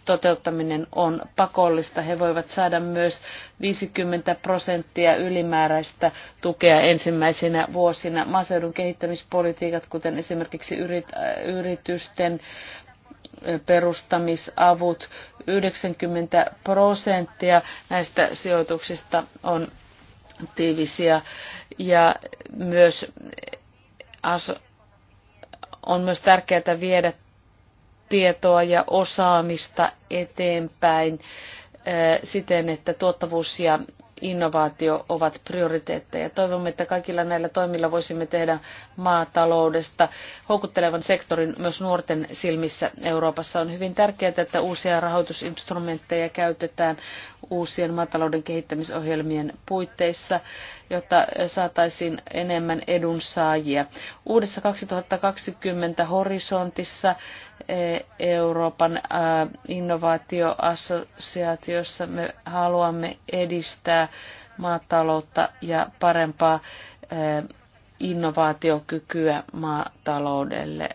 toteuttaminen on pakollista. He voivat saada myös 50 prosenttia ylimääräistä tukea ensimmäisenä vuosina. Maaseudun kehittämispolitiikat, kuten esimerkiksi yritysten perustamisavut. 90 prosenttia näistä sijoituksista on tiivisiä ja myös on myös tärkeää viedä tietoa ja osaamista eteenpäin siten, että tuottavuus ja innovaatio ovat prioriteetteja. Toivomme, että kaikilla näillä toimilla voisimme tehdä maataloudesta houkuttelevan sektorin myös nuorten silmissä Euroopassa. On hyvin tärkeää, että uusia rahoitusinstrumentteja käytetään uusien maatalouden kehittämisohjelmien puitteissa jotta saataisiin enemmän edunsaajia. Uudessa 2020 horisontissa eh, Euroopan eh, innovaatioassosiaatiossa me haluamme edistää maataloutta ja parempaa eh, innovaatiokykyä maataloudelle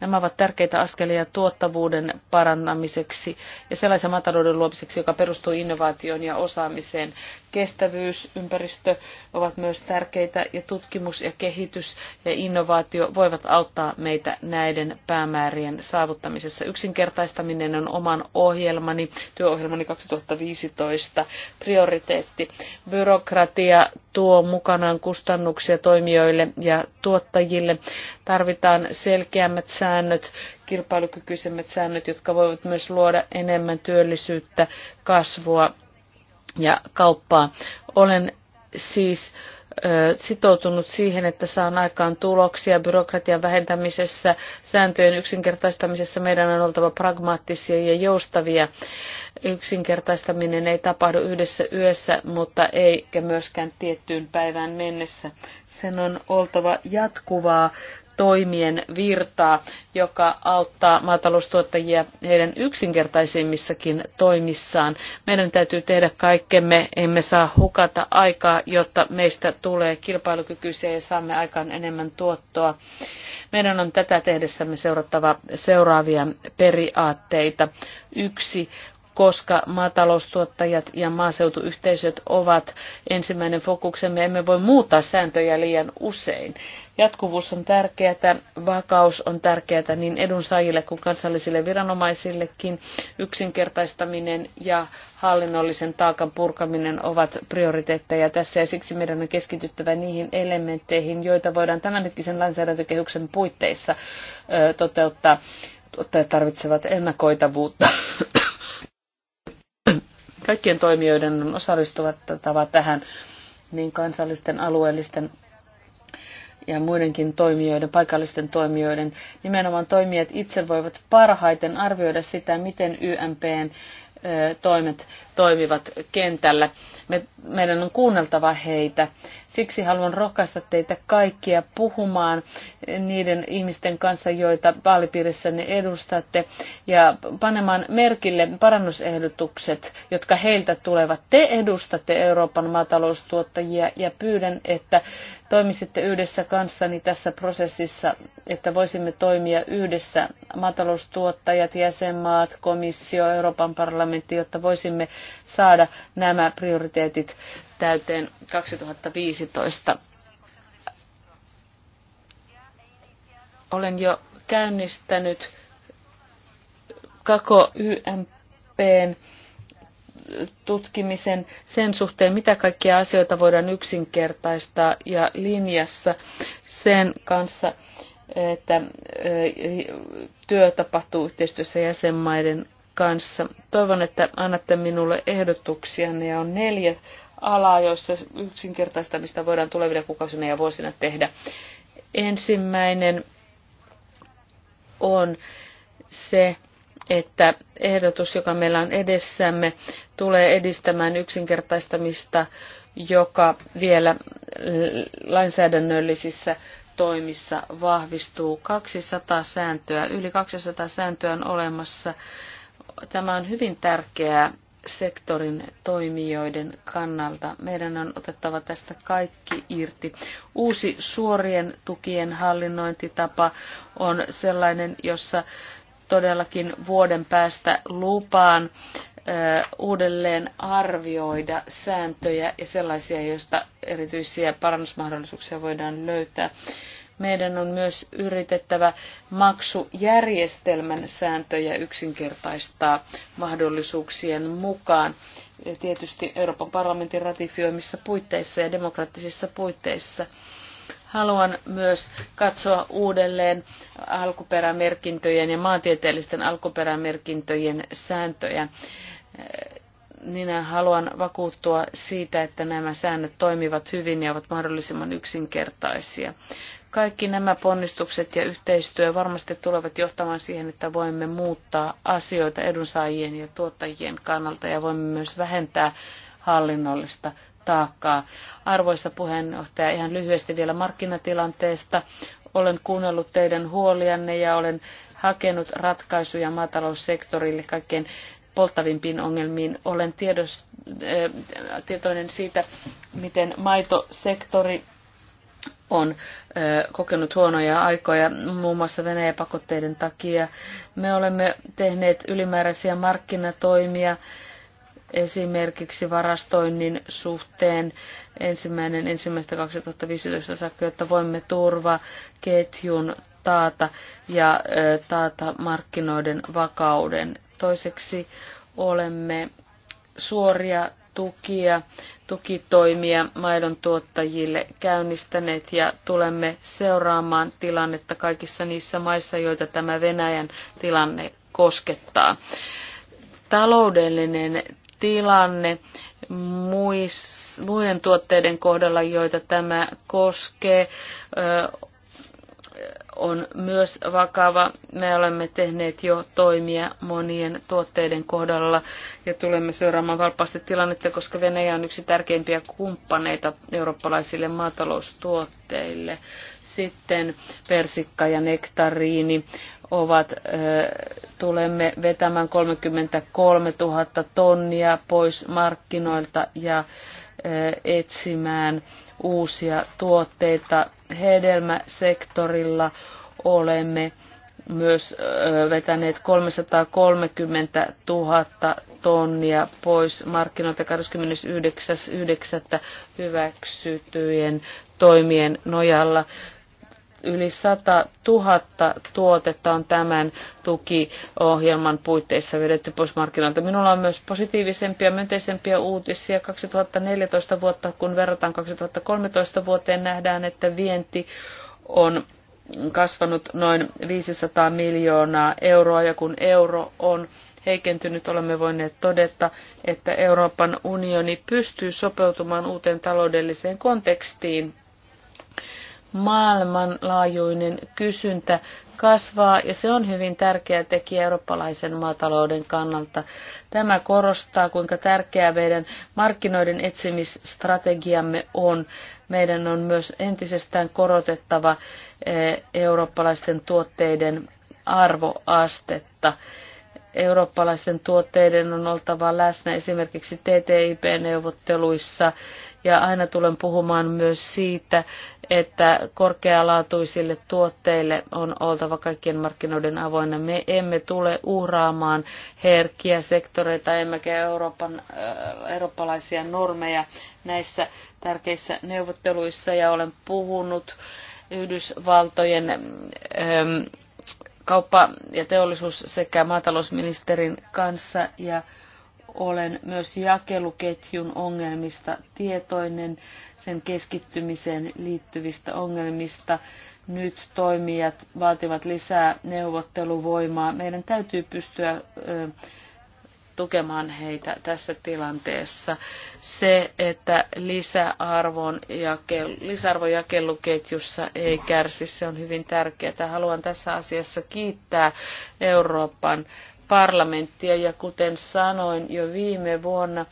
Nämä ovat tärkeitä askelia tuottavuuden parantamiseksi ja sellaisen maatalouden luomiseksi, joka perustuu innovaatioon ja osaamiseen. Kestävyys, ympäristö ovat myös tärkeitä ja tutkimus ja kehitys ja innovaatio voivat auttaa meitä näiden päämäärien saavuttamisessa. Yksinkertaistaminen on oman ohjelmani, työohjelmani 2015 prioriteetti. Byrokratia tuo mukanaan kustannuksia toimijoille ja tuottajille. Tarvitaan selkeämmät säännöt säännöt, kilpailukykyisemmät säännöt, jotka voivat myös luoda enemmän työllisyyttä, kasvua ja kauppaa. Olen siis sitoutunut siihen, että saan aikaan tuloksia byrokratian vähentämisessä, sääntöjen yksinkertaistamisessa. Meidän on oltava pragmaattisia ja joustavia. Yksinkertaistaminen ei tapahdu yhdessä yössä, mutta eikä myöskään tiettyyn päivään mennessä. Sen on oltava jatkuvaa toimien virtaa, joka auttaa maataloustuottajia heidän yksinkertaisimmissakin toimissaan. Meidän täytyy tehdä kaikkemme, emme saa hukata aikaa, jotta meistä tulee kilpailukykyisiä ja saamme aikaan enemmän tuottoa. Meidän on tätä tehdessämme seurattava seuraavia periaatteita. Yksi, koska maataloustuottajat ja maaseutuyhteisöt ovat ensimmäinen fokuksemme. Emme voi muuttaa sääntöjä liian usein. Jatkuvuus on tärkeää, vakaus on tärkeää niin edunsaajille kuin kansallisille viranomaisillekin. Yksinkertaistaminen ja hallinnollisen taakan purkaminen ovat prioriteetteja tässä ja siksi meidän on keskityttävä niihin elementteihin, joita voidaan tämänhetkisen lainsäädäntökehyksen puitteissa toteuttaa. Tuottajat tarvitsevat ennakoitavuutta kaikkien toimijoiden on osallistuvattava tähän niin kansallisten, alueellisten ja muidenkin toimijoiden, paikallisten toimijoiden. Nimenomaan toimijat itse voivat parhaiten arvioida sitä, miten YMPn toimet toimivat kentällä. Me, meidän on kuunneltava heitä. Siksi haluan rohkaista teitä kaikkia puhumaan niiden ihmisten kanssa, joita vaalipiirissänne edustatte, ja panemaan merkille parannusehdotukset, jotka heiltä tulevat. Te edustatte Euroopan maataloustuottajia ja pyydän, että toimisitte yhdessä kanssani tässä prosessissa, että voisimme toimia yhdessä maataloustuottajat, jäsenmaat, komissio, Euroopan parlamentti, jotta voisimme saada nämä prioriteetit prioriteetit täyteen 2015. Olen jo käynnistänyt kako YMPn tutkimisen sen suhteen, mitä kaikkia asioita voidaan yksinkertaistaa ja linjassa sen kanssa, että työ tapahtuu yhteistyössä jäsenmaiden kanssa. Toivon, että annatte minulle ehdotuksia. Ne on neljä alaa, joissa yksinkertaistamista voidaan tulevina kuukausina ja vuosina tehdä. Ensimmäinen on se, että ehdotus, joka meillä on edessämme, tulee edistämään yksinkertaistamista, joka vielä lainsäädännöllisissä toimissa vahvistuu. 200 sääntöä, yli 200 sääntöä on olemassa Tämä on hyvin tärkeää sektorin toimijoiden kannalta. Meidän on otettava tästä kaikki irti. Uusi suorien tukien hallinnointitapa on sellainen, jossa todellakin vuoden päästä lupaan uudelleen arvioida sääntöjä ja sellaisia, joista erityisiä parannusmahdollisuuksia voidaan löytää. Meidän on myös yritettävä maksujärjestelmän sääntöjä yksinkertaistaa mahdollisuuksien mukaan. Ja tietysti Euroopan parlamentin ratifioimissa puitteissa ja demokraattisissa puitteissa. Haluan myös katsoa uudelleen alkuperämerkintöjen ja maantieteellisten alkuperämerkintöjen sääntöjä minä haluan vakuuttua siitä, että nämä säännöt toimivat hyvin ja ovat mahdollisimman yksinkertaisia. Kaikki nämä ponnistukset ja yhteistyö varmasti tulevat johtamaan siihen, että voimme muuttaa asioita edunsaajien ja tuottajien kannalta ja voimme myös vähentää hallinnollista taakkaa. Arvoisa puheenjohtaja, ihan lyhyesti vielä markkinatilanteesta. Olen kuunnellut teidän huolianne ja olen hakenut ratkaisuja maataloussektorille kaikkein polttavimpiin ongelmiin. Olen tiedos, äh, tietoinen siitä, miten maitosektori on kokenut huonoja aikoja muun muassa Venäjän pakotteiden takia. Me olemme tehneet ylimääräisiä markkinatoimia esimerkiksi varastoinnin suhteen ensimmäinen ensimmäistä 2015 saakka, jotta voimme turva ketjun taata ja taata markkinoiden vakauden. Toiseksi olemme suoria tukia, tukitoimia maidon tuottajille käynnistäneet ja tulemme seuraamaan tilannetta kaikissa niissä maissa, joita tämä Venäjän tilanne koskettaa. Taloudellinen tilanne muiden tuotteiden kohdalla, joita tämä koskee, on myös vakava. Me olemme tehneet jo toimia monien tuotteiden kohdalla ja tulemme seuraamaan valpaasti tilannetta, koska Venäjä on yksi tärkeimpiä kumppaneita eurooppalaisille maataloustuotteille. Sitten persikka ja nektariini ovat, tulemme vetämään 33 000 tonnia pois markkinoilta ja etsimään uusia tuotteita hedelmäsektorilla olemme myös vetäneet 330 000 tonnia pois markkinoilta 29.9. hyväksytyjen toimien nojalla. Yli 100 000 tuotetta on tämän tukiohjelman puitteissa vedetty pois markkinoilta. Minulla on myös positiivisempia, myönteisempiä uutisia. 2014 vuotta, kun verrataan 2013 vuoteen, nähdään, että vienti on kasvanut noin 500 miljoonaa euroa ja kun euro on heikentynyt, olemme voineet todeta, että Euroopan unioni pystyy sopeutumaan uuteen taloudelliseen kontekstiin maailmanlaajuinen kysyntä kasvaa ja se on hyvin tärkeä tekijä eurooppalaisen maatalouden kannalta. Tämä korostaa, kuinka tärkeää meidän markkinoiden etsimisstrategiamme on. Meidän on myös entisestään korotettava eh, eurooppalaisten tuotteiden arvoastetta. Eurooppalaisten tuotteiden on oltava läsnä esimerkiksi TTIP-neuvotteluissa ja aina tulen puhumaan myös siitä, että korkealaatuisille tuotteille on oltava kaikkien markkinoiden avoinna. Me emme tule uhraamaan herkkiä sektoreita, emmekä Euroopan, äh, eurooppalaisia normeja näissä tärkeissä neuvotteluissa. Ja olen puhunut Yhdysvaltojen ähm, kauppa- ja teollisuus- sekä maatalousministerin kanssa ja olen myös jakeluketjun ongelmista tietoinen, sen keskittymiseen liittyvistä ongelmista. Nyt toimijat vaativat lisää neuvotteluvoimaa. Meidän täytyy pystyä tukemaan heitä tässä tilanteessa. Se, että lisäarvon jakel, jakeluketjussa ei kärsi, se on hyvin tärkeää. Haluan tässä asiassa kiittää Euroopan parlamenttia ja kuten sanoin jo viime vuonna,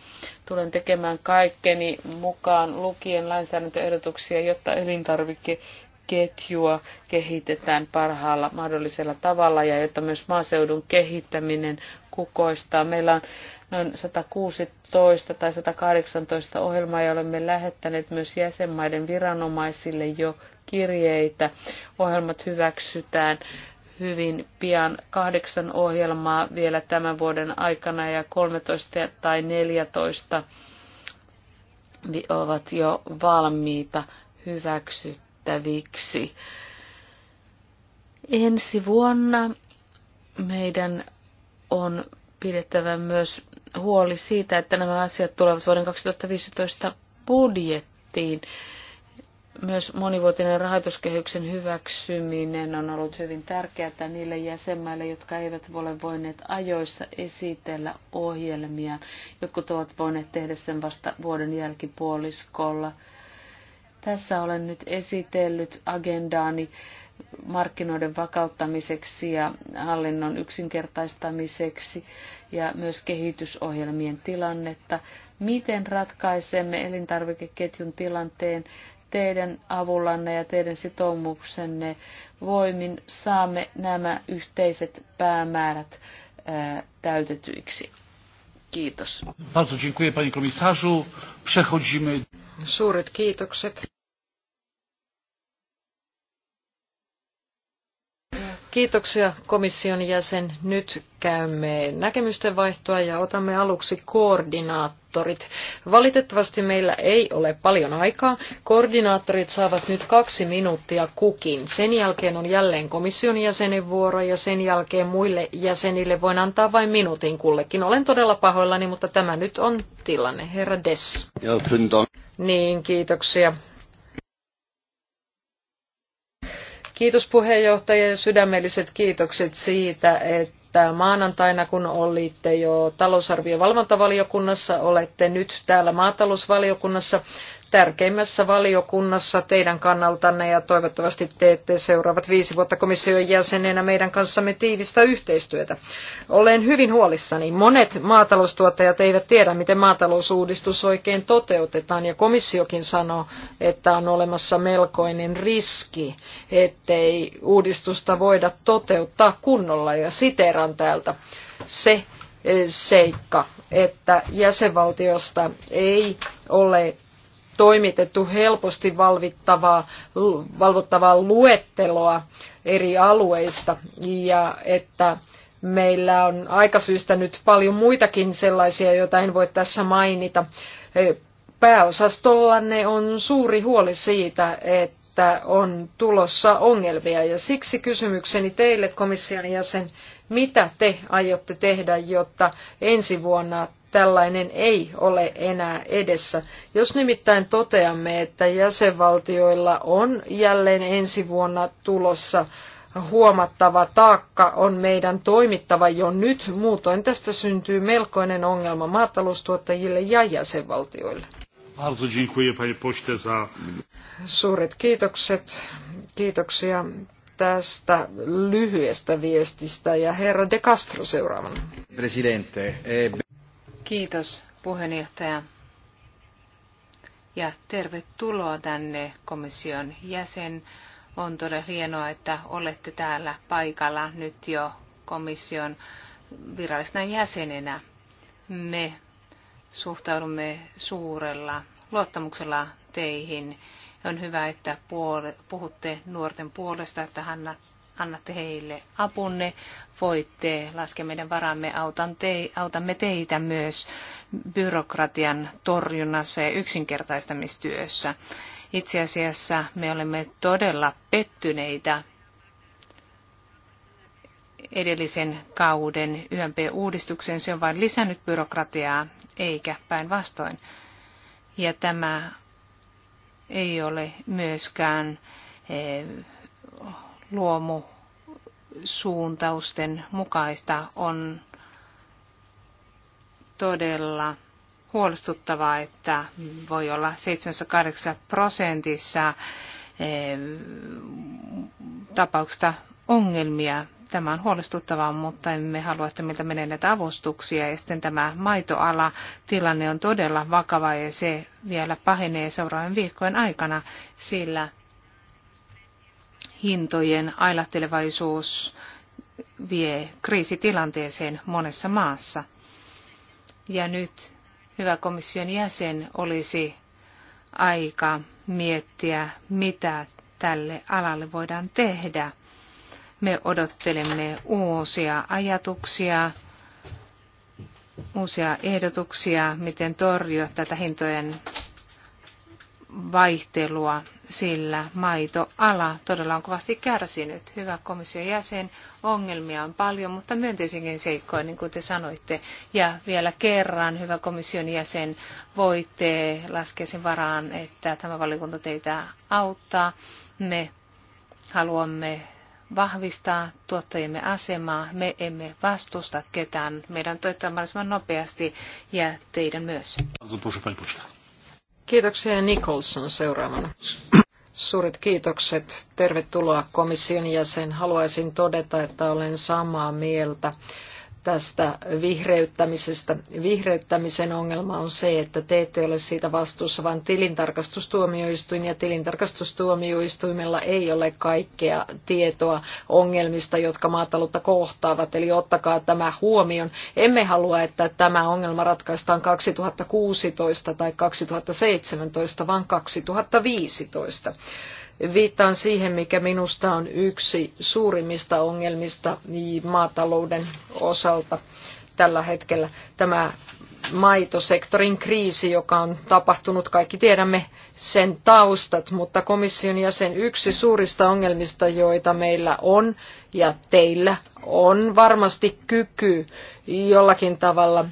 tulen tekemään kaikkeni mukaan lukien lainsäädäntöehdotuksia, jotta elintarvikeketjua kehitetään parhaalla mahdollisella tavalla ja jotta myös maaseudun kehittäminen kukoistaa. Meillä on noin 116 tai 118 ohjelmaa ja olemme lähettäneet myös jäsenmaiden viranomaisille jo kirjeitä. Ohjelmat hyväksytään hyvin pian kahdeksan ohjelmaa vielä tämän vuoden aikana ja 13 tai 14 ovat jo valmiita hyväksyttäviksi. Ensi vuonna meidän on pidettävä myös huoli siitä, että nämä asiat tulevat vuoden 2015 budjettiin. Myös monivuotinen rahoituskehyksen hyväksyminen on ollut hyvin tärkeää niille jäsenmaille, jotka eivät ole voineet ajoissa esitellä ohjelmia. Jotkut ovat voineet tehdä sen vasta vuoden jälkipuoliskolla. Tässä olen nyt esitellyt agendaani markkinoiden vakauttamiseksi ja hallinnon yksinkertaistamiseksi ja myös kehitysohjelmien tilannetta. Miten ratkaisemme elintarvikeketjun tilanteen teidän avullanne ja teidän sitoumuksenne voimin saamme nämä yhteiset päämäärät täytetyiksi. Kiitos. Bardzo dziękuję panie komisarzu. Przechodzimy. Suuret kiitokset. Kiitoksia komission jäsen. Nyt käymme näkemysten vaihtoa ja otamme aluksi koordinaattorit. Valitettavasti meillä ei ole paljon aikaa. Koordinaattorit saavat nyt kaksi minuuttia kukin. Sen jälkeen on jälleen komission jäsenen vuoro ja sen jälkeen muille jäsenille voin antaa vain minuutin kullekin. Olen todella pahoillani, mutta tämä nyt on tilanne. Herra Des. Niin, kiitoksia Kiitos puheenjohtaja ja sydämelliset kiitokset siitä, että maanantaina kun olitte jo talousarviovalvontavaliokunnassa, olette nyt täällä maatalousvaliokunnassa tärkeimmässä valiokunnassa teidän kannaltanne ja toivottavasti teette seuraavat viisi vuotta komission jäsenenä meidän kanssamme tiivistä yhteistyötä. Olen hyvin huolissani. Monet maataloustuottajat eivät tiedä, miten maatalousuudistus oikein toteutetaan ja komissiokin sanoo, että on olemassa melkoinen riski, ettei uudistusta voida toteuttaa kunnolla ja siteran täältä. Se eh, seikka, että jäsenvaltiosta ei ole toimitettu helposti valvittavaa, valvottavaa luetteloa eri alueista ja että meillä on aikasyistä nyt paljon muitakin sellaisia, joita en voi tässä mainita. Pääosastollanne on suuri huoli siitä, että on tulossa ongelmia ja siksi kysymykseni teille komission jäsen, mitä te aiotte tehdä, jotta ensi vuonna tällainen ei ole enää edessä. Jos nimittäin toteamme, että jäsenvaltioilla on jälleen ensi vuonna tulossa huomattava taakka on meidän toimittava jo nyt, muutoin tästä syntyy melkoinen ongelma maataloustuottajille ja jäsenvaltioille. Suuret kiitokset. Kiitoksia tästä lyhyestä viestistä ja herra De Castro seuraavana. Presidente. Eh, Kiitos puheenjohtaja ja tervetuloa tänne komission jäsen. On todella hienoa, että olette täällä paikalla nyt jo komission virallisena jäsenenä. Me suhtaudumme suurella luottamuksella teihin. On hyvä, että puhutte nuorten puolesta, että annatte heille apunne, voitte laske meidän varamme, autamme teitä myös byrokratian torjunnassa ja yksinkertaistamistyössä. Itse asiassa me olemme todella pettyneitä edellisen kauden YMP-uudistuksen. Se on vain lisännyt byrokratiaa, eikä päinvastoin. Ja tämä ei ole myöskään eh, luomu suuntausten mukaista on todella huolestuttavaa, että voi olla 78 prosentissa eh, tapauksista ongelmia. Tämä on huolestuttavaa, mutta emme halua, että meiltä menee näitä avustuksia. Ja sitten tämä maitoala, tilanne on todella vakava ja se vielä pahenee seuraavien viikkojen aikana, sillä hintojen ailahtelevaisuus vie kriisitilanteeseen monessa maassa. Ja nyt, hyvä komission jäsen, olisi aika miettiä, mitä tälle alalle voidaan tehdä. Me odottelemme uusia ajatuksia, uusia ehdotuksia, miten torjua tätä hintojen vaihtelua, sillä maitoala todella on kovasti kärsinyt. Hyvä komission jäsen, ongelmia on paljon, mutta myönteisinkin seikkoja, niin kuin te sanoitte. Ja vielä kerran, hyvä komission jäsen, voitte laskea sen varaan, että tämä valiokunta teitä auttaa. Me haluamme vahvistaa tuottajiemme asemaa. Me emme vastusta ketään. Meidän on mahdollisimman nopeasti ja teidän myös. Kiitoksia Nicholson seuraavana. Suuret kiitokset. Tervetuloa komission jäsen. Haluaisin todeta, että olen samaa mieltä tästä vihreyttämisestä. Vihreyttämisen ongelma on se, että te ette ole siitä vastuussa, vaan tilintarkastustuomioistuin ja tilintarkastustuomioistuimella ei ole kaikkea tietoa ongelmista, jotka maataloutta kohtaavat. Eli ottakaa tämä huomioon. Emme halua, että tämä ongelma ratkaistaan 2016 tai 2017, vaan 2015 viittaan siihen, mikä minusta on yksi suurimmista ongelmista maatalouden osalta tällä hetkellä. Tämä maitosektorin kriisi, joka on tapahtunut, kaikki tiedämme sen taustat, mutta komission jäsen yksi suurista ongelmista, joita meillä on ja teillä on varmasti kyky jollakin tavalla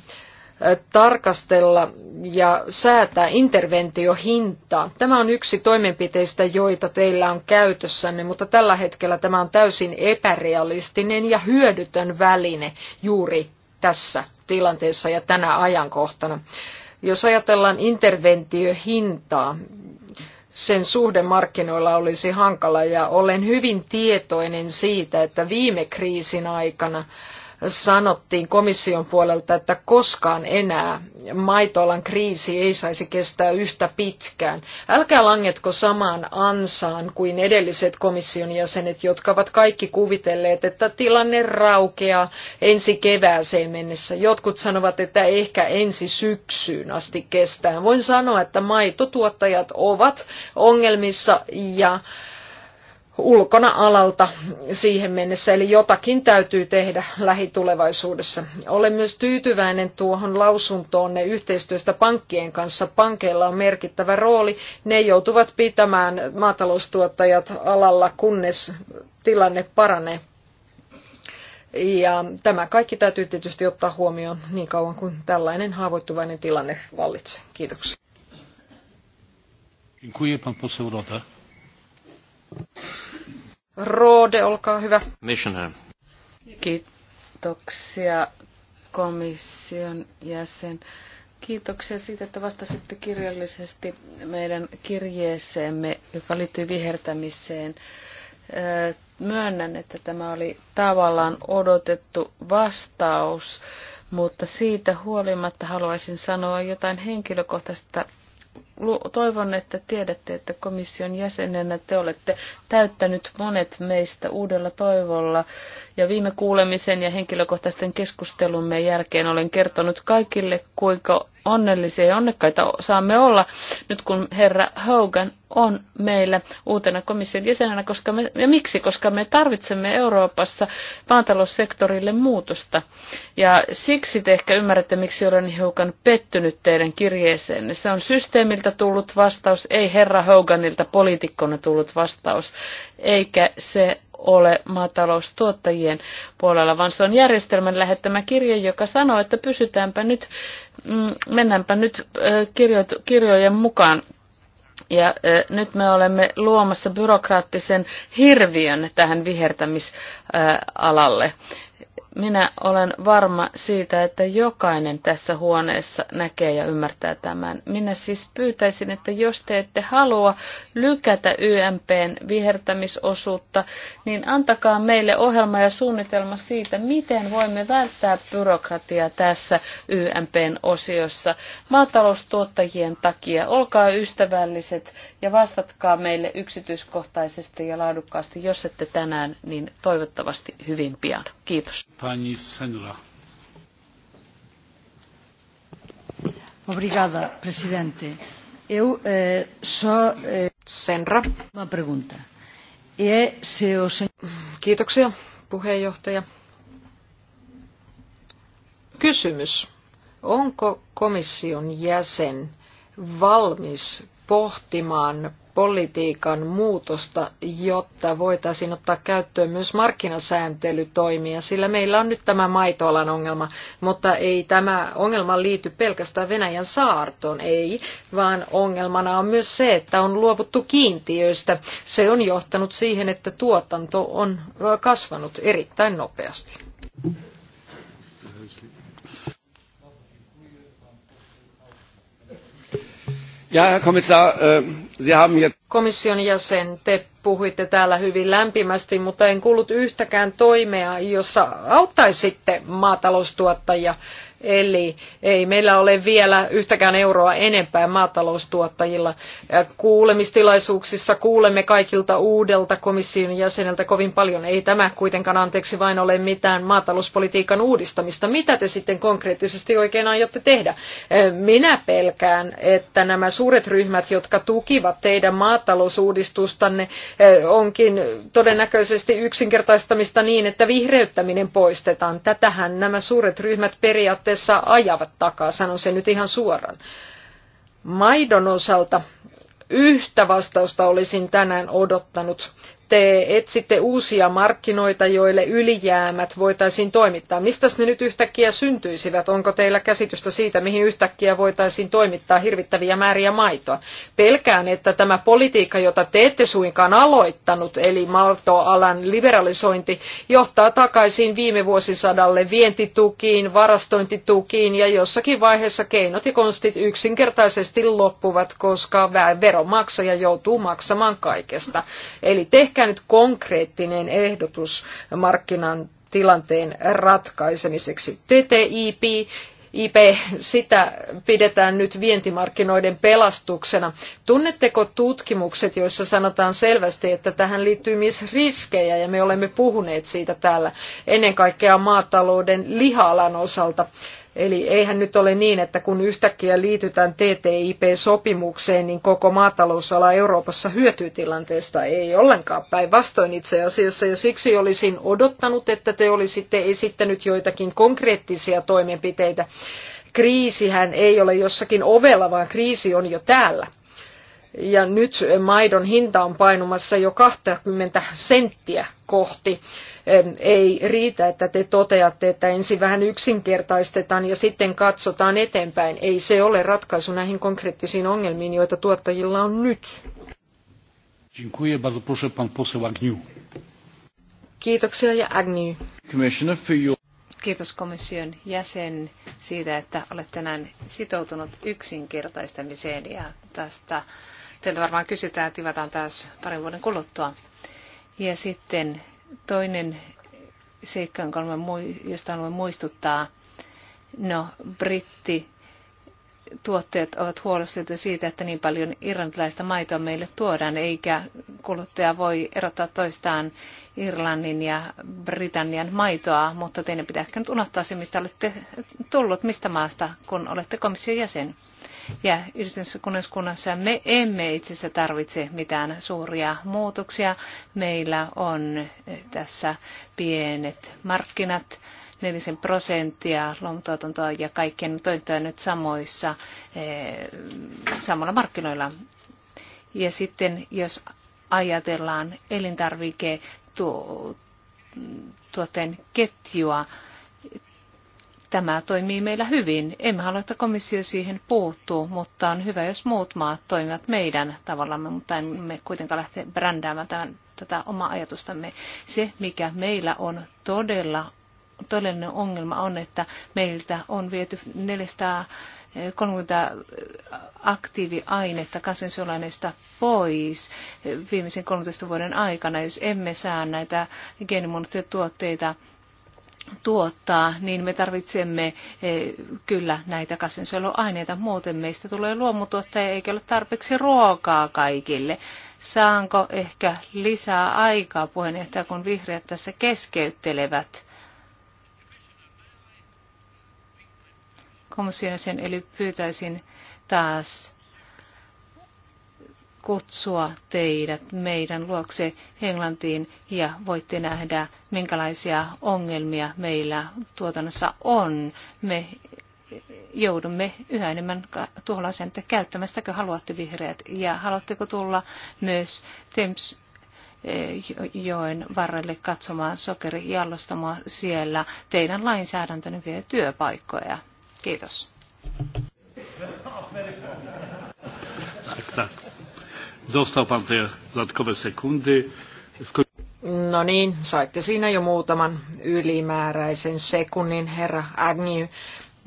tarkastella ja säätää interventiohinta. Tämä on yksi toimenpiteistä, joita teillä on käytössänne, mutta tällä hetkellä tämä on täysin epärealistinen ja hyödytön väline juuri tässä tilanteessa ja tänä ajankohtana. Jos ajatellaan interventiohintaa, sen suhde markkinoilla olisi hankala ja olen hyvin tietoinen siitä, että viime kriisin aikana sanottiin komission puolelta, että koskaan enää maitoalan kriisi ei saisi kestää yhtä pitkään. Älkää langetko samaan ansaan kuin edelliset komission jäsenet, jotka ovat kaikki kuvitelleet, että tilanne raukeaa ensi kevääseen mennessä. Jotkut sanovat, että ehkä ensi syksyyn asti kestää. Voin sanoa, että maitotuottajat ovat ongelmissa ja ulkona alalta siihen mennessä, eli jotakin täytyy tehdä lähitulevaisuudessa. Olen myös tyytyväinen tuohon lausuntoonne yhteistyöstä pankkien kanssa. Pankeilla on merkittävä rooli. Ne joutuvat pitämään maataloustuottajat alalla, kunnes tilanne paranee. Ja tämä kaikki täytyy tietysti ottaa huomioon niin kauan kuin tällainen haavoittuvainen tilanne vallitsee. Kiitoksia. Dziękuję pan poseł Roda. Roode, olkaa hyvä. Missioner. Kiitoksia komission jäsen. Kiitoksia siitä, että vastasitte kirjallisesti meidän kirjeeseemme, joka liittyy vihertämiseen. Myönnän, että tämä oli tavallaan odotettu vastaus, mutta siitä huolimatta haluaisin sanoa jotain henkilökohtaista toivon, että tiedätte, että komission jäsenenä te olette täyttänyt monet meistä uudella toivolla. Ja viime kuulemisen ja henkilökohtaisten keskustelumme jälkeen olen kertonut kaikille, kuinka onnellisia ja onnekkaita saamme olla nyt kun herra Hogan on meillä uutena komission jäsenenä. Koska me, ja miksi? Koska me tarvitsemme Euroopassa maataloussektorille muutosta. Ja siksi te ehkä ymmärrätte, miksi olen hiukan pettynyt teidän kirjeeseenne. Se on systeemiltä teiltä tullut vastaus, ei herra Hoganilta poliitikkona tullut vastaus, eikä se ole maataloustuottajien puolella, vaan se on järjestelmän lähettämä kirje, joka sanoo, että pysytäänpä nyt, mm, mennäänpä nyt kirjojen mukaan. Ja nyt me olemme luomassa byrokraattisen hirviön tähän vihertämisalalle. Minä olen varma siitä, että jokainen tässä huoneessa näkee ja ymmärtää tämän. Minä siis pyytäisin, että jos te ette halua lykätä YMPn vihertämisosuutta, niin antakaa meille ohjelma ja suunnitelma siitä, miten voimme välttää byrokratiaa tässä YMPn osiossa maataloustuottajien takia. Olkaa ystävälliset ja vastatkaa meille yksityiskohtaisesti ja laadukkaasti, jos ette tänään, niin toivottavasti hyvin pian. Kiitos. Pani Senra. Obrigada, presidente. Eu eh, só... Eh, Senra. Uma pergunta. E se o sen... Kiitoksia, puheenjohtaja. Kysymys. Onko komission jäsen valmis pohtimaan politiikan muutosta, jotta voitaisiin ottaa käyttöön myös markkinasääntelytoimia, sillä meillä on nyt tämä maitoalan ongelma, mutta ei tämä ongelma liity pelkästään Venäjän saartoon, ei, vaan ongelmana on myös se, että on luovuttu kiintiöistä. Se on johtanut siihen, että tuotanto on kasvanut erittäin nopeasti. Ja, Herr Kommissar, äh, Sie haben jetzt... Komission jäsen, te puhuitte täällä hyvin lämpimästi, mutta en kuullut yhtäkään toimea, jossa auttaisitte maataloustuottajia. Eli ei meillä ole vielä yhtäkään euroa enempää maataloustuottajilla. Kuulemistilaisuuksissa kuulemme kaikilta uudelta komission jäseneltä kovin paljon. Ei tämä kuitenkaan anteeksi vain ole mitään maatalouspolitiikan uudistamista. Mitä te sitten konkreettisesti oikein aiotte tehdä? Minä pelkään, että nämä suuret ryhmät, jotka tukivat teidän maatalousuudistustanne, onkin todennäköisesti yksinkertaistamista niin, että vihreyttäminen poistetaan. Tätähän nämä suuret ryhmät periaatteessa periaatteessa ajavat takaa, sanon sen nyt ihan suoraan. Maidon osalta yhtä vastausta olisin tänään odottanut te etsitte uusia markkinoita, joille ylijäämät voitaisiin toimittaa. Mistä ne nyt yhtäkkiä syntyisivät? Onko teillä käsitystä siitä, mihin yhtäkkiä voitaisiin toimittaa hirvittäviä määriä maitoa? Pelkään, että tämä politiikka, jota te ette suinkaan aloittanut, eli maltoalan liberalisointi, johtaa takaisin viime vuosisadalle vientitukiin, varastointitukiin ja jossakin vaiheessa keinot ja konstit yksinkertaisesti loppuvat, koska veronmaksaja joutuu maksamaan kaikesta. Eli tehkää mikä nyt konkreettinen ehdotus markkinan tilanteen ratkaisemiseksi. TTIP IP, sitä pidetään nyt vientimarkkinoiden pelastuksena. Tunnetteko tutkimukset, joissa sanotaan selvästi, että tähän liittyy myös riskejä, ja me olemme puhuneet siitä täällä ennen kaikkea maatalouden lihaalan osalta. Eli eihän nyt ole niin, että kun yhtäkkiä liitytään TTIP-sopimukseen, niin koko maatalousala Euroopassa hyötyy tilanteesta. Ei ollenkaan päinvastoin itse asiassa. Ja siksi olisin odottanut, että te olisitte esittänyt joitakin konkreettisia toimenpiteitä. Kriisihän ei ole jossakin ovella, vaan kriisi on jo täällä. Ja nyt maidon hinta on painumassa jo 20 senttiä kohti ei riitä, että te toteatte, että ensin vähän yksinkertaistetaan ja sitten katsotaan eteenpäin. Ei se ole ratkaisu näihin konkreettisiin ongelmiin, joita tuottajilla on nyt. Kiitoksia ja Agnew. Kiitos komission jäsen siitä, että olet tänään sitoutunut yksinkertaistamiseen ja tästä teiltä varmaan kysytään, tivataan taas parin vuoden kuluttua. Ja sitten Toinen seikka, josta haluan muistuttaa, no britti tuotteet ovat huolestuneita siitä, että niin paljon irlantilaista maitoa meille tuodaan, eikä kuluttaja voi erottaa toistaan Irlannin ja Britannian maitoa, mutta teidän pitää nyt unohtaa se, mistä olette tullut, mistä maasta, kun olette komission jäsen ja yhdistyneessä kuningaskunnassa me emme itse asiassa tarvitse mitään suuria muutoksia. Meillä on eh, tässä pienet markkinat, nelisen prosenttia luomutuotantoa ja kaikkien toimintoja nyt samoissa, eh, samalla markkinoilla. Ja sitten jos ajatellaan elintarvike tuotteen ketjua, tämä toimii meillä hyvin. Emme halua, että komissio siihen puuttuu, mutta on hyvä, jos muut maat toimivat meidän tavallamme, mutta emme kuitenkaan lähteä brändäämään tämän, tätä omaa ajatustamme. Se, mikä meillä on todella todellinen ongelma on, että meiltä on viety 430 aktiiviainetta kasvinsuolaineista pois viimeisen 13 vuoden aikana, jos emme saa näitä geenimuunnettuja tuotteita tuottaa, niin me tarvitsemme eh, kyllä näitä kasvinsuojeluaineita. Muuten meistä tulee luomutuottaja eikä ole tarpeeksi ruokaa kaikille. Saanko ehkä lisää aikaa puheenjohtaja, kun vihreät tässä keskeyttelevät? Komissio sen eli pyytäisin taas kutsua teidät meidän luokse Englantiin ja voitte nähdä, minkälaisia ongelmia meillä tuotannossa on. Me joudumme yhä enemmän tuholaisen käyttämästäkö haluatte vihreät ja haluatteko tulla myös Thames eh, joen varrelle katsomaan sokerijallostamoa siellä. Teidän lainsäädäntönne vie työpaikkoja. Kiitos. Tack, tack. Dostał pan te dodatkowe sekundy. No niin, saitte siinä jo muutaman ylimääräisen sekunnin, herra Agnew.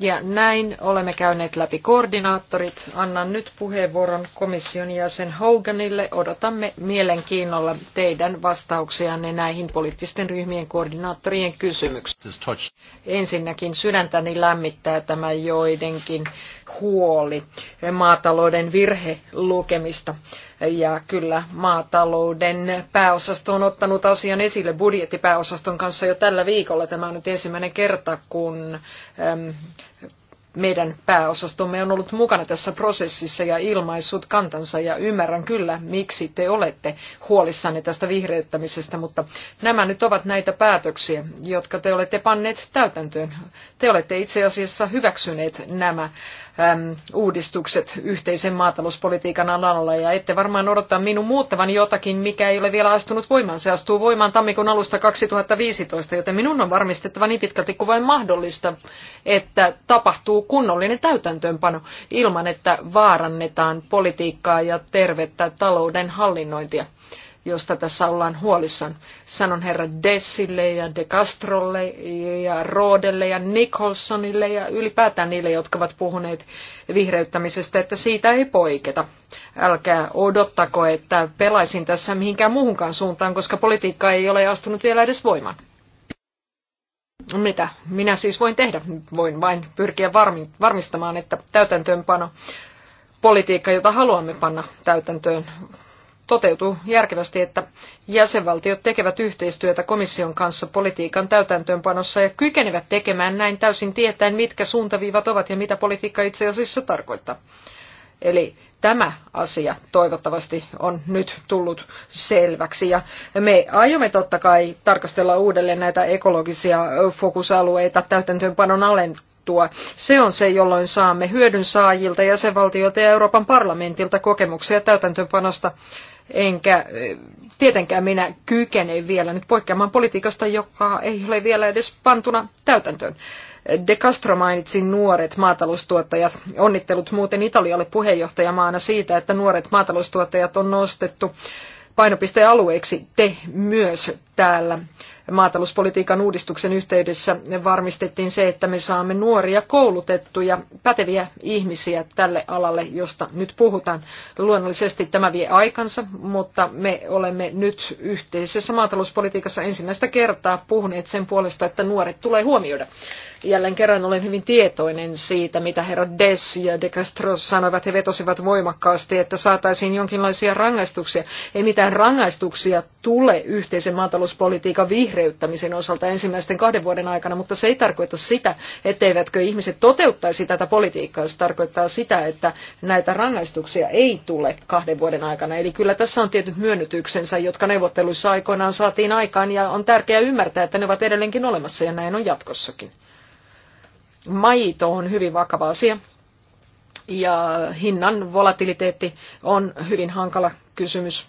Ja näin olemme käyneet läpi koordinaattorit. Annan nyt puheenvuoron komission jäsen Hoganille. Odotamme mielenkiinnolla teidän vastauksianne näihin poliittisten ryhmien koordinaattorien kysymyksiin. Ensinnäkin sydäntäni lämmittää tämä joidenkin huoli maatalouden virhelukemista. Ja kyllä maatalouden pääosasto on ottanut asian esille budjettipääosaston kanssa jo tällä viikolla. Tämä on nyt ensimmäinen kerta, kun äm, meidän pääosastomme on ollut mukana tässä prosessissa ja ilmaissut kantansa ja ymmärrän kyllä, miksi te olette huolissanne tästä vihreyttämisestä, mutta nämä nyt ovat näitä päätöksiä, jotka te olette panneet täytäntöön. Te olette itse asiassa hyväksyneet nämä uudistukset yhteisen maatalouspolitiikan alalla ja ette varmaan odottaa minun muuttavan jotakin, mikä ei ole vielä astunut voimaan. Se astuu voimaan tammikuun alusta 2015, joten minun on varmistettava niin pitkälti kuin vain mahdollista, että tapahtuu kunnollinen täytäntöönpano ilman, että vaarannetaan politiikkaa ja tervettä talouden hallinnointia josta tässä ollaan huolissaan. Sanon herra Dessille ja De Castrolle ja Roodelle ja Nicholsonille ja ylipäätään niille, jotka ovat puhuneet vihreyttämisestä, että siitä ei poiketa. Älkää odottako, että pelaisin tässä mihinkään muuhunkaan suuntaan, koska politiikka ei ole astunut vielä edes voimaan. Mitä minä siis voin tehdä? Voin vain pyrkiä varmistamaan, että täytäntöönpano politiikka, jota haluamme panna täytäntöön, toteutuu järkevästi, että jäsenvaltiot tekevät yhteistyötä komission kanssa politiikan täytäntöönpanossa ja kykenevät tekemään näin täysin tietäen, mitkä suuntaviivat ovat ja mitä politiikka itse asiassa tarkoittaa. Eli tämä asia toivottavasti on nyt tullut selväksi. Ja me aiomme totta kai tarkastella uudelleen näitä ekologisia fokusalueita täytäntöönpanon alentua. Se on se, jolloin saamme hyödyn saajilta, jäsenvaltioilta ja Euroopan parlamentilta kokemuksia täytäntöönpanosta enkä tietenkään minä kykene vielä nyt poikkeamaan politiikasta, joka ei ole vielä edes pantuna täytäntöön. De Castro mainitsi nuoret maataloustuottajat. Onnittelut muuten Italialle puheenjohtajamaana siitä, että nuoret maataloustuottajat on nostettu painopistealueeksi te myös täällä maatalouspolitiikan uudistuksen yhteydessä varmistettiin se, että me saamme nuoria koulutettuja, päteviä ihmisiä tälle alalle, josta nyt puhutaan. Luonnollisesti tämä vie aikansa, mutta me olemme nyt yhteisessä maatalouspolitiikassa ensimmäistä kertaa puhuneet sen puolesta, että nuoret tulee huomioida. Jälleen kerran olen hyvin tietoinen siitä, mitä herra Des ja de Castro sanoivat. He vetosivat voimakkaasti, että saataisiin jonkinlaisia rangaistuksia. Ei mitään rangaistuksia tule yhteisen maatalouspolitiikan vihreyttämisen osalta ensimmäisten kahden vuoden aikana, mutta se ei tarkoita sitä, etteivätkö ihmiset toteuttaisi tätä politiikkaa. Se tarkoittaa sitä, että näitä rangaistuksia ei tule kahden vuoden aikana. Eli kyllä tässä on tietyt myönnytyksensä, jotka neuvotteluissa aikoinaan saatiin aikaan ja on tärkeää ymmärtää, että ne ovat edelleenkin olemassa ja näin on jatkossakin. Maito on hyvin vakava asia ja hinnan volatiliteetti on hyvin hankala kysymys.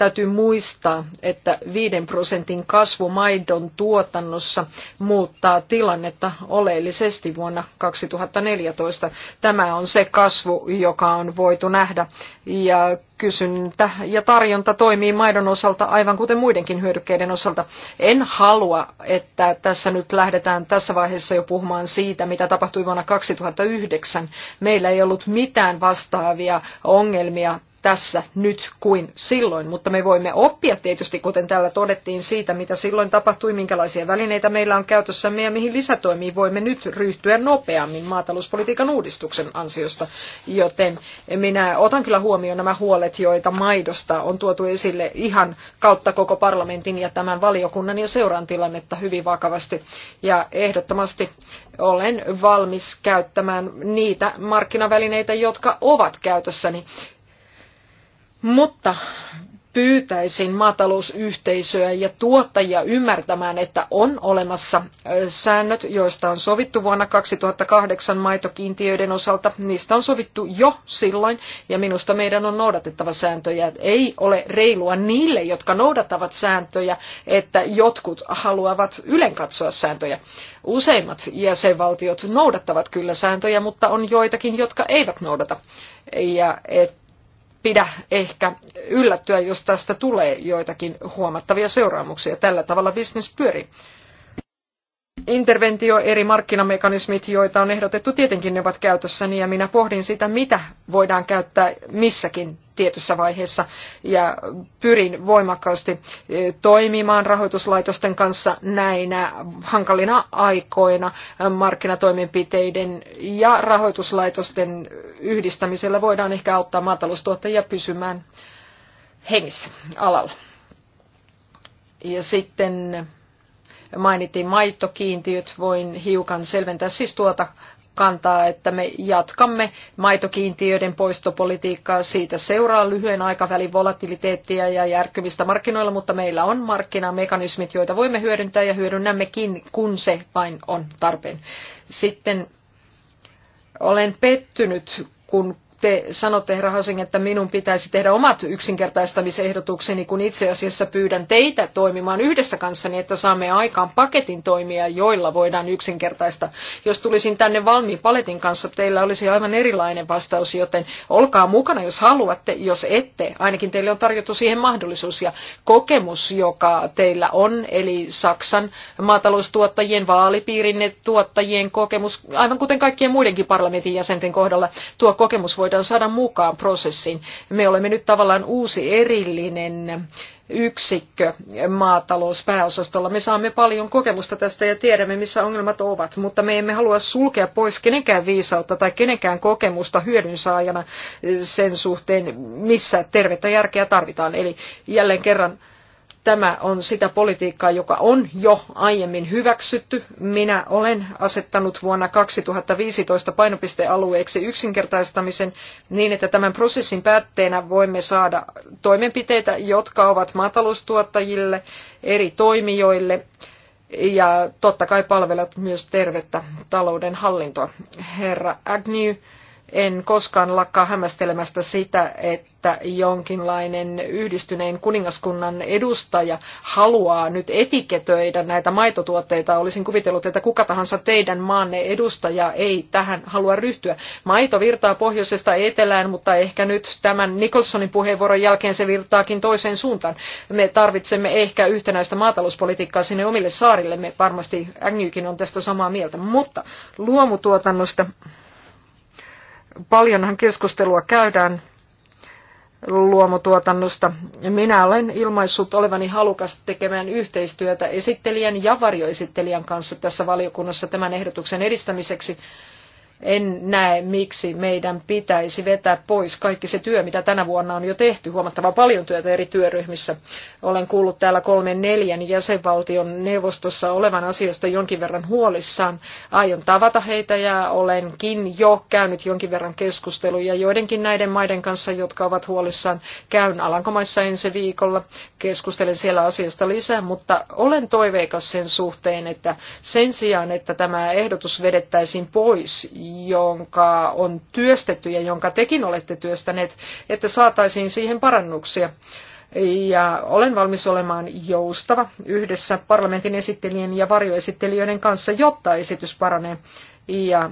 Täytyy muistaa, että 5 prosentin kasvu maidon tuotannossa muuttaa tilannetta oleellisesti vuonna 2014. Tämä on se kasvu, joka on voitu nähdä. Ja kysyntä ja tarjonta toimii maidon osalta aivan kuten muidenkin hyödykkeiden osalta. En halua, että tässä nyt lähdetään tässä vaiheessa jo puhumaan siitä, mitä tapahtui vuonna 2009. Meillä ei ollut mitään vastaavia ongelmia tässä nyt kuin silloin, mutta me voimme oppia tietysti, kuten täällä todettiin, siitä, mitä silloin tapahtui, minkälaisia välineitä meillä on käytössämme ja mihin lisätoimiin voimme nyt ryhtyä nopeammin maatalouspolitiikan uudistuksen ansiosta. Joten minä otan kyllä huomioon nämä huolet, joita maidosta on tuotu esille ihan kautta koko parlamentin ja tämän valiokunnan ja seuran tilannetta hyvin vakavasti. Ja ehdottomasti olen valmis käyttämään niitä markkinavälineitä, jotka ovat käytössäni mutta pyytäisin maatalousyhteisöä ja tuottajia ymmärtämään, että on olemassa säännöt, joista on sovittu vuonna 2008 maitokiintiöiden osalta. Niistä on sovittu jo silloin ja minusta meidän on noudatettava sääntöjä. Ei ole reilua niille, jotka noudattavat sääntöjä, että jotkut haluavat ylenkatsoa sääntöjä. Useimmat jäsenvaltiot noudattavat kyllä sääntöjä, mutta on joitakin, jotka eivät noudata ja että pidä ehkä yllättyä, jos tästä tulee joitakin huomattavia seuraamuksia. Tällä tavalla bisnes pyörii interventio, eri markkinamekanismit, joita on ehdotettu, tietenkin ne ovat käytössäni niin ja minä pohdin sitä, mitä voidaan käyttää missäkin tietyssä vaiheessa ja pyrin voimakkaasti e, toimimaan rahoituslaitosten kanssa näinä hankalina aikoina e, markkinatoimenpiteiden ja rahoituslaitosten yhdistämisellä voidaan ehkä auttaa maataloustuottajia pysymään hengissä alalla. Ja sitten mainittiin maitokiintiöt. Voin hiukan selventää siis tuota kantaa, että me jatkamme maitokiintiöiden poistopolitiikkaa. Siitä seuraa lyhyen aikavälin volatiliteettia ja järkymistä markkinoilla, mutta meillä on markkinamekanismit, joita voimme hyödyntää ja hyödynnämmekin, kun se vain on tarpeen. Sitten olen pettynyt, kun te sanotte, herra Hasing, että minun pitäisi tehdä omat yksinkertaistamisehdotukseni, kun itse asiassa pyydän teitä toimimaan yhdessä kanssani, että saamme aikaan paketin toimia, joilla voidaan yksinkertaista. Jos tulisin tänne valmiin paletin kanssa, teillä olisi aivan erilainen vastaus, joten olkaa mukana, jos haluatte, jos ette. Ainakin teille on tarjottu siihen mahdollisuus ja kokemus, joka teillä on, eli Saksan maataloustuottajien, vaalipiirin tuottajien kokemus, aivan kuten kaikkien muidenkin parlamentin jäsenten kohdalla, tuo kokemus voi voidaan saada mukaan prosessiin. Me olemme nyt tavallaan uusi erillinen yksikkö maatalouspääosastolla. Me saamme paljon kokemusta tästä ja tiedämme, missä ongelmat ovat, mutta me emme halua sulkea pois kenenkään viisautta tai kenenkään kokemusta hyödynsaajana sen suhteen, missä tervettä järkeä tarvitaan. Eli jälleen kerran Tämä on sitä politiikkaa, joka on jo aiemmin hyväksytty. Minä olen asettanut vuonna 2015 painopistealueeksi yksinkertaistamisen niin, että tämän prosessin päätteenä voimme saada toimenpiteitä, jotka ovat maataloustuottajille, eri toimijoille ja totta kai palvelevat myös tervettä talouden hallintoa. Herra Agnew, en koskaan lakkaa hämmästelemästä sitä, että jonkinlainen yhdistyneen kuningaskunnan edustaja haluaa nyt etiketöidä näitä maitotuotteita. Olisin kuvitellut, että kuka tahansa teidän maanne edustaja ei tähän halua ryhtyä. Maito virtaa pohjoisesta etelään, mutta ehkä nyt tämän Nicholsonin puheenvuoron jälkeen se virtaakin toiseen suuntaan. Me tarvitsemme ehkä yhtenäistä maatalouspolitiikkaa sinne omille saarillemme. Varmasti Agnewkin on tästä samaa mieltä. Mutta luomutuotannosta Paljonhan keskustelua käydään luomutuotannosta. Minä olen ilmaissut olevani halukas tekemään yhteistyötä esittelijän ja varjoesittelijän kanssa tässä valiokunnassa tämän ehdotuksen edistämiseksi en näe, miksi meidän pitäisi vetää pois kaikki se työ, mitä tänä vuonna on jo tehty. Huomattavan paljon työtä eri työryhmissä. Olen kuullut täällä kolmen neljän jäsenvaltion neuvostossa olevan asiasta jonkin verran huolissaan. Aion tavata heitä ja olenkin jo käynyt jonkin verran keskusteluja joidenkin näiden maiden kanssa, jotka ovat huolissaan. Käyn Alankomaissa ensi viikolla. Keskustelen siellä asiasta lisää, mutta olen toiveikas sen suhteen, että sen sijaan, että tämä ehdotus vedettäisiin pois, jonka on työstetty ja jonka tekin olette työstäneet, että saataisiin siihen parannuksia. Ja olen valmis olemaan joustava yhdessä parlamentin esittelijän ja varjoesittelijöiden kanssa, jotta esitys paranee. Ja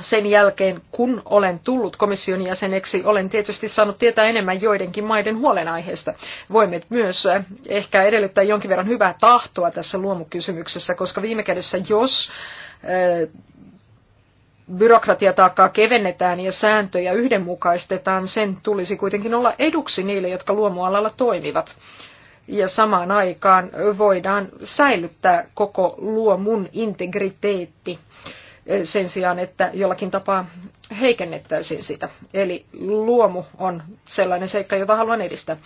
sen jälkeen, kun olen tullut komission jäseneksi, olen tietysti saanut tietää enemmän joidenkin maiden huolenaiheesta. Voimme myös ehkä edellyttää jonkin verran hyvää tahtoa tässä luomukysymyksessä, koska viime kädessä jos byrokratiataakkaa kevennetään ja sääntöjä yhdenmukaistetaan, sen tulisi kuitenkin olla eduksi niille, jotka luomualalla toimivat. Ja samaan aikaan voidaan säilyttää koko luomun integriteetti sen sijaan, että jollakin tapaa heikennettäisiin sitä. Eli luomu on sellainen seikka, jota haluan edistää.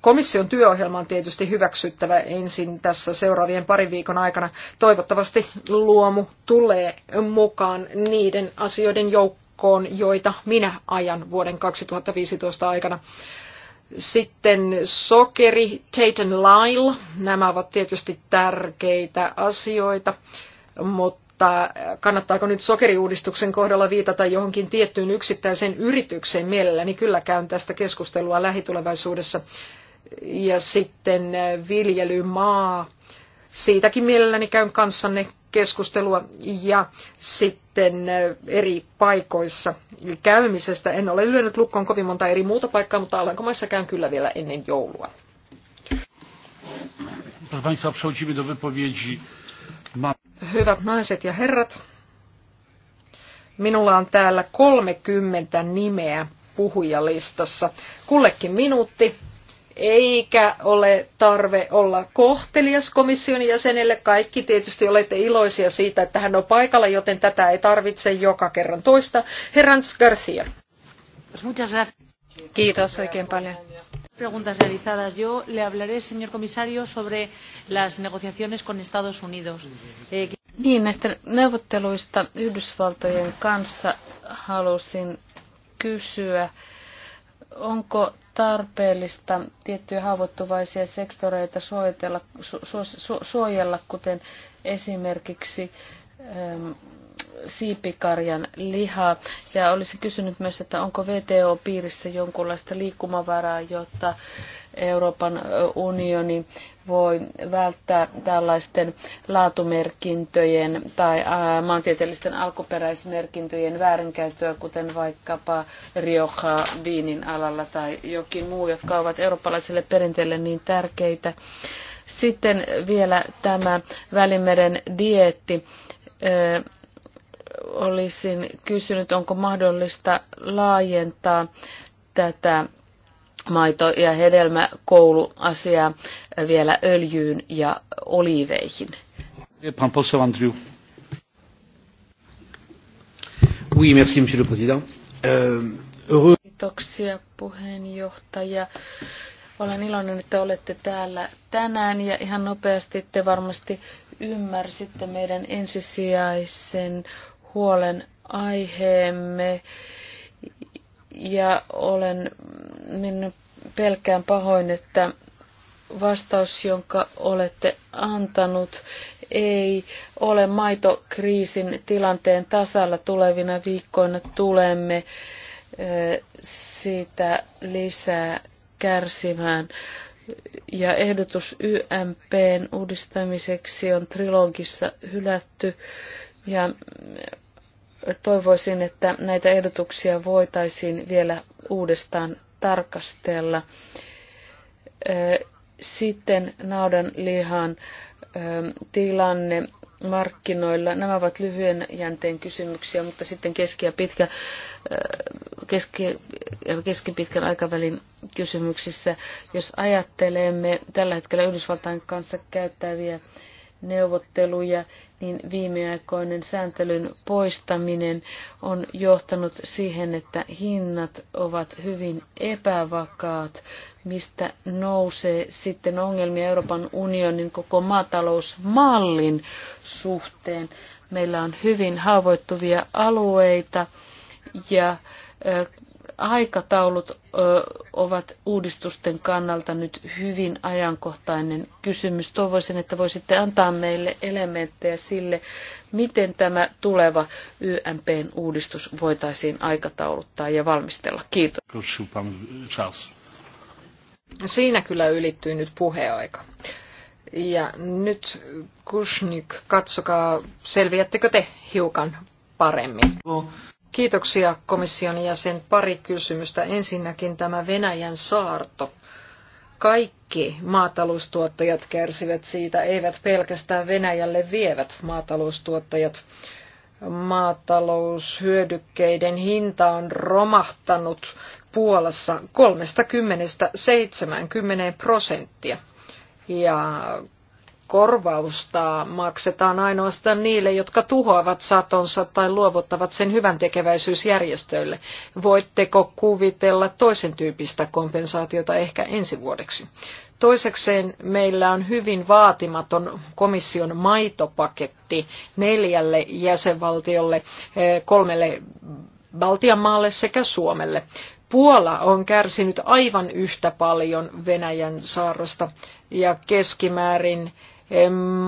Komission työohjelma on tietysti hyväksyttävä ensin tässä seuraavien parin viikon aikana. Toivottavasti luomu tulee mukaan niiden asioiden joukkoon, joita minä ajan vuoden 2015 aikana. Sitten sokeri, Taten Lyle, nämä ovat tietysti tärkeitä asioita, mutta kannattaako nyt sokeriuudistuksen kohdalla viitata johonkin tiettyyn yksittäiseen yritykseen mielelläni niin kyllä käyn tästä keskustelua lähitulevaisuudessa ja sitten äh, viljelymaa. Siitäkin mielelläni käyn kanssanne keskustelua ja sitten äh, eri paikoissa käymisestä. En ole lyönyt lukkoon kovin monta eri muuta paikkaa, mutta Alankomaissa käyn kyllä vielä ennen joulua. Hyvät naiset ja herrat, minulla on täällä 30 nimeä puhujalistassa. Kullekin minuutti eikä ole tarve olla kohtelias komission jäsenelle. Kaikki tietysti olette iloisia siitä, että hän on paikalla, joten tätä ei tarvitse joka kerran toista. Herrans Garcia. Kiitos oikein paljon. Preguntas realizadas. Yo le hablaré, señor comisario, sobre las negociaciones con Estados Unidos. Eh, niin, näistä neuvotteluista Yhdysvaltojen kanssa halusin kysyä, onko tarpeellista tiettyjä haavoittuvaisia sektoreita suojella, su, su, su, suojella kuten esimerkiksi äm, siipikarjan liha. Ja olisin kysynyt myös, että onko VTO-piirissä jonkunlaista liikkumavaraa, jotta Euroopan unioni voi välttää tällaisten laatumerkintöjen tai maantieteellisten alkuperäismerkintöjen väärinkäyttöä, kuten vaikkapa Rioja viinin alalla tai jokin muu, jotka ovat eurooppalaiselle perinteelle niin tärkeitä. Sitten vielä tämä Välimeren dietti Olisin kysynyt, onko mahdollista laajentaa tätä maito- ja hedelmäkouluasiaa vielä öljyyn ja oliiveihin. Oui, merci, monsieur le président. Euh, Kiitoksia puheenjohtaja. Olen iloinen, että olette täällä tänään ja ihan nopeasti te varmasti ymmärsitte meidän ensisijaisen huolen aiheemme ja olen minun pelkään pahoin, että vastaus, jonka olette antanut, ei ole maitokriisin tilanteen tasalla tulevina viikkoina. Tulemme siitä lisää kärsimään. Ja ehdotus YMPn uudistamiseksi on trilogissa hylätty. Ja toivoisin, että näitä ehdotuksia voitaisiin vielä uudestaan tarkastella. Sitten naudanlihan tilanne markkinoilla. Nämä ovat lyhyen jänteen kysymyksiä, mutta sitten keski- ja, pitkä, keski- ja keskipitkän aikavälin kysymyksissä, jos ajattelemme tällä hetkellä Yhdysvaltain kanssa käyttäviä neuvotteluja, niin viimeaikoinen sääntelyn poistaminen on johtanut siihen, että hinnat ovat hyvin epävakaat, mistä nousee sitten ongelmia Euroopan unionin koko maatalousmallin suhteen. Meillä on hyvin haavoittuvia alueita ja aikataulut ovat uudistusten kannalta nyt hyvin ajankohtainen kysymys. Toivoisin, että voisitte antaa meille elementtejä sille, miten tämä tuleva YMPn uudistus voitaisiin aikatauluttaa ja valmistella. Kiitos. Siinä kyllä ylittyy nyt puheaika. Ja nyt Kushnik, katsokaa, selviättekö te hiukan paremmin. No, Kiitoksia komission jäsen. Pari kysymystä. Ensinnäkin tämä Venäjän saarto. Kaikki maataloustuottajat kärsivät siitä, eivät pelkästään Venäjälle vievät maataloustuottajat. Maataloushyödykkeiden hinta on romahtanut Puolassa 30-70 prosenttia. Ja korvausta maksetaan ainoastaan niille, jotka tuhoavat satonsa tai luovuttavat sen hyvän tekeväisyysjärjestöille. Voitteko kuvitella toisen tyyppistä kompensaatiota ehkä ensi vuodeksi? Toisekseen meillä on hyvin vaatimaton komission maitopaketti neljälle jäsenvaltiolle, eh, kolmelle Baltian maalle sekä Suomelle. Puola on kärsinyt aivan yhtä paljon Venäjän saarrosta ja keskimäärin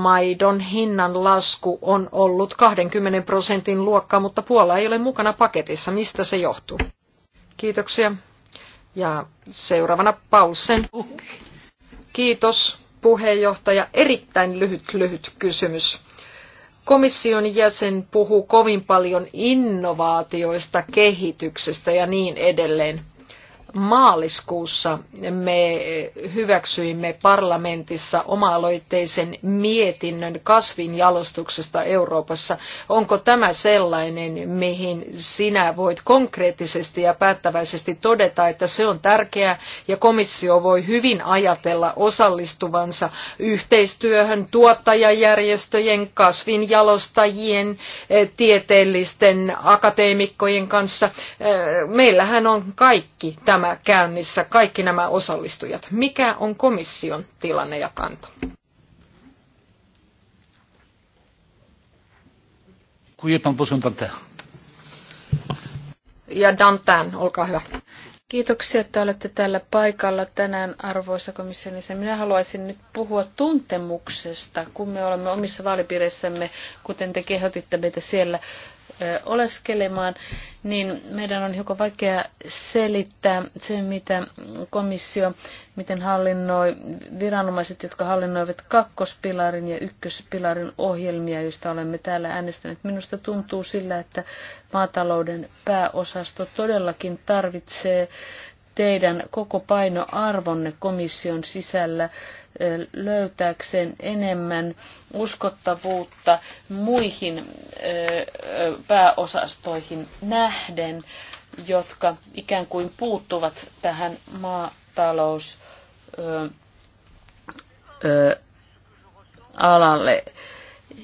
maidon hinnan lasku on ollut 20 prosentin luokkaa, mutta Puola ei ole mukana paketissa. Mistä se johtuu? Kiitoksia. Ja seuraavana Paulsen. Kiitos puheenjohtaja. Erittäin lyhyt, lyhyt kysymys. Komission jäsen puhuu kovin paljon innovaatioista, kehityksestä ja niin edelleen maaliskuussa me hyväksyimme parlamentissa oma-aloitteisen mietinnön kasvinjalostuksesta Euroopassa. Onko tämä sellainen, mihin sinä voit konkreettisesti ja päättäväisesti todeta, että se on tärkeää ja komissio voi hyvin ajatella osallistuvansa yhteistyöhön tuottajajärjestöjen, kasvinjalostajien, eh, tieteellisten akateemikkojen kanssa. Eh, meillähän on kaikki tämä nämä käynnissä, kaikki nämä osallistujat. Mikä on komission tilanne ja kanta? Ja Dantan, olkaa hyvä. Kiitoksia, että olette täällä paikalla tänään, arvoisa komission Minä haluaisin nyt puhua tuntemuksesta, kun me olemme omissa vaalipiireissämme, kuten te kehotitte meitä siellä oleskelemaan, niin meidän on hiukan vaikea selittää se, mitä komissio, miten hallinnoi viranomaiset, jotka hallinnoivat kakkospilarin ja ykköspilarin ohjelmia, joista olemme täällä äänestäneet. Minusta tuntuu sillä, että maatalouden pääosasto todellakin tarvitsee teidän koko painoarvonne komission sisällä löytääkseen enemmän uskottavuutta muihin pääosastoihin nähden, jotka ikään kuin puuttuvat tähän maatalous alalle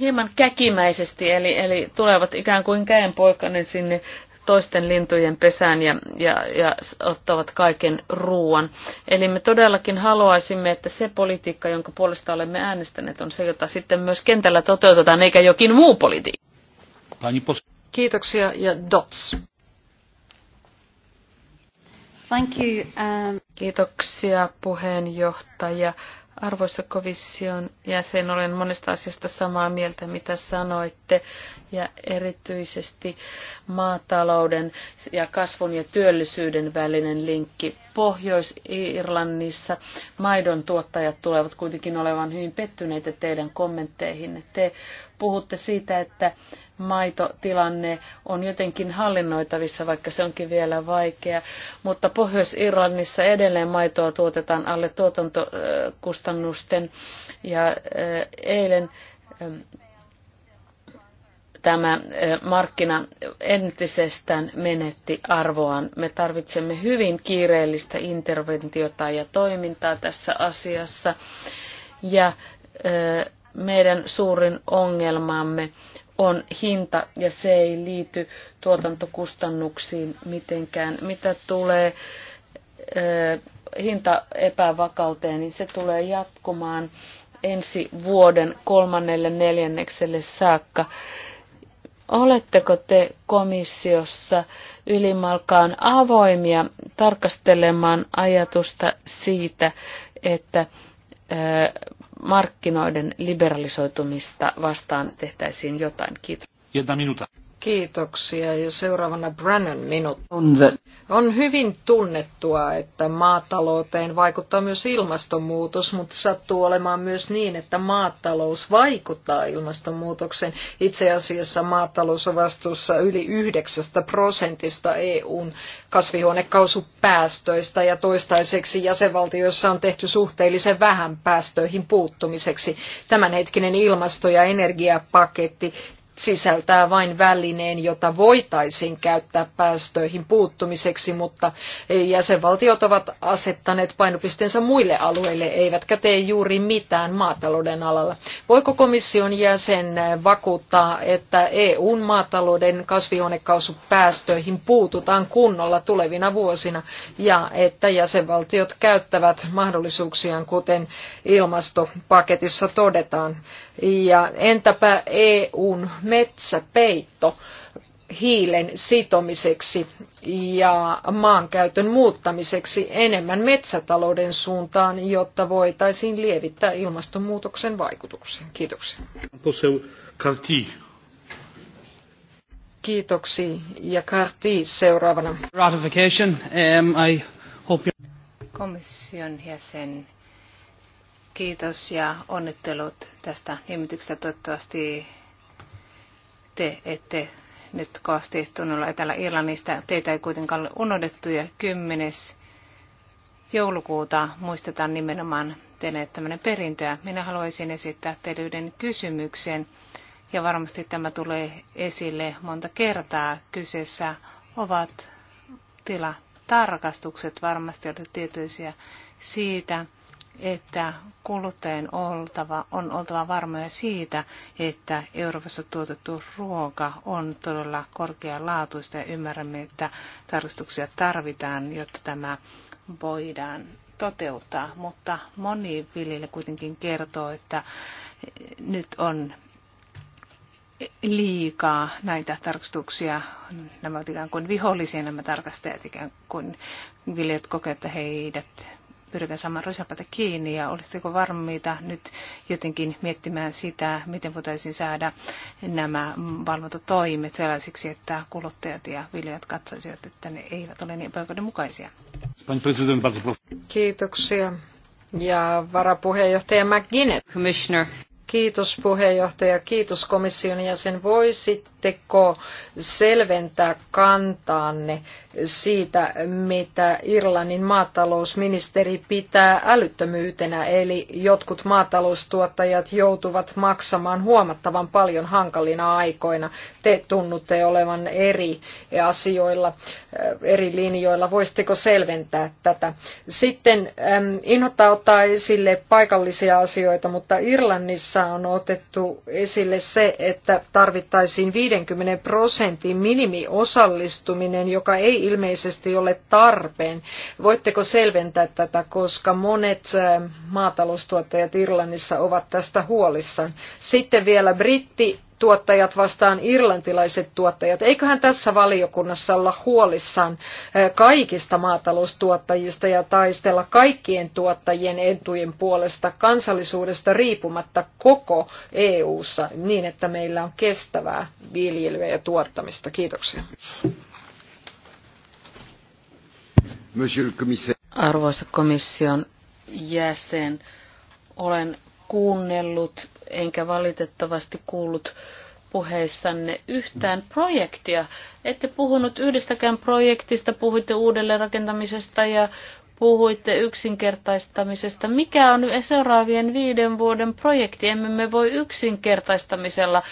hieman käkimäisesti, eli, eli tulevat ikään kuin käenpoikainen sinne toisten lintujen pesään ja, ja, ja ottavat kaiken ruoan. Eli me todellakin haluaisimme, että se politiikka, jonka puolesta olemme äänestäneet, on se, jota sitten myös kentällä toteutetaan, eikä jokin muu politiikka. Kiitoksia ja Dots. Thank you. Um... Kiitoksia puheenjohtaja. Arvoisa komission jäsen, olen monesta asiasta samaa mieltä, mitä sanoitte, ja erityisesti maatalouden ja kasvun ja työllisyyden välinen linkki. Pohjois-Irlannissa maidon tuottajat tulevat kuitenkin olevan hyvin pettyneitä teidän kommentteihin. Te puhutte siitä, että maitotilanne on jotenkin hallinnoitavissa, vaikka se onkin vielä vaikea. Mutta Pohjois-Irlannissa edelleen maitoa tuotetaan alle tuotantokustannusten. Ja eh, eilen eh, tämä eh, markkina entisestään menetti arvoaan. Me tarvitsemme hyvin kiireellistä interventiota ja toimintaa tässä asiassa. Ja meidän suurin ongelmamme on hinta ja se ei liity tuotantokustannuksiin mitenkään. Mitä tulee hinta epävakauteen, niin se tulee jatkumaan ensi vuoden kolmannelle neljännekselle saakka. Oletteko te komissiossa ylimalkaan avoimia tarkastelemaan ajatusta siitä, että markkinoiden liberalisoitumista vastaan tehtäisiin jotain. Kiitos. Jedna minuta. Kiitoksia ja seuraavana Brannon minut. On hyvin tunnettua, että maatalouteen vaikuttaa myös ilmastonmuutos, mutta sattuu olemaan myös niin, että maatalous vaikuttaa ilmastonmuutokseen. Itse asiassa maatalous on vastuussa yli 9 prosentista EUn kasvihuonekausupäästöistä ja toistaiseksi jäsenvaltioissa on tehty suhteellisen vähän päästöihin puuttumiseksi. Tämänhetkinen ilmasto- ja energiapaketti sisältää vain välineen, jota voitaisiin käyttää päästöihin puuttumiseksi, mutta jäsenvaltiot ovat asettaneet painopisteensä muille alueille, eivätkä tee juuri mitään maatalouden alalla. Voiko komission jäsen vakuuttaa, että EUn maatalouden kasvihuonekaasupäästöihin puututaan kunnolla tulevina vuosina ja että jäsenvaltiot käyttävät mahdollisuuksiaan, kuten ilmastopaketissa todetaan? Ja entäpä EUn metsäpeitto? hiilen sitomiseksi ja maankäytön muuttamiseksi enemmän metsätalouden suuntaan, jotta voitaisiin lievittää ilmastonmuutoksen vaikutuksia. Kiitoksia. Kiitoksia. ja Karti seuraavana. Ratification. Um, I hope you... Komission jäsen Kiitos ja onnittelut tästä nimityksestä. Toivottavasti te ette nyt kovasti tunnella Etelä-Irlannista. Teitä ei kuitenkaan ole unohdettu ja 10. joulukuuta muistetaan nimenomaan teille tämmöinen perintöä. Minä haluaisin esittää teille yhden kysymyksen ja varmasti tämä tulee esille monta kertaa. Kyseessä ovat tilatarkastukset. Varmasti olette tietoisia siitä, että kuluttajien oltava, on oltava varmoja siitä, että Euroopassa tuotettu ruoka on todella korkealaatuista ja ymmärrämme, että tarkistuksia tarvitaan, jotta tämä voidaan toteuttaa. Mutta moni viljelijä kuitenkin kertoo, että nyt on liikaa näitä tarkastuksia. Nämä ovat ikään kuin vihollisia nämä tarkastajat, ikään kuin viljelijät kokevat, että heidät pyritään saamaan rysäpältä kiinni ja olisitteko varmiita nyt jotenkin miettimään sitä, miten voitaisiin saada nämä valvontatoimet sellaisiksi, että kuluttajat ja viljelijät katsoisivat, että ne eivät ole niin mukaisia. Kiitoksia. Ja varapuheenjohtaja McGinnett. Commissioner. Kiitos puheenjohtaja, kiitos komission jäsen. Voisitte voisitteko selventää kantaanne siitä, mitä Irlannin maatalousministeri pitää älyttömyytenä, eli jotkut maataloustuottajat joutuvat maksamaan huomattavan paljon hankalina aikoina. Te tunnutte olevan eri asioilla, eri linjoilla. Voisitteko selventää tätä? Sitten ähm, ottaa esille paikallisia asioita, mutta Irlannissa on otettu esille se, että tarvittaisiin 5 50 prosentin minimiosallistuminen, joka ei ilmeisesti ole tarpeen. Voitteko selventää tätä, koska monet maataloustuottajat Irlannissa ovat tästä huolissaan. Sitten vielä britti tuottajat vastaan irlantilaiset tuottajat. Eiköhän tässä valiokunnassa olla huolissaan eh, kaikista maataloustuottajista ja taistella kaikkien tuottajien etujen puolesta kansallisuudesta riippumatta koko EU-ssa niin, että meillä on kestävää viljelyä ja tuottamista. Kiitoksia. Arvoisa komission jäsen, olen kuunnellut enkä valitettavasti kuullut puheissanne yhtään projektia. Ette puhunut yhdestäkään projektista, puhuitte uudelleenrakentamisesta ja puhuitte yksinkertaistamisesta. Mikä on seuraavien viiden vuoden projekti? Emme me voi yksinkertaistamisella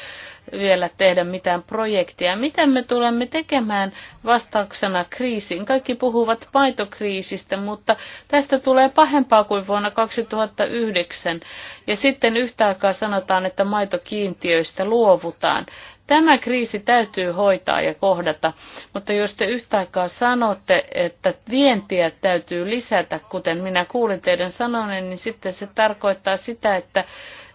vielä tehdä mitään projektia. Mitä me tulemme tekemään vastauksena kriisiin? Kaikki puhuvat maitokriisistä, mutta tästä tulee pahempaa kuin vuonna 2009. Ja sitten yhtä aikaa sanotaan, että maitokiintiöistä luovutaan. Tämä kriisi täytyy hoitaa ja kohdata, mutta jos te yhtä aikaa sanotte, että vientiä täytyy lisätä, kuten minä kuulin teidän sanoneen, niin sitten se tarkoittaa sitä, että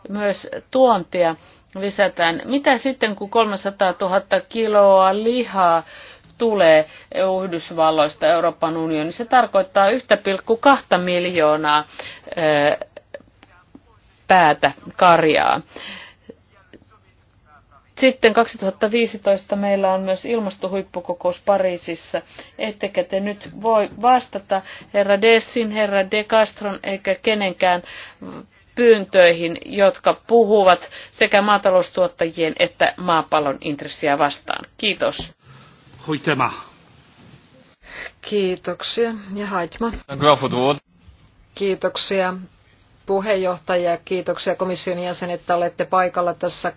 myös tuontia lisätään. Mitä sitten, kun 300 000 kiloa lihaa tulee Yhdysvalloista Euroopan unioniin? Se tarkoittaa 1,2 miljoonaa päätä karjaa. Sitten 2015 meillä on myös ilmastohuippukokous Pariisissa. Ettekä te nyt voi vastata herra Dessin, herra De Castron eikä kenenkään pyyntöihin, jotka puhuvat sekä maataloustuottajien että maapallon intressiä vastaan. Kiitos. Huitema. Kiitoksia ja Haitma. Kiitoksia puheenjohtaja ja kiitoksia komission jäsen, että olette paikalla tässä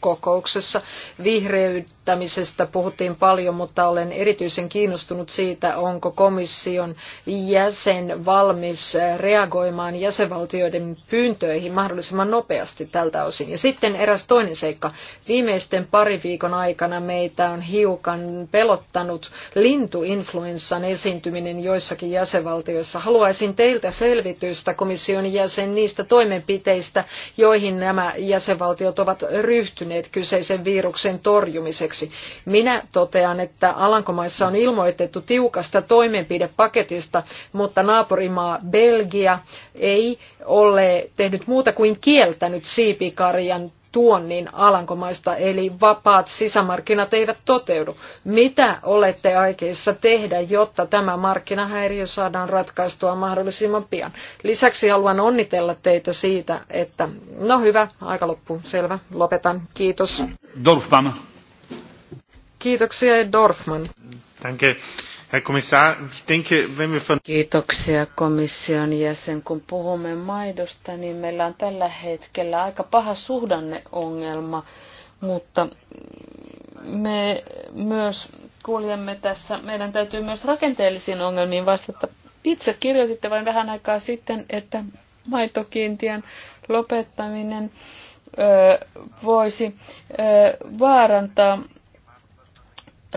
kokouksessa. Vihreyttämisestä puhuttiin paljon, mutta olen erityisen kiinnostunut siitä, onko komission jäsen valmis reagoimaan jäsenvaltioiden pyyntöihin mahdollisimman nopeasti tältä osin. Ja sitten eräs toinen seikka. Viimeisten pari viikon aikana meitä on hiukan pelottanut lintuinfluenssan esiintyminen joissakin jäsenvaltioissa. Haluaisin teiltä selvitystä komission jäsen niistä toimenpiteistä, joihin nämä jäsenvaltiot ovat ryhtyneet ryhtyneet kyseisen viruksen torjumiseksi. Minä totean, että Alankomaissa on ilmoitettu tiukasta toimenpidepaketista, mutta naapurimaa Belgia ei ole tehnyt muuta kuin kieltänyt siipikarjan tuonnin Alankomaista, eli vapaat sisämarkkinat eivät toteudu. Mitä olette aikeissa tehdä, jotta tämä markkinahäiriö saadaan ratkaistua mahdollisimman pian? Lisäksi haluan onnitella teitä siitä, että no hyvä, aika loppu, selvä, lopetan, kiitos. Dorfman. Kiitoksia Dorfman. Danke. Kiitoksia komission jäsen. Kun puhumme maidosta, niin meillä on tällä hetkellä aika paha suhdanneongelma, mutta me myös kuljemme tässä, meidän täytyy myös rakenteellisiin ongelmiin vastata. Itse kirjoititte vain vähän aikaa sitten, että maitokiintien lopettaminen ö, voisi ö, vaarantaa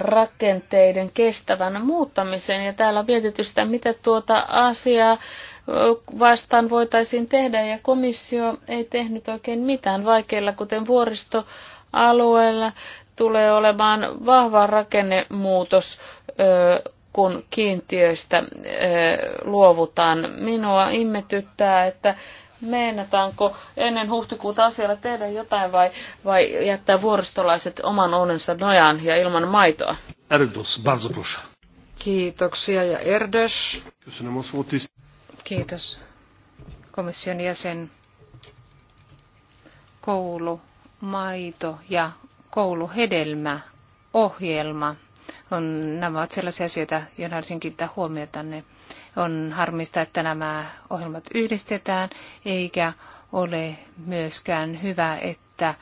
rakenteiden kestävän muuttamisen. Ja täällä on mietitty sitä, mitä tuota asiaa vastaan voitaisiin tehdä, ja komissio ei tehnyt oikein mitään vaikeilla, kuten vuoristoalueella tulee olemaan vahva rakennemuutos, kun kiintiöistä luovutaan. Minua ihmetyttää, että meenataanko ennen huhtikuuta asialla tehdä jotain vai, vai jättää vuoristolaiset oman onnensa nojaan ja ilman maitoa? Erdos, bardzo proszę. Kiitoksia ja Erdos. Kiitos. Komission jäsen koulu, maito ja kouluhedelmä ohjelma. On, nämä ovat sellaisia asioita, joihin haluaisin kiinnittää huomiota. Ne on harmista, että nämä ohjelmat yhdistetään, eikä ole myöskään hyvä, että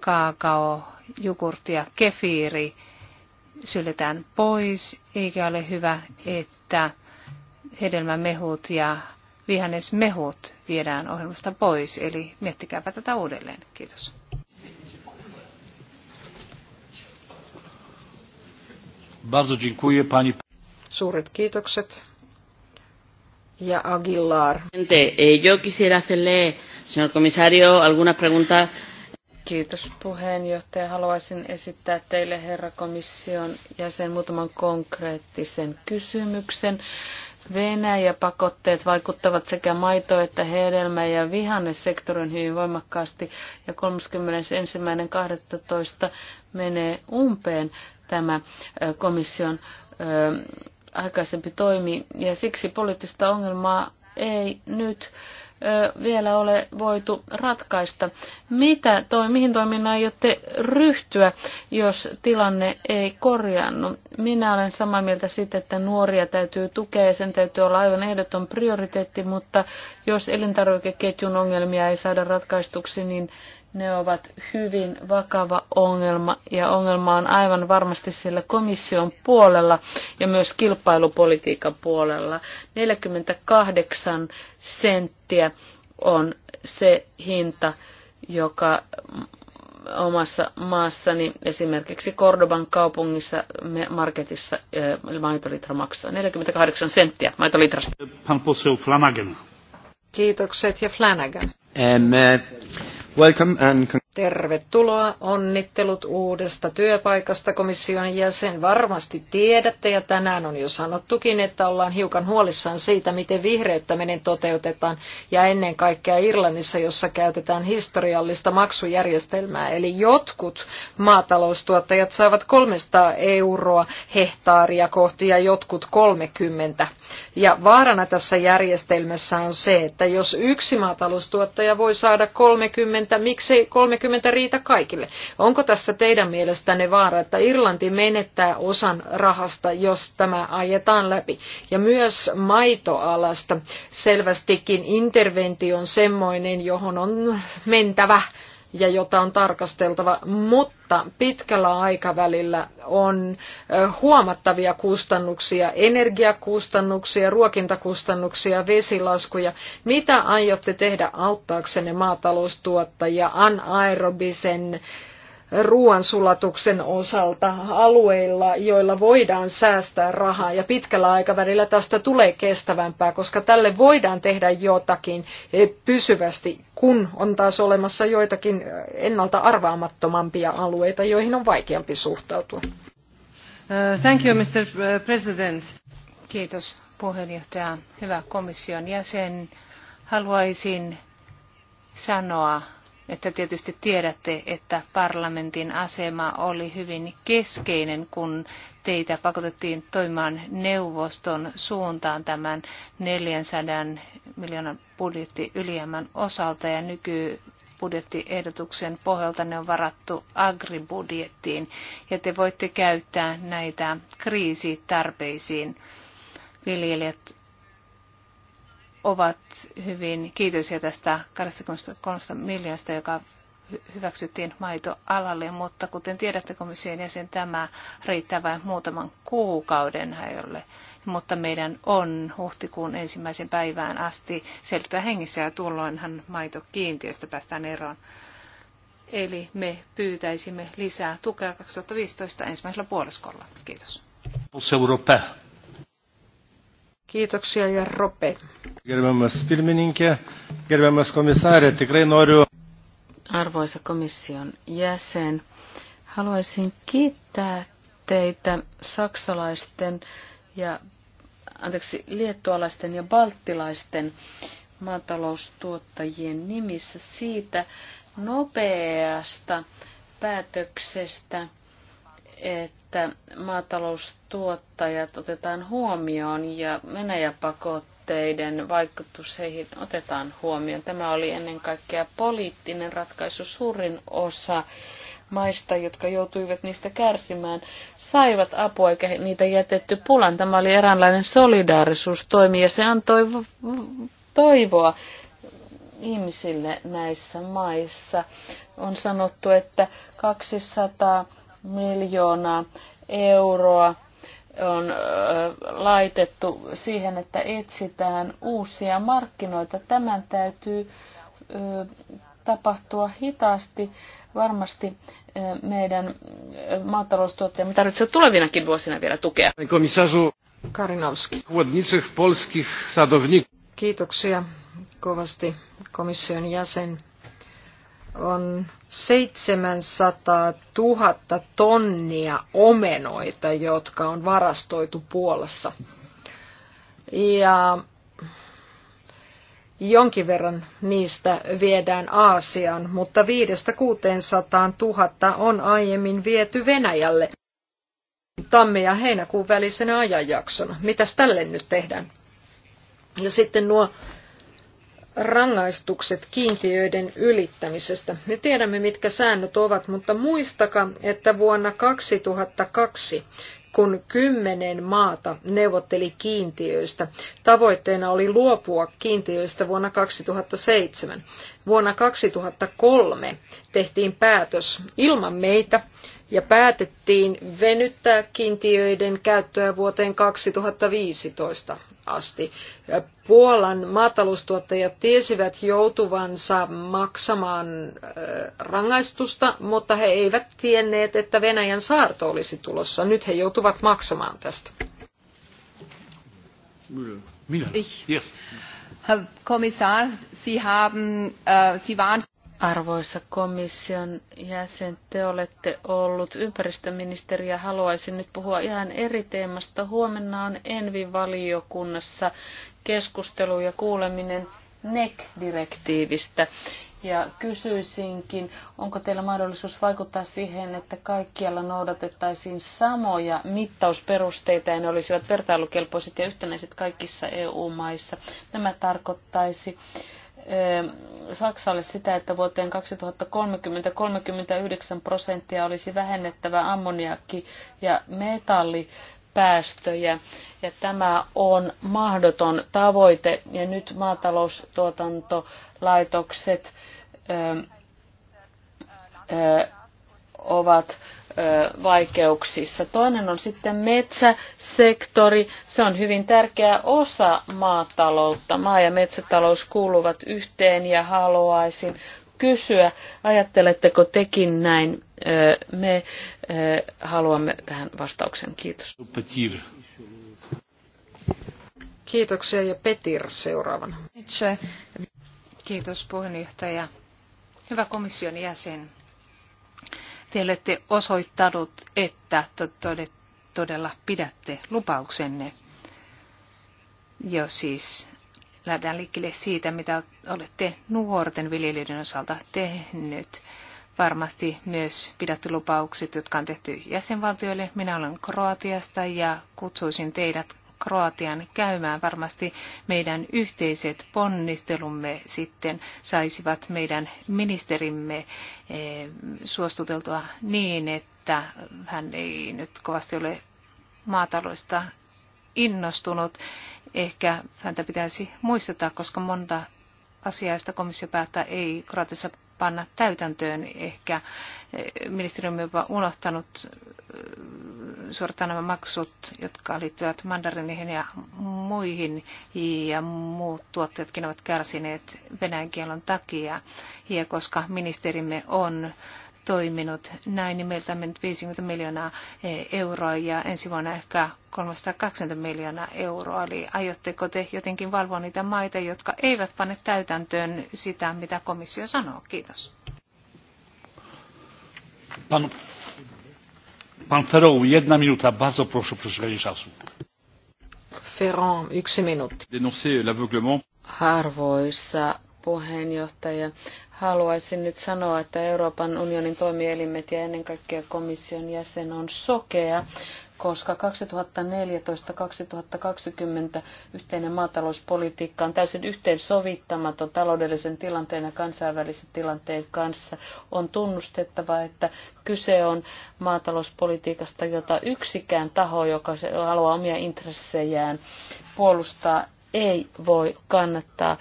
kaakao, jogurtti ja kefiiri syljetään pois, eikä ole hyvä, että hedelmämehut ja vihannesmehut viedään ohjelmasta pois. Eli miettikääpä tätä uudelleen. Kiitos. Bardzo dziękuję pani. Suuret kiitokset ja Aguilar. Eh, yo quisiera hacerle, señor comisario, algunas preguntas. Kiitos puheenjohtaja. Haluaisin esittää teille herra komission jäsen muutaman konkreettisen kysymyksen. Venäjä pakotteet vaikuttavat sekä maito- että hedelmä- ja vihannesektorin hyvin voimakkaasti ja 31.12. menee umpeen tämä komission aikaisempi toimi, ja siksi poliittista ongelmaa ei nyt vielä ole voitu ratkaista. Mitä toi, mihin toimiin aiotte ryhtyä, jos tilanne ei korjaannu? Minä olen samaa mieltä siitä, että nuoria täytyy tukea ja sen täytyy olla aivan ehdoton prioriteetti, mutta jos elintarvikeketjun ongelmia ei saada ratkaistuksi, niin ne ovat hyvin vakava ongelma ja ongelma on aivan varmasti siellä komission puolella ja myös kilpailupolitiikan puolella. 48 senttiä on se hinta, joka omassa maassani, esimerkiksi Kordoban kaupungissa marketissa maitolitra maksaa 48 senttiä maitolitrasta. Flanagan. Kiitokset ja Flanagan. Um, uh... Welcome and Tervetuloa, onnittelut uudesta työpaikasta komission jäsen. Varmasti tiedätte ja tänään on jo sanottukin, että ollaan hiukan huolissaan siitä, miten vihreyttäminen toteutetaan ja ennen kaikkea Irlannissa, jossa käytetään historiallista maksujärjestelmää. Eli jotkut maataloustuottajat saavat 300 euroa hehtaaria kohti ja jotkut 30. Ja vaarana tässä järjestelmässä on se, että jos yksi maataloustuottaja voi saada 30, miksei 30 140 riitä kaikille. Onko tässä teidän mielestänne vaara, että Irlanti menettää osan rahasta, jos tämä ajetaan läpi? Ja myös maitoalasta selvästikin interventio on semmoinen, johon on mentävä ja jota on tarkasteltava, mutta pitkällä aikavälillä on huomattavia kustannuksia, energiakustannuksia, ruokintakustannuksia, vesilaskuja. Mitä aiotte tehdä auttaaksenne maataloustuottajia anaerobisen ruoansulatuksen osalta alueilla, joilla voidaan säästää rahaa ja pitkällä aikavälillä tästä tulee kestävämpää, koska tälle voidaan tehdä jotakin pysyvästi, kun on taas olemassa joitakin ennalta arvaamattomampia alueita, joihin on vaikeampi suhtautua. Uh, thank you, Mr. Uh, president. Kiitos puheenjohtaja. Hyvä komission jäsen. Haluaisin sanoa että tietysti tiedätte, että parlamentin asema oli hyvin keskeinen, kun teitä pakotettiin toimimaan neuvoston suuntaan tämän 400 miljoonan ylijäämän osalta ja nyky budjettiehdotuksen pohjalta ne on varattu agribudjettiin ja te voitte käyttää näitä kriisitarpeisiin. Viljelijät ovat hyvin kiitollisia tästä 23 miljoonasta, joka hyväksyttiin maitoalalle, mutta kuten tiedätte komission jäsen, tämä riittää vain muutaman kuukauden hajolle. Mutta meidän on huhtikuun ensimmäisen päivään asti selittää hengissä ja tuolloinhan maitokiintiöstä päästään eroon. Eli me pyytäisimme lisää tukea 2015 ensimmäisellä puoliskolla. Kiitos. Kiitoksia ja Rope. Gerbiamas pirmininkė, gerbiamas komissaari, tikrai noriu. Arvoisa komission jäsen, haluaisin kiittää teitä saksalaisten ja anteeksi, liettualaisten ja balttilaisten maataloustuottajien nimissä siitä nopeasta päätöksestä, että maataloustuottajat otetaan huomioon ja Venäjäpakotteiden vaikutus heihin otetaan huomioon. Tämä oli ennen kaikkea poliittinen ratkaisu. Suurin osa maista, jotka joutuivat niistä kärsimään, saivat apua eikä niitä jätetty pulan. Tämä oli eräänlainen solidaarisuustoimi ja se antoi toivoa ihmisille näissä maissa. On sanottu, että 200 miljoonaa euroa on laitettu siihen, että etsitään uusia markkinoita. Tämän täytyy tapahtua hitaasti. Varmasti meidän maataloustuottajamme tarvitsee tulevinakin vuosina vielä tukea. Komisarzu Karinowski. Kiitoksia kovasti komission jäsen on 700 000 tonnia omenoita, jotka on varastoitu Puolassa. Ja jonkin verran niistä viedään Aasiaan, mutta 500-600 000 on aiemmin viety Venäjälle tammi- ja heinäkuun välisenä ajanjaksona. Mitäs tälle nyt tehdään? Ja sitten nuo rangaistukset kiintiöiden ylittämisestä. Me tiedämme, mitkä säännöt ovat, mutta muistakaa, että vuonna 2002 kun kymmenen maata neuvotteli kiintiöistä. Tavoitteena oli luopua kiintiöistä vuonna 2007. Vuonna 2003 tehtiin päätös ilman meitä ja päätettiin venyttää kiintiöiden käyttöä vuoteen 2015 asti. Puolan maataloustuottajat tiesivät joutuvansa maksamaan äh, rangaistusta, mutta he eivät tienneet, että Venäjän saarto olisi tulossa. Nyt he joutuvat maksamaan tästä. Herr Kommissar, Sie, haben, äh, Sie waren Arvoisa komission jäsen, te olette ollut ympäristöministeri ja haluaisin nyt puhua ihan eri teemasta. Huomenna on Envi-valiokunnassa keskustelu ja kuuleminen NEC-direktiivistä. Ja kysyisinkin, onko teillä mahdollisuus vaikuttaa siihen, että kaikkialla noudatettaisiin samoja mittausperusteita ja ne olisivat vertailukelpoiset ja yhtenäiset kaikissa EU-maissa. Tämä tarkoittaisi Ehm, Saksalle sitä, että vuoteen 2030 39 prosenttia olisi vähennettävä ammoniakki- ja metallipäästöjä. Ja tämä on mahdoton tavoite. Ja nyt maataloustuotantolaitokset ö, ehm, ö, ehm, ovat vaikeuksissa. Toinen on sitten metsäsektori. Se on hyvin tärkeä osa maataloutta. Maa- ja metsätalous kuuluvat yhteen ja haluaisin kysyä, ajatteletteko tekin näin? Me haluamme tähän vastauksen. Kiitos. Kiitoksia ja Petir seuraavana. Kiitos puheenjohtaja. Hyvä komission jäsen. Te olette osoittanut, että todella pidätte lupauksenne. Jo siis lähdetään liikkeelle siitä, mitä olette nuorten viljelijöiden osalta tehnyt. Varmasti myös pidätte lupaukset, jotka on tehty jäsenvaltioille. Minä olen Kroatiasta ja kutsuisin teidät Kroatian käymään. Varmasti meidän yhteiset ponnistelumme sitten saisivat meidän ministerimme eh, suostuteltua niin, että hän ei nyt kovasti ole maataloista innostunut. Ehkä häntä pitäisi muistuttaa, koska monta asiaa, josta komissio päättää, ei Kroatissa panna täytäntöön. Ehkä eh, ministeri on jopa unohtanut eh, suorittaa nämä maksut, jotka liittyvät mandarinihin ja muihin, ja muut tuotteetkin ovat kärsineet Venäjän kielon takia. Ja koska ministerimme on toiminut näin, niin meiltä on mennyt 50 miljoonaa e, euroa ja ensi vuonna ehkä 320 miljoonaa euroa. Eli aiotteko te jotenkin valvoa niitä maita, jotka eivät pane täytäntöön sitä, mitä komissio sanoo? Kiitos. Pan, pan Ferou, jedna minuta, bardzo proszę przestrzeganie czasu. Ferron, yksi minuutti. Harvoissa puheenjohtaja haluaisin nyt sanoa, että Euroopan unionin toimielimet ja ennen kaikkea komission jäsen on sokea, koska 2014-2020 yhteinen maatalouspolitiikka on täysin yhteensovittamaton taloudellisen tilanteen ja kansainvälisen tilanteen kanssa. On tunnustettava, että kyse on maatalouspolitiikasta, jota yksikään taho, joka haluaa omia intressejään puolustaa, ei voi kannattaa.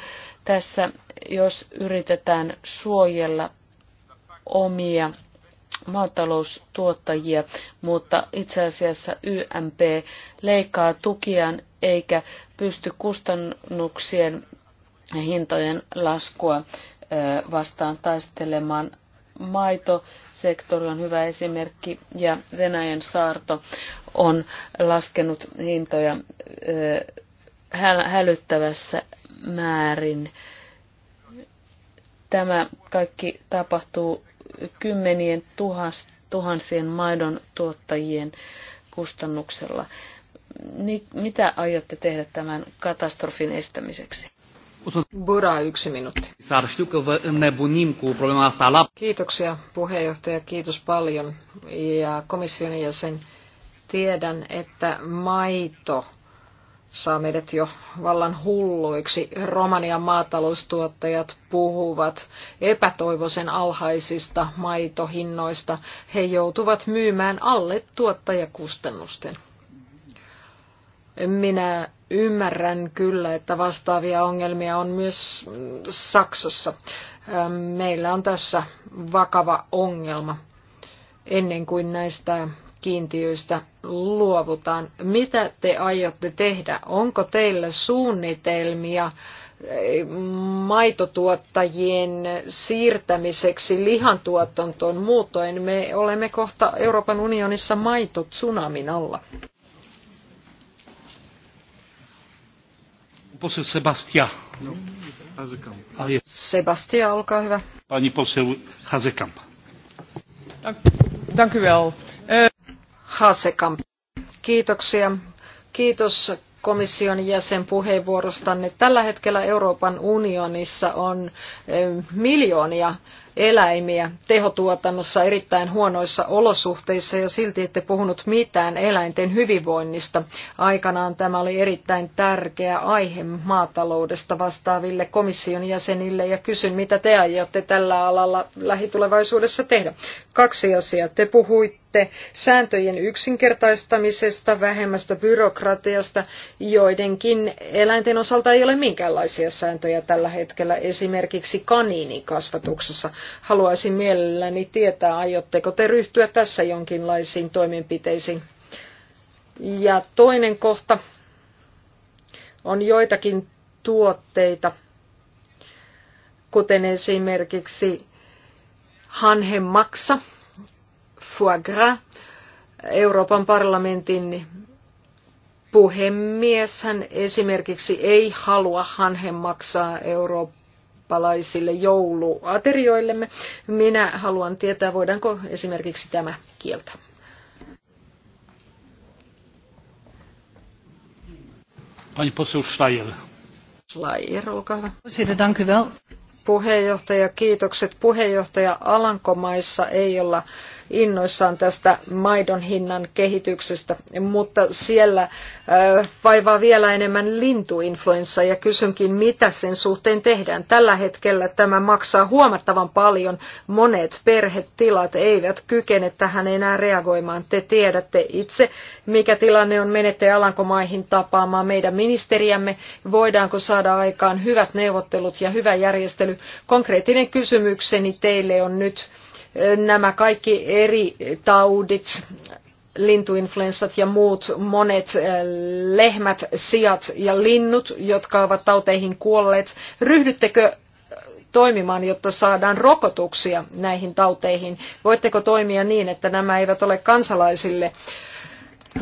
Tässä, jos yritetään suojella omia maataloustuottajia, mutta itse asiassa YMP leikkaa tukiaan eikä pysty kustannuksien ja hintojen laskua vastaan taistelemaan. Maitosektori on hyvä esimerkki ja Venäjän saarto on laskenut hintoja hälyttävässä määrin. Tämä kaikki tapahtuu kymmenien tuhansien maidon tuottajien kustannuksella. Mitä aiotte tehdä tämän katastrofin estämiseksi? Buraa yksi minuutti. Kiitoksia puheenjohtaja, kiitos paljon. Ja komission jäsen, tiedän, että maito saa meidät jo vallan hulluiksi. Romanian maataloustuottajat puhuvat epätoivoisen alhaisista maitohinnoista. He joutuvat myymään alle tuottajakustannusten. Minä ymmärrän kyllä, että vastaavia ongelmia on myös Saksassa. Ähm, meillä on tässä vakava ongelma. Ennen kuin näistä kiintiöistä luovutaan. Mitä te aiotte tehdä? Onko teillä suunnitelmia eh, maitotuottajien siirtämiseksi lihantuotantoon muutoin? Me olemme kohta Euroopan unionissa maitotsunamin alla. Sebastia. No, Sebastia, olkaa hyvä. Pani poseu Hazekamp. Dank, dank u wel. Eh, Hasekamp. Kiitoksia. Kiitos komission jäsen puheenvuorostanne. Tällä hetkellä Euroopan unionissa on eh, miljoonia eläimiä tehotuotannossa erittäin huonoissa olosuhteissa ja silti ette puhunut mitään eläinten hyvinvoinnista. Aikanaan tämä oli erittäin tärkeä aihe maataloudesta vastaaville komission jäsenille ja kysyn, mitä te aiotte tällä alalla lähitulevaisuudessa tehdä. Kaksi asiaa. Te puhuitte sääntöjen yksinkertaistamisesta, vähemmästä byrokratiasta, joidenkin eläinten osalta ei ole minkäänlaisia sääntöjä tällä hetkellä, esimerkiksi kaniinikasvatuksessa Haluaisin mielelläni tietää, aiotteko te ryhtyä tässä jonkinlaisiin toimenpiteisiin. Ja toinen kohta on joitakin tuotteita, kuten esimerkiksi hanhemaksa, foie gras. Euroopan parlamentin puhemies hän esimerkiksi ei halua hanhemaksaa Euro- eurooppalaisille jouluaterioillemme. Minä haluan tietää, voidaanko esimerkiksi tämä kieltää. Pani poseu Schleier. Schleier, olkaa hyvä. Dank puheenjohtaja, kiitokset. Puheenjohtaja Alankomaissa ei olla innoissaan tästä maidon hinnan kehityksestä, mutta siellä vaivaa vielä enemmän lintuinfluenssa ja kysynkin, mitä sen suhteen tehdään. Tällä hetkellä tämä maksaa huomattavan paljon. Monet perhetilat eivät kykene tähän enää reagoimaan. Te tiedätte itse, mikä tilanne on. Menette Alankomaihin tapaamaan meidän ministeriämme. Voidaanko saada aikaan hyvät neuvottelut ja hyvä järjestely? Konkreettinen kysymykseni teille on nyt, nämä kaikki eri taudit, lintuinfluenssat ja muut monet eh, lehmät, siat ja linnut, jotka ovat tauteihin kuolleet. Ryhdyttekö eh, toimimaan, jotta saadaan rokotuksia näihin tauteihin? Voitteko toimia niin, että nämä eivät ole kansalaisille äh,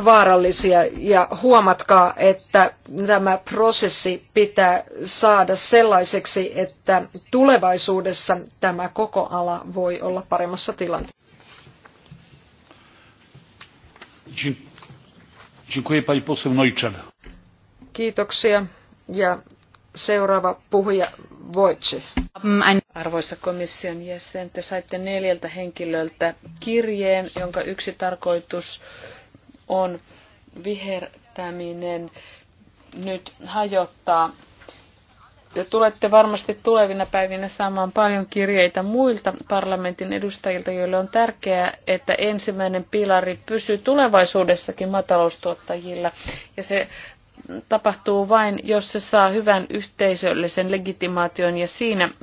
vaarallisia ja huomatkaa, että tämä prosessi pitää saada sellaiseksi, että tulevaisuudessa tämä koko ala voi olla paremmassa tilanteessa. Kiitoksia ja seuraava puhuja Voitsi. Arvoisa komission jäsen, te saitte neljältä henkilöltä kirjeen, jonka yksi tarkoitus on vihertäminen nyt hajottaa. Ja tulette varmasti tulevina päivinä saamaan paljon kirjeitä muilta parlamentin edustajilta, joille on tärkeää, että ensimmäinen pilari pysyy tulevaisuudessakin mataloustuottajilla. Ja se tapahtuu vain, jos se saa hyvän yhteisöllisen legitimaation ja siinä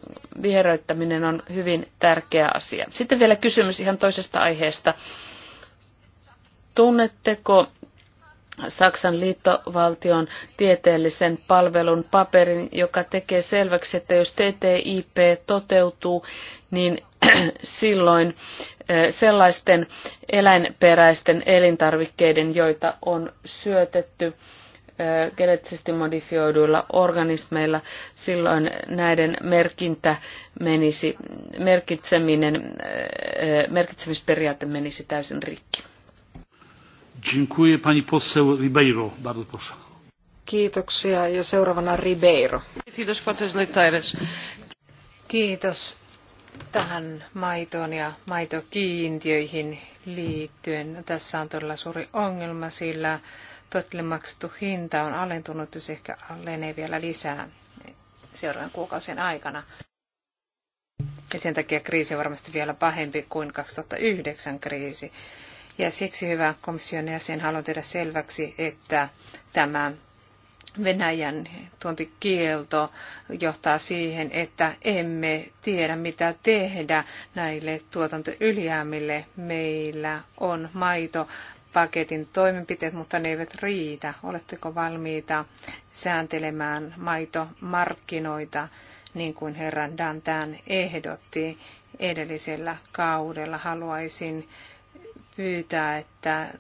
viheröittäminen on hyvin tärkeä asia. Sitten vielä kysymys ihan toisesta aiheesta. Tunnetteko Saksan liittovaltion tieteellisen palvelun paperin, joka tekee selväksi, että jos TTIP toteutuu, niin silloin eh, sellaisten eläinperäisten elintarvikkeiden, joita on syötetty eh, geneettisesti modifioiduilla organismeilla, silloin näiden merkintä menisi, merkitseminen, eh, merkitsemisperiaate menisi täysin rikki. Dziękuję pani poseł Ribeiro. Bardzo proszę. Kiitoksia ja seuraavana Ribeiro. Kiitos Kiitos tähän maitoon ja maitokiintiöihin liittyen. Tässä on todella suuri ongelma, sillä tuotteille maksettu hinta on alentunut ja se ehkä alenee vielä lisää seuraavan kuukausien aikana. Ja sen takia kriisi on varmasti vielä pahempi kuin 2009 kriisi. Ja siksi hyvä komission jäsen haluan tehdä selväksi, että tämä Venäjän tuontikielto johtaa siihen, että emme tiedä mitä tehdä näille tuotantoylijäämille. Meillä on maito paketin toimenpiteet, mutta ne eivät riitä. Oletteko valmiita sääntelemään maitomarkkinoita niin kuin herra Dantan ehdotti edellisellä kaudella? Haluaisin pyytää, että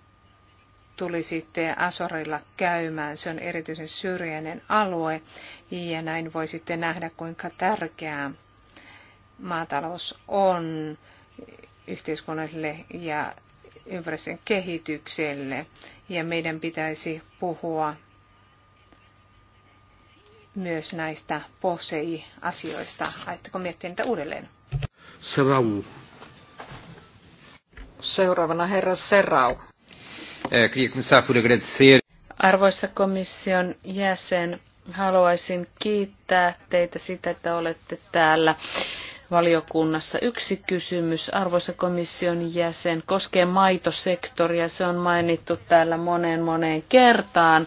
tulisitte Asorilla käymään. Se on erityisen syrjäinen alue ja näin voisitte nähdä, kuinka tärkeää maatalous on yhteiskunnalle ja ympäristön kehitykselle. Ja meidän pitäisi puhua myös näistä POSEI-asioista. Aitteko miettiä niitä uudelleen? Seuraava. Seuraavana herra Serau. Eh, arvoisa komission jäsen, haluaisin kiittää teitä sitä, että olette täällä valiokunnassa. Yksi kysymys, arvoisa komission jäsen, koskee maitosektoria. Se on mainittu täällä moneen moneen kertaan,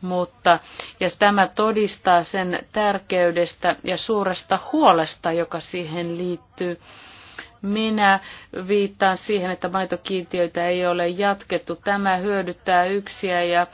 mutta ja tämä todistaa sen tärkeydestä ja suuresta huolesta, joka siihen liittyy. Minä viittaan siihen, että maitokiintiöitä ei ole jatkettu. Tämä hyödyttää yksiä ja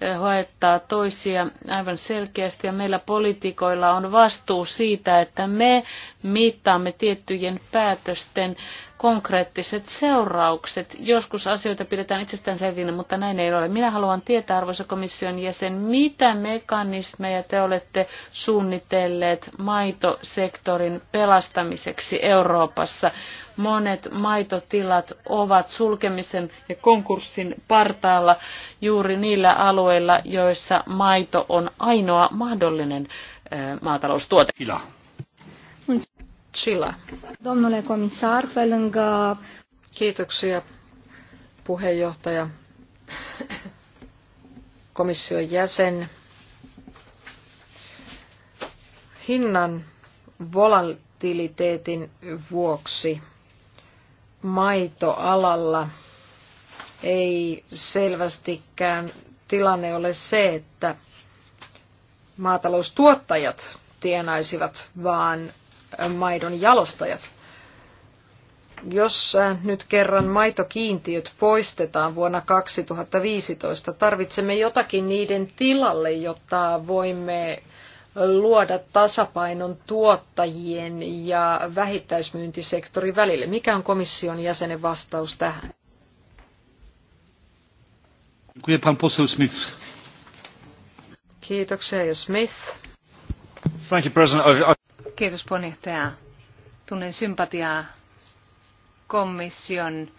e, hoettaa toisia aivan selkeästi ja meillä poliitikoilla on vastuu siitä, että me mittaamme tiettyjen päätösten konkreettiset seuraukset. Joskus asioita pidetään itsestäänselvinä, mutta näin ei ole. Minä haluan tietää, arvoisa komission jäsen, mitä mekanismeja te olette suunnitelleet maitosektorin pelastamiseksi Euroopassa. Monet maitotilat ovat sulkemisen ja konkurssin partaalla juuri niillä alueilla, joissa maito on ainoa mahdollinen maataloustuote. Chila. Domnule komissar, pe lângă... Kiitoksia puheenjohtaja, komission jäsen. Hinnan volatiliteetin vuoksi maitoalalla ei selvästikään tilanne ole se, että maataloustuottajat tienaisivat, vaan maidon jalostajat. Jos äh, nyt kerran maitokiintiöt poistetaan vuonna 2015, tarvitsemme jotakin niiden tilalle, jotta voimme luoda tasapainon tuottajien ja vähittäismyyntisektorin välille. Mikä on komission jäsenen vastaus tähän? Kiitoksia, Smith. Thank you, President. Kiitos puheenjohtaja. Tunnen sympatiaa komission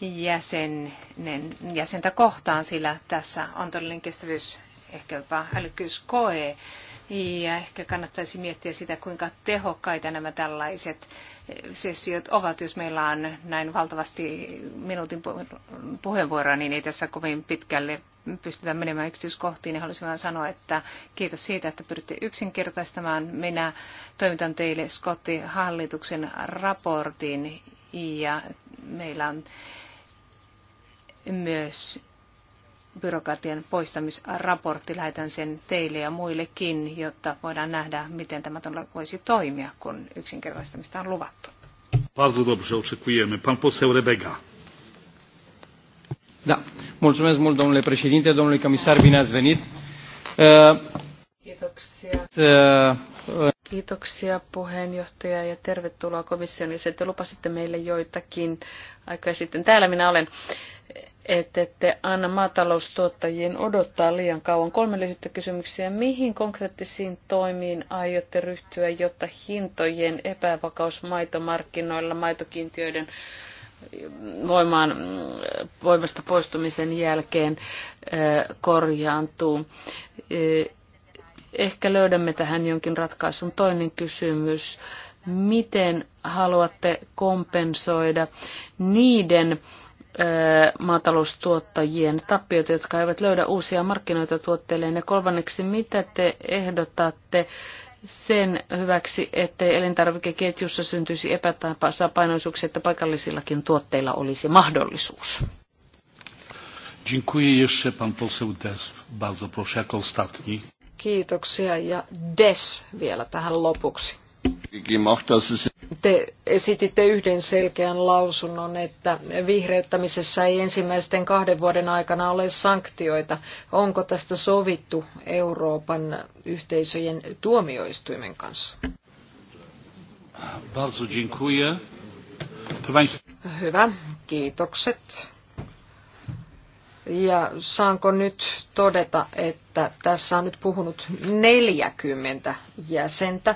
jäsenen, jäsentä kohtaan, sillä tässä on todellinen kestävyys, ehkä jopa älykkyyskoe. koe ja ehkä kannattaisi miettiä sitä, kuinka tehokkaita nämä tällaiset eh, sessiot ovat. Jos meillä on näin valtavasti minuutin puheenvuoroa, niin ei tässä kovin pitkälle pystytä menemään yksityiskohtiin. Ja haluaisin vain sanoa, että kiitos siitä, että pyritte yksinkertaistamaan. Minä toimitan teille Scotti hallituksen raportin ja meillä on myös byrokratian poistamisraportti. Lähetän sen teille ja muillekin, jotta voidaan nähdä, miten tämä todella voisi toimia, kun yksinkertaistamista on luvattu. Bardzo dobrze, oczekujemy. Pan poseł Rebega. Da. Mulțumesc mult, domnule președinte, domnule comisar, bine ați venit. Kiitoksia. Kiitoksia puheenjohtaja ja tervetuloa komission. Ja te lupasitte meille joitakin aikaa sitten. Täällä minä olen. Äh, ette anna maataloustuottajien odottaa liian kauan. Kolme lyhyttä kysymyksiä. Mihin konkreettisiin toimiin aiotte ryhtyä, jotta hintojen epävakaus maitomarkkinoilla maitokiintiöiden voimaan, voimasta poistumisen jälkeen eh, korjaantuu? Eh, ehkä löydämme tähän jonkin ratkaisun. Toinen kysymys. Miten haluatte kompensoida niiden maataloustuottajien tappiot, jotka eivät löydä uusia markkinoita tuotteilleen. Ja kolmanneksi, mitä te ehdotatte sen hyväksi, ettei elintarvikeketjussa syntyisi epätasapainoisuuksia, että paikallisillakin tuotteilla olisi mahdollisuus? Dziękuję jeszcze pan poseł Des. Bardzo proszę, jako ostatni. Kiitoksia ja Des vielä tähän lopuksi. Te esititte yhden selkeän lausunnon, että vihreyttämisessä ei ensimmäisten kahden vuoden aikana ole sanktioita. Onko tästä sovittu Euroopan yhteisöjen tuomioistuimen kanssa? Hyvä, kiitokset. Ja saanko nyt todeta, että tässä on nyt puhunut 40 jäsentä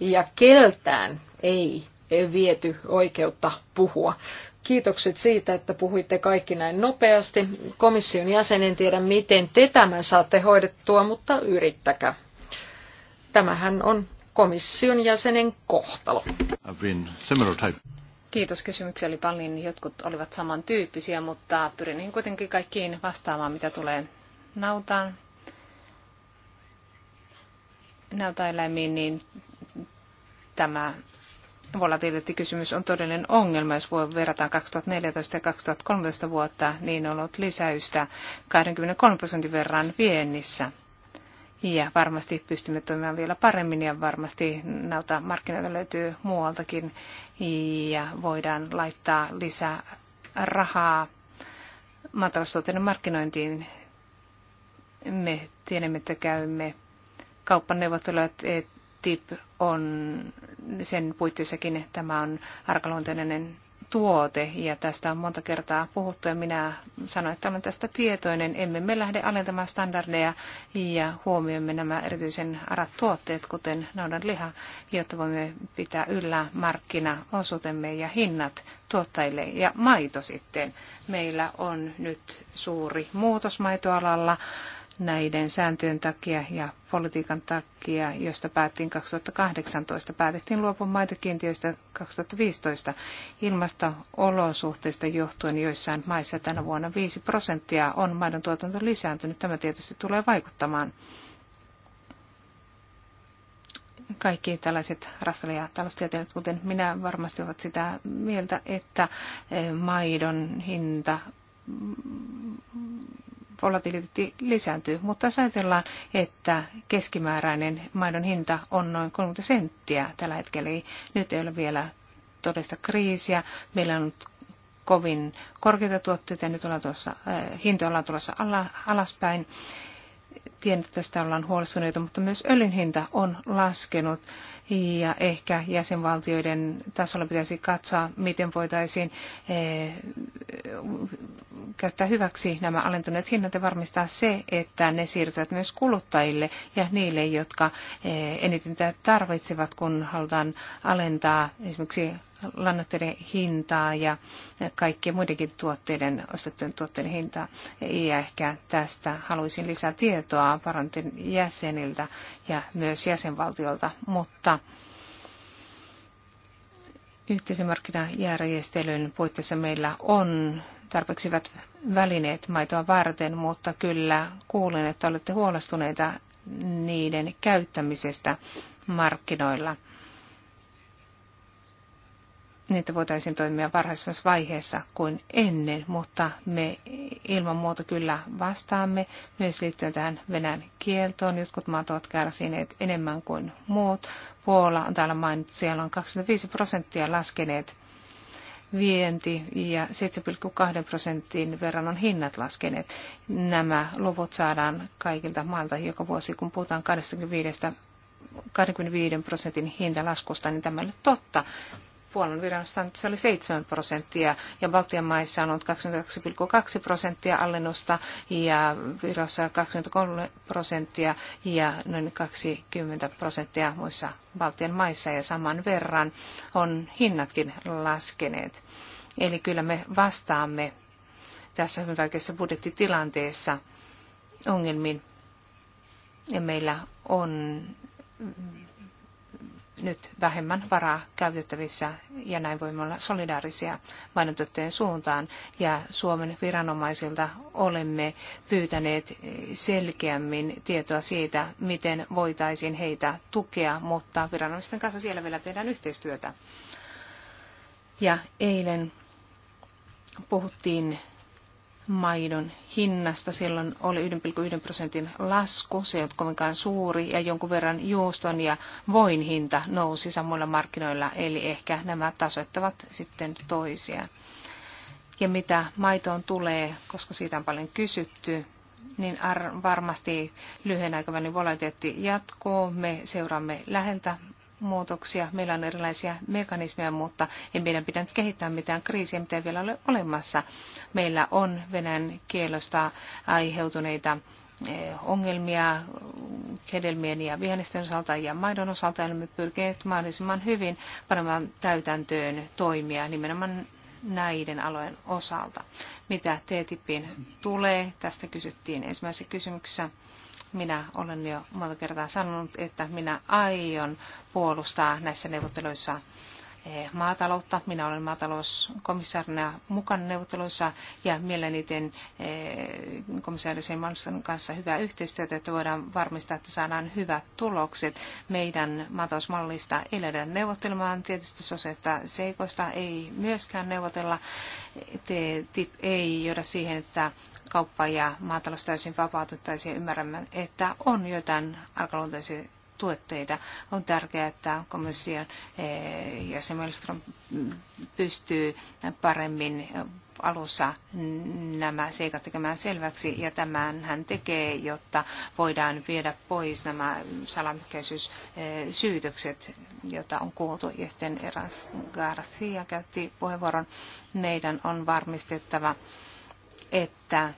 ja keltään ei viety oikeutta puhua. Kiitokset siitä, että puhuitte kaikki näin nopeasti. Komission jäsenen tiedä, miten te tämän saatte hoidettua, mutta yrittäkää. Tämähän on komission jäsenen kohtalo. Kiitos, kysymyksiä oli paljon. Niin jotkut olivat samantyyppisiä, mutta pyrin niin kuitenkin kaikkiin vastaamaan, mitä tulee nautaan, nautaeläimiin, niin tämä volatiliteettikysymys on todellinen ongelma. Jos voi verrata 2014 ja 2013 vuotta, niin on ollut lisäystä 23 prosentin verran viennissä. Ja varmasti pystymme toimimaan vielä paremmin ja varmasti näitä markkinoita löytyy muualtakin ja voidaan laittaa lisää rahaa maataloustuotteiden markkinointiin. Me tiedämme, että käymme kauppaneuvottelut TIP on sen puitteissakin tämä on arkaluonteinen tuote ja tästä on monta kertaa puhuttu ja minä sanoin, että olen tästä tietoinen. Emme me lähde alentamaan standardeja ja huomioimme nämä erityisen arat tuotteet, kuten naudan liha, jotta voimme pitää yllä markkinaosuutemme ja hinnat tuottajille ja maito sitten. Meillä on nyt suuri muutos maitoalalla näiden sääntöjen takia ja politiikan takia, josta päättiin 2018. Päätettiin luopua maitokiintiöistä 2015 ilmasto-olosuhteista johtuen joissain maissa tänä vuonna 5 prosenttia on maidon tuotanto lisääntynyt. Tämä tietysti tulee vaikuttamaan kaikki tällaiset rassali- ja taloustieteilijät, kuten minä, varmasti ovat sitä mieltä, että eh, maidon hinta volatiliteetti lisääntyy. Mutta jos ajatellaan, että keskimääräinen maidon hinta on noin 30 senttiä tällä hetkellä, eli niin nyt ei ole vielä todellista kriisiä. Meillä on kovin korkeita tuotteita ja nyt ollaan tuossa, eh, hinta ollaan tulossa alaspäin. Tiedän, että tästä ollaan huolestuneita, mutta myös öljyn hinta on laskenut ja ehkä jäsenvaltioiden tasolla pitäisi katsoa, miten voitaisiin eh, käyttää hyväksi nämä alentuneet hinnat ja varmistaa se, että ne siirtyvät myös kuluttajille ja niille, jotka eh, eniten tarvitsevat, kun halutaan alentaa esimerkiksi lannoitteiden hintaa ja kaikkien muidenkin tuotteiden, ostettujen tuotteiden hintaa. Ja ehkä tästä haluaisin lisää tietoa parantin jäseniltä ja myös jäsenvaltiolta, mutta yhteisen markkinajärjestelyn puitteissa meillä on tarpeeksi hyvät välineet maitoa varten, mutta kyllä kuulen, että olette huolestuneita niiden käyttämisestä markkinoilla – niin että voitaisiin toimia varhaisemmassa vaiheessa kuin ennen, mutta me ilman muuta kyllä vastaamme myös liittyen tähän Venäjän kieltoon. Jotkut maat ovat kärsineet enemmän kuin muut. Puola on täällä mainittu, siellä on 25 prosenttia laskeneet vienti ja 7,2 prosentin verran on hinnat laskeneet. Nämä luvut saadaan kaikilta mailta joka vuosi, kun puhutaan 25 25 prosentin hintalaskusta, niin tämä ei ole totta. Puolan viranossa se oli 7 prosenttia ja Baltian maissa on ollut 22,2 prosenttia alennusta ja Virossa 23 prosenttia ja noin 20 prosenttia muissa Baltian maissa ja saman verran on hinnatkin laskeneet. Eli kyllä me vastaamme tässä hyvin vaikeassa budjettitilanteessa ongelmiin ja meillä on nyt vähemmän varaa käytettävissä ja näin voimme olla solidaarisia mainotettujen suuntaan. Ja Suomen viranomaisilta olemme pyytäneet selkeämmin tietoa siitä, miten voitaisiin heitä tukea, mutta viranomaisten kanssa siellä vielä tehdään yhteistyötä. Ja eilen puhuttiin maidon hinnasta. Silloin oli 1,1 prosentin lasku, se ei ollut kovinkaan suuri, ja jonkun verran juuston ja voin hinta nousi samoilla markkinoilla, eli ehkä nämä tasoittavat sitten toisiaan. Ja mitä maitoon tulee, koska siitä on paljon kysytty, niin varmasti lyhyen aikavälin volatiliteetti jatkuu. Me seuraamme läheltä muutoksia, meillä on erilaisia mekanismeja, mutta ei meidän pidä nyt kehittää mitään kriisiä, mitä ei vielä ole olemassa. Meillä on Venäjän kielosta aiheutuneita eh, ongelmia hedelmien ja vihannisten osalta ja maidon osalta, ja me pyrkineet mahdollisimman hyvin paremman täytäntöön toimia nimenomaan näiden alojen osalta. Mitä TTIPin tulee? Tästä kysyttiin ensimmäisessä kysymyksessä. Minä olen jo monta kertaa sanonut, että minä aion puolustaa näissä neuvotteluissa maataloutta. Minä olen maatalouskomissaarina mukana neuvotteluissa ja mielelläni teen eh, komissaarisen Malmströmin kanssa hyvää yhteistyötä, että voidaan varmistaa, että saadaan hyvät tulokset meidän maatalousmallista. Ei lähdetä neuvottelemaan tietysti sosiaalista seikoista, ei myöskään neuvotella. TIP ei joida siihen, että kauppa ja maatalous täysin vapautettaisiin ymmärrämme, että on jotain arkaluontoisia tuotteita. On tärkeää, että komission eh, jäsenmaailman pystyy paremmin alussa nämä seikat tekemään selväksi, ja tämän hän tekee, jotta voidaan viedä pois nämä salamykkäisyyssyytökset, joita on kuultu. Ja sitten Eras Garcia käytti puheenvuoron, meidän on varmistettava, että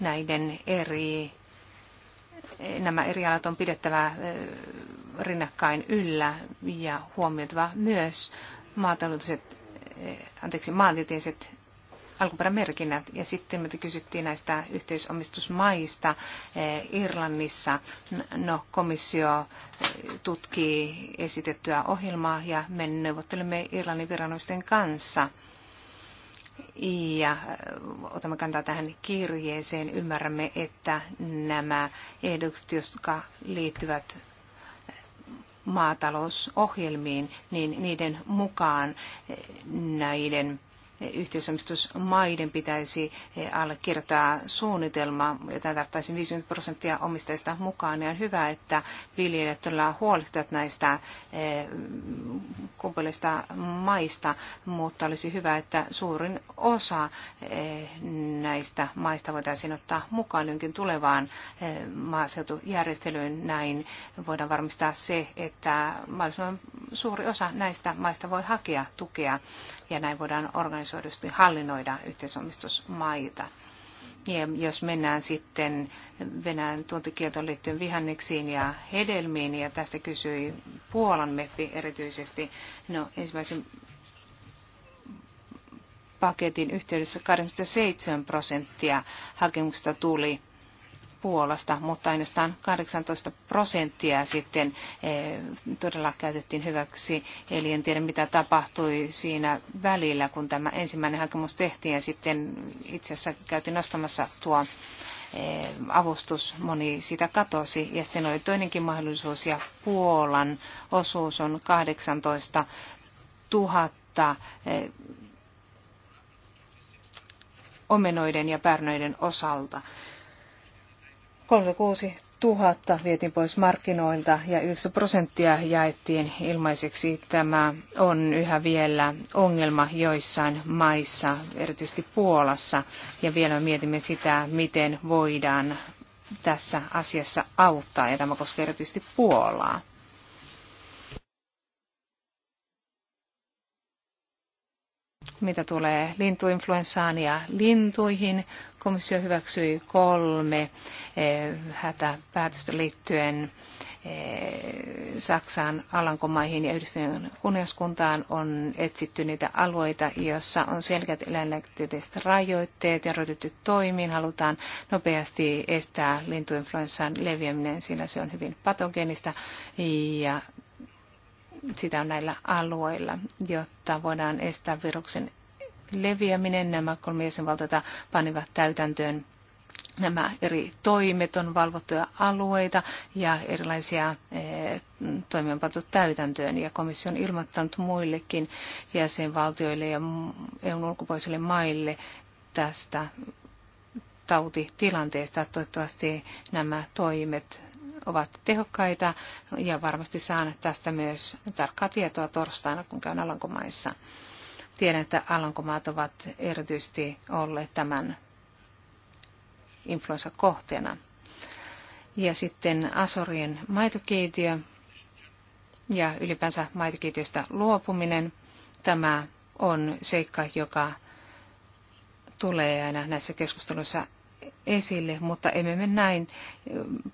näiden eri nämä eri alat on pidettävä rinnakkain yllä ja huomioitava myös maataloudelliset, anteeksi, maantieteiset alkuperämerkinnät. Ja sitten me kysyttiin näistä yhteisomistusmaista Irlannissa. No, komissio tutkii esitettyä ohjelmaa ja me neuvottelemme Irlannin viranomaisten kanssa – ja otamme kantaa tähän kirjeeseen. Ymmärrämme, että nämä ehdotukset, jotka liittyvät maatalousohjelmiin, niin niiden mukaan näiden yhteisomistusmaiden pitäisi eh, allekirjoittaa suunnitelma, jota tarvittaisiin 50 prosenttia omistajista mukaan. Ja on hyvä, että viljelijät todella huolehtivat näistä eh, kumpeleista maista, mutta olisi hyvä, että suurin osa eh, näistä maista voitaisiin ottaa mukaan jonkin tulevaan maaseutujärjestelyyn. Näin voidaan varmistaa se, että mahdollisimman suuri osa näistä maista voi hakea tukea ja näin voidaan organisoida organisoidusti hallinnoida yhteisomistusmaita. Ja jos mennään sitten Venäjän tuontikieltoon liittyen vihanneksiin ja hedelmiin, ja tästä kysyi Puolan meppi erityisesti, no ensimmäisen paketin yhteydessä 27 prosenttia hakemuksista tuli Puolasta, mutta ainoastaan 18 prosenttia sitten eh, todella käytettiin hyväksi. Eli en tiedä, mitä tapahtui siinä välillä, kun tämä ensimmäinen hakemus tehtiin ja sitten itse asiassa käytiin nostamassa tuo eh, avustus, moni sitä katosi. Ja sitten oli toinenkin mahdollisuus, ja Puolan osuus on 18 000 eh, omenoiden ja pärnöiden osalta. 36 000 vietiin pois markkinoilta ja 9 prosenttia jaettiin ilmaiseksi. Tämä on yhä vielä ongelma joissain maissa, erityisesti Puolassa. Ja vielä mietimme sitä, miten voidaan tässä asiassa auttaa, ja tämä koskee erityisesti Puolaa. Mitä tulee lintuinfluenssaan ja lintuihin, komissio hyväksyi kolme eh, hätäpäätöstä liittyen eh, Saksaan, Alankomaihin ja Yhdistyneen kuningaskuntaan on etsitty niitä alueita, joissa on selkeät eläinlääketieteelliset rajoitteet ja ryhdytty toimiin. Halutaan nopeasti estää lintuinfluenssan leviäminen, sillä se on hyvin patogenista ja sitä on näillä alueilla, jotta voidaan estää viruksen leviäminen. Nämä kolme jäsenvaltiota panivat täytäntöön nämä eri toimet, on valvottuja alueita ja erilaisia eh, toimeenpantu täytäntöön. Ja komissio on ilmoittanut muillekin jäsenvaltioille ja EUn ulkopuolisille maille tästä tautitilanteesta. Toivottavasti nämä toimet ovat tehokkaita ja varmasti saan tästä myös tarkkaa tietoa torstaina, kun käyn Alankomaissa. Tiedän, että Alankomaat ovat erityisesti olleet tämän influenssa kohteena. Ja sitten Asorien maitokiintiö ja ylipäänsä maitokiintiöstä luopuminen. Tämä on seikka, joka tulee aina näissä keskusteluissa esille, mutta emme me näin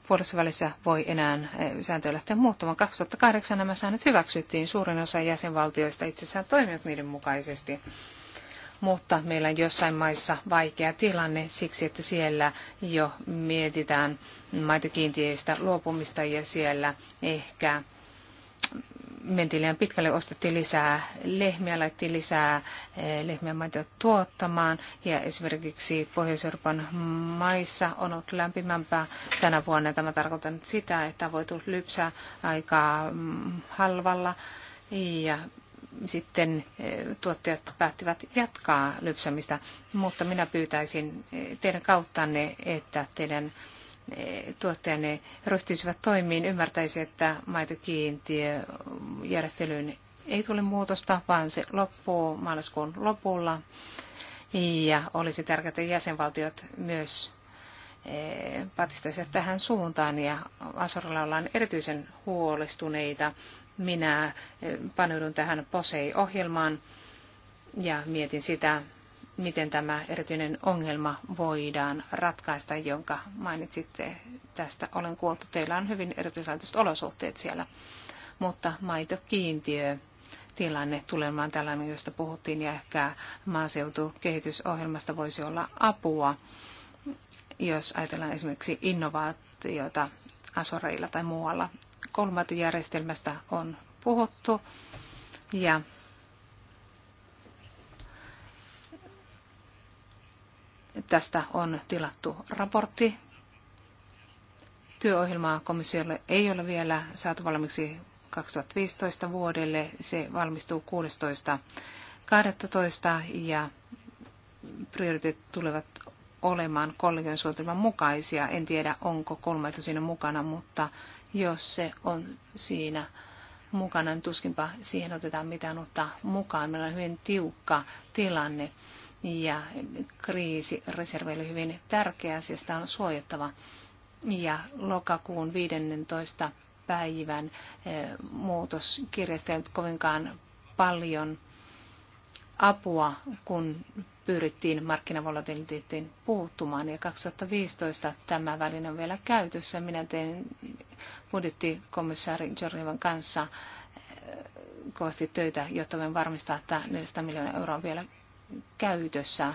puolessa välissä voi enää eh, sääntöä lähteä muuttamaan. 2008 nämä säännöt hyväksyttiin, suurin osa jäsenvaltioista itsessään toimivat niiden mukaisesti. Mutta meillä on jossain maissa vaikea tilanne siksi, että siellä jo mietitään maitokiintiöistä luopumista ja siellä ehkä mentiin liian pitkälle, ostettiin lisää lehmiä, laitettiin lisää eh, lehmiä maitoa tuottamaan. Ja esimerkiksi Pohjois-Euroopan maissa on ollut lämpimämpää tänä vuonna. Tämä tarkoittaa nyt sitä, että voi tulla lypsää aika mm, halvalla ja sitten eh, tuottajat päättivät jatkaa lypsämistä, mutta minä pyytäisin eh, teidän kauttanne, että teidän tuottajanne ryhtyisivät toimiin, ymmärtäisi, että maitokiintiöjärjestelyyn ei tule muutosta, vaan se loppuu maaliskuun lopulla. Ja olisi tärkeää, että jäsenvaltiot myös e, patistaisivat tähän suuntaan. Ja Asorilla ollaan erityisen huolestuneita. Minä e, paneudun tähän POSEI-ohjelmaan ja mietin sitä, miten tämä erityinen ongelma voidaan ratkaista, jonka mainitsitte tästä. Olen kuultu, teillä on hyvin erityislaatuiset olosuhteet siellä, mutta maitokiintiö tilanne tulemaan tällainen, josta puhuttiin, ja ehkä maaseutukehitysohjelmasta voisi olla apua, jos ajatellaan esimerkiksi innovaatioita Asoreilla tai muualla. Kolmatujärjestelmästä on puhuttu, ja Tästä on tilattu raportti. Työohjelmaa komissiolle ei ole vielä saatu valmiiksi 2015 vuodelle. Se valmistuu 16.12. ja prioriteetit tulevat olemaan kollegion suunnitelman mukaisia. En tiedä, onko kolmaito siinä mukana, mutta jos se on siinä mukana, niin tuskinpa siihen otetaan mitään ottaa mukaan. Meillä on hyvin tiukka tilanne ja kriisireservi oli hyvin tärkeä asia, sitä on suojattava. Ja lokakuun 15. päivän eh, muutos kirjasta ei kovinkaan paljon apua, kun pyrittiin markkinavolatiliteettiin puuttumaan. Ja 2015 tämä väline on vielä käytössä. Minä tein budjettikomissaari Jorjevan kanssa eh, kovasti töitä, jotta voin varmistaa, että 400 miljoonaa euroa on vielä käytössä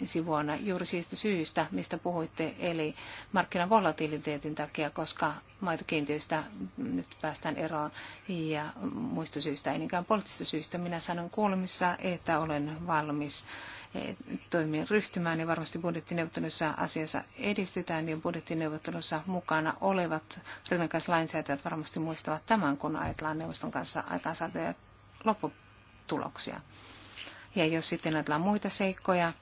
ensi vuonna juuri siitä syystä, mistä puhuitte, eli markkinan volatiliteetin takia, koska maitokiintiöistä nyt päästään eroon ja muista syistä, ei niinkään poliittisista syistä. Minä sanon kuulemissa, että olen valmis eh, toimien ryhtymään ja varmasti budjettineuvottelussa asiassa edistytään ja budjettineuvottelussa mukana olevat rinnakkaislainsäätäjät varmasti muistavat tämän, kun ajatellaan neuvoston kanssa aikaansaatuja lopputuloksia. Ja jos sitten ajatellaan muita seikkoja,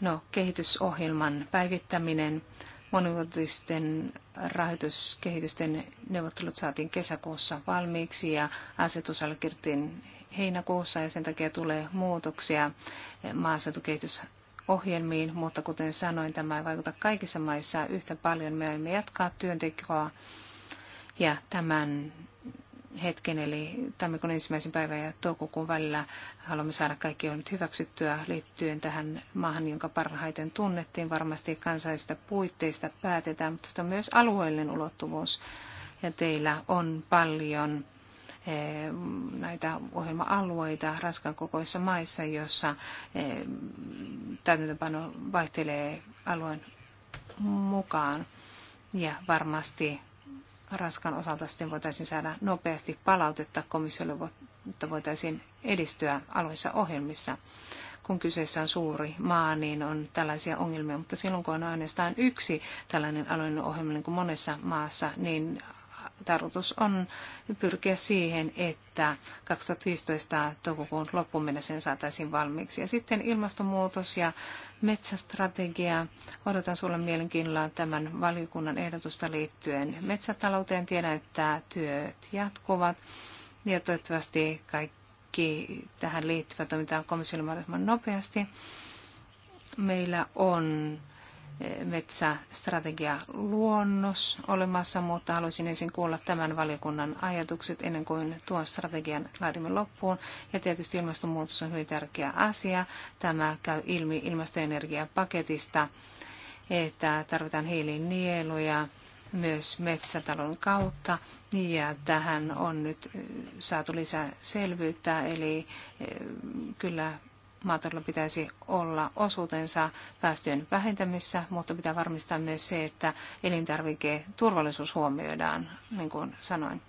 no kehitysohjelman päivittäminen, monivuotisten rahoituskehitysten neuvottelut saatiin kesäkuussa valmiiksi ja asetus allekirjoitettiin heinäkuussa ja sen takia tulee muutoksia maaseutukehitys ohjelmiin, mutta kuten sanoin, tämä ei vaikuta kaikissa maissa yhtä paljon. Me emme jatkaa työntekoa ja tämän hetken, eli tammikuun ensimmäisen päivän ja toukokuun välillä haluamme saada kaikki nyt hyväksyttyä liittyen tähän maahan, jonka parhaiten tunnettiin. Varmasti kansallisista puitteista päätetään, mutta sitä on myös alueellinen ulottuvuus. Ja teillä on paljon eh, näitä ohjelma-alueita raskan kokoissa maissa, jossa eh, täytäntöpano vaihtelee alueen mukaan. Ja varmasti Ranskan osalta sitten voitaisiin saada nopeasti palautetta komissiolle, että voitaisiin edistyä alueissa ohjelmissa. Kun kyseessä on suuri maa, niin on tällaisia ongelmia, mutta silloin kun on ainoastaan yksi tällainen alueellinen ohjelma, niin kuin monessa maassa, niin tarkoitus on pyrkiä siihen, että 2015 toukokuun loppuun mennessä saataisiin valmiiksi. Ja sitten ilmastonmuutos ja metsästrategia. Odotan sinulle mielenkiinnolla tämän valiokunnan ehdotusta liittyen metsätalouteen. Tiedän, että työt jatkuvat ja toivottavasti kaikki tähän liittyvät toimitaan komissiolle mahdollisimman nopeasti. Meillä on metsästrategia, luonnos olemassa, mutta haluaisin ensin kuulla tämän valiokunnan ajatukset ennen kuin tuon strategian laadimme loppuun. Ja tietysti ilmastonmuutos on hyvin tärkeä asia. Tämä käy ilmi ilmastoenergiapaketista, että tarvitaan hiilinieluja myös metsätalon kautta. Ja tähän on nyt saatu lisää selvyyttä, eli eh, kyllä maatalolla pitäisi olla osuutensa päästöjen vähentämisessä, mutta pitää varmistaa myös se, että elintarviketurvallisuus huomioidaan, niin kuin sanoin.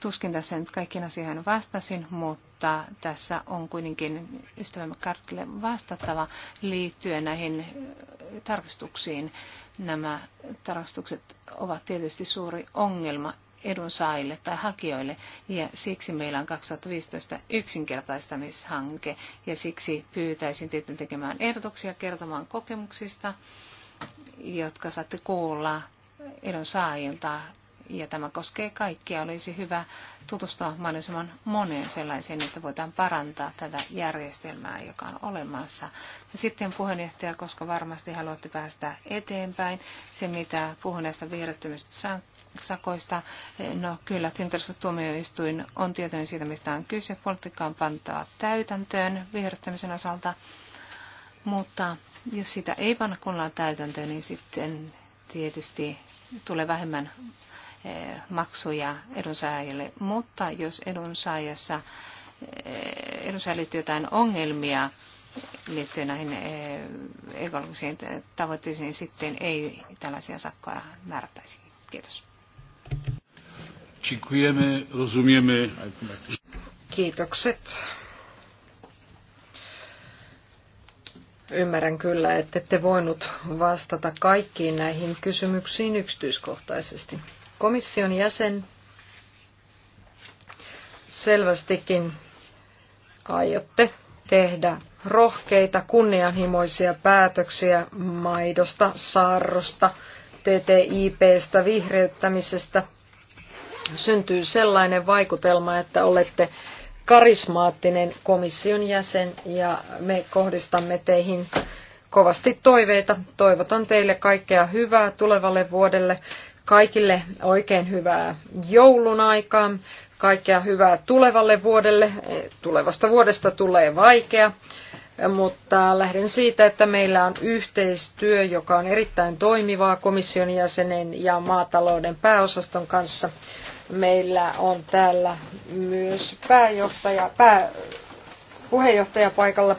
Tuskin tässä nyt kaikkiin asioihin vastasin, mutta tässä on kuitenkin ystävämme Kartille vastattava liittyen näihin tarkastuksiin. Nämä tarkastukset ovat tietysti suuri ongelma edunsaajille tai hakijoille. Ja siksi meillä on 2015 yksinkertaistamishanke ja siksi pyytäisin teitä tekemään ehdotuksia kertomaan kokemuksista, jotka saatte kuulla edunsaajilta ja tämä koskee kaikkia. Olisi hyvä tutustua mahdollisimman moneen sellaiseen, että voidaan parantaa tätä järjestelmää, joka on olemassa. Ja sitten puheenjohtaja, koska varmasti haluatte päästä eteenpäin, se mitä puhuneesta sanoo sakoista. No kyllä, tuomioistuin on tietoinen siitä, mistä on kyse. Politiikka on pantaa täytäntöön vihreyttämisen osalta, mutta jos sitä ei panna kunnolla täytäntöön, niin sitten tietysti tulee vähemmän eh, maksuja edunsaajille. Mutta jos edunsaajassa eh, edunsaajalle liittyy jotain ongelmia, eh, liittyen näihin ekologisiin tavoitteisiin, niin sitten ei tällaisia sakkoja määrättäisi. Kiitos. Dziękujemy, rozumiemy. Kiitokset. Ymmärrän kyllä, että ette voinut vastata kaikkiin näihin kysymyksiin yksityiskohtaisesti. Komission jäsen selvästikin aiotte tehdä rohkeita, kunnianhimoisia päätöksiä maidosta, saarrosta, TTIPstä, vihreyttämisestä – syntyy sellainen vaikutelma, että olette karismaattinen komission jäsen ja me kohdistamme teihin kovasti toiveita. Toivotan teille kaikkea hyvää tulevalle vuodelle, kaikille oikein hyvää joulun aikaa, kaikkea hyvää tulevalle vuodelle. Tulevasta vuodesta tulee vaikea, mutta lähden siitä, että meillä on yhteistyö, joka on erittäin toimivaa komission jäsenen ja maatalouden pääosaston kanssa meillä on täällä myös pääjohtaja, pää, puheenjohtaja paikalla.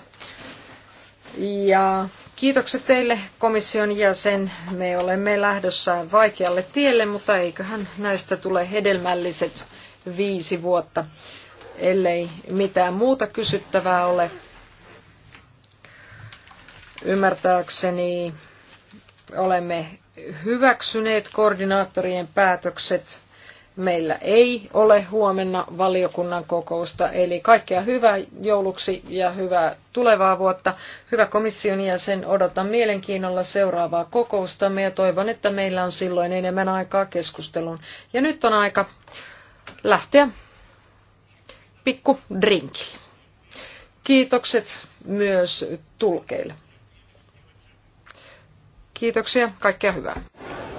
Ja kiitokset teille komission jäsen. Me olemme lähdössä vaikealle tielle, mutta eiköhän näistä tule hedelmälliset viisi vuotta, ellei mitään muuta kysyttävää ole. Ymmärtääkseni olemme hyväksyneet koordinaattorien päätökset meillä ei ole huomenna valiokunnan kokousta, eli kaikkea hyvää jouluksi ja hyvää tulevaa vuotta. Hyvä komission jäsen, odotan mielenkiinnolla seuraavaa kokoustamme ja toivon, että meillä on silloin enemmän aikaa keskusteluun. Ja nyt on aika lähteä pikku drinkille. Kiitokset myös tulkeille. Kiitoksia, kaikkea hyvää.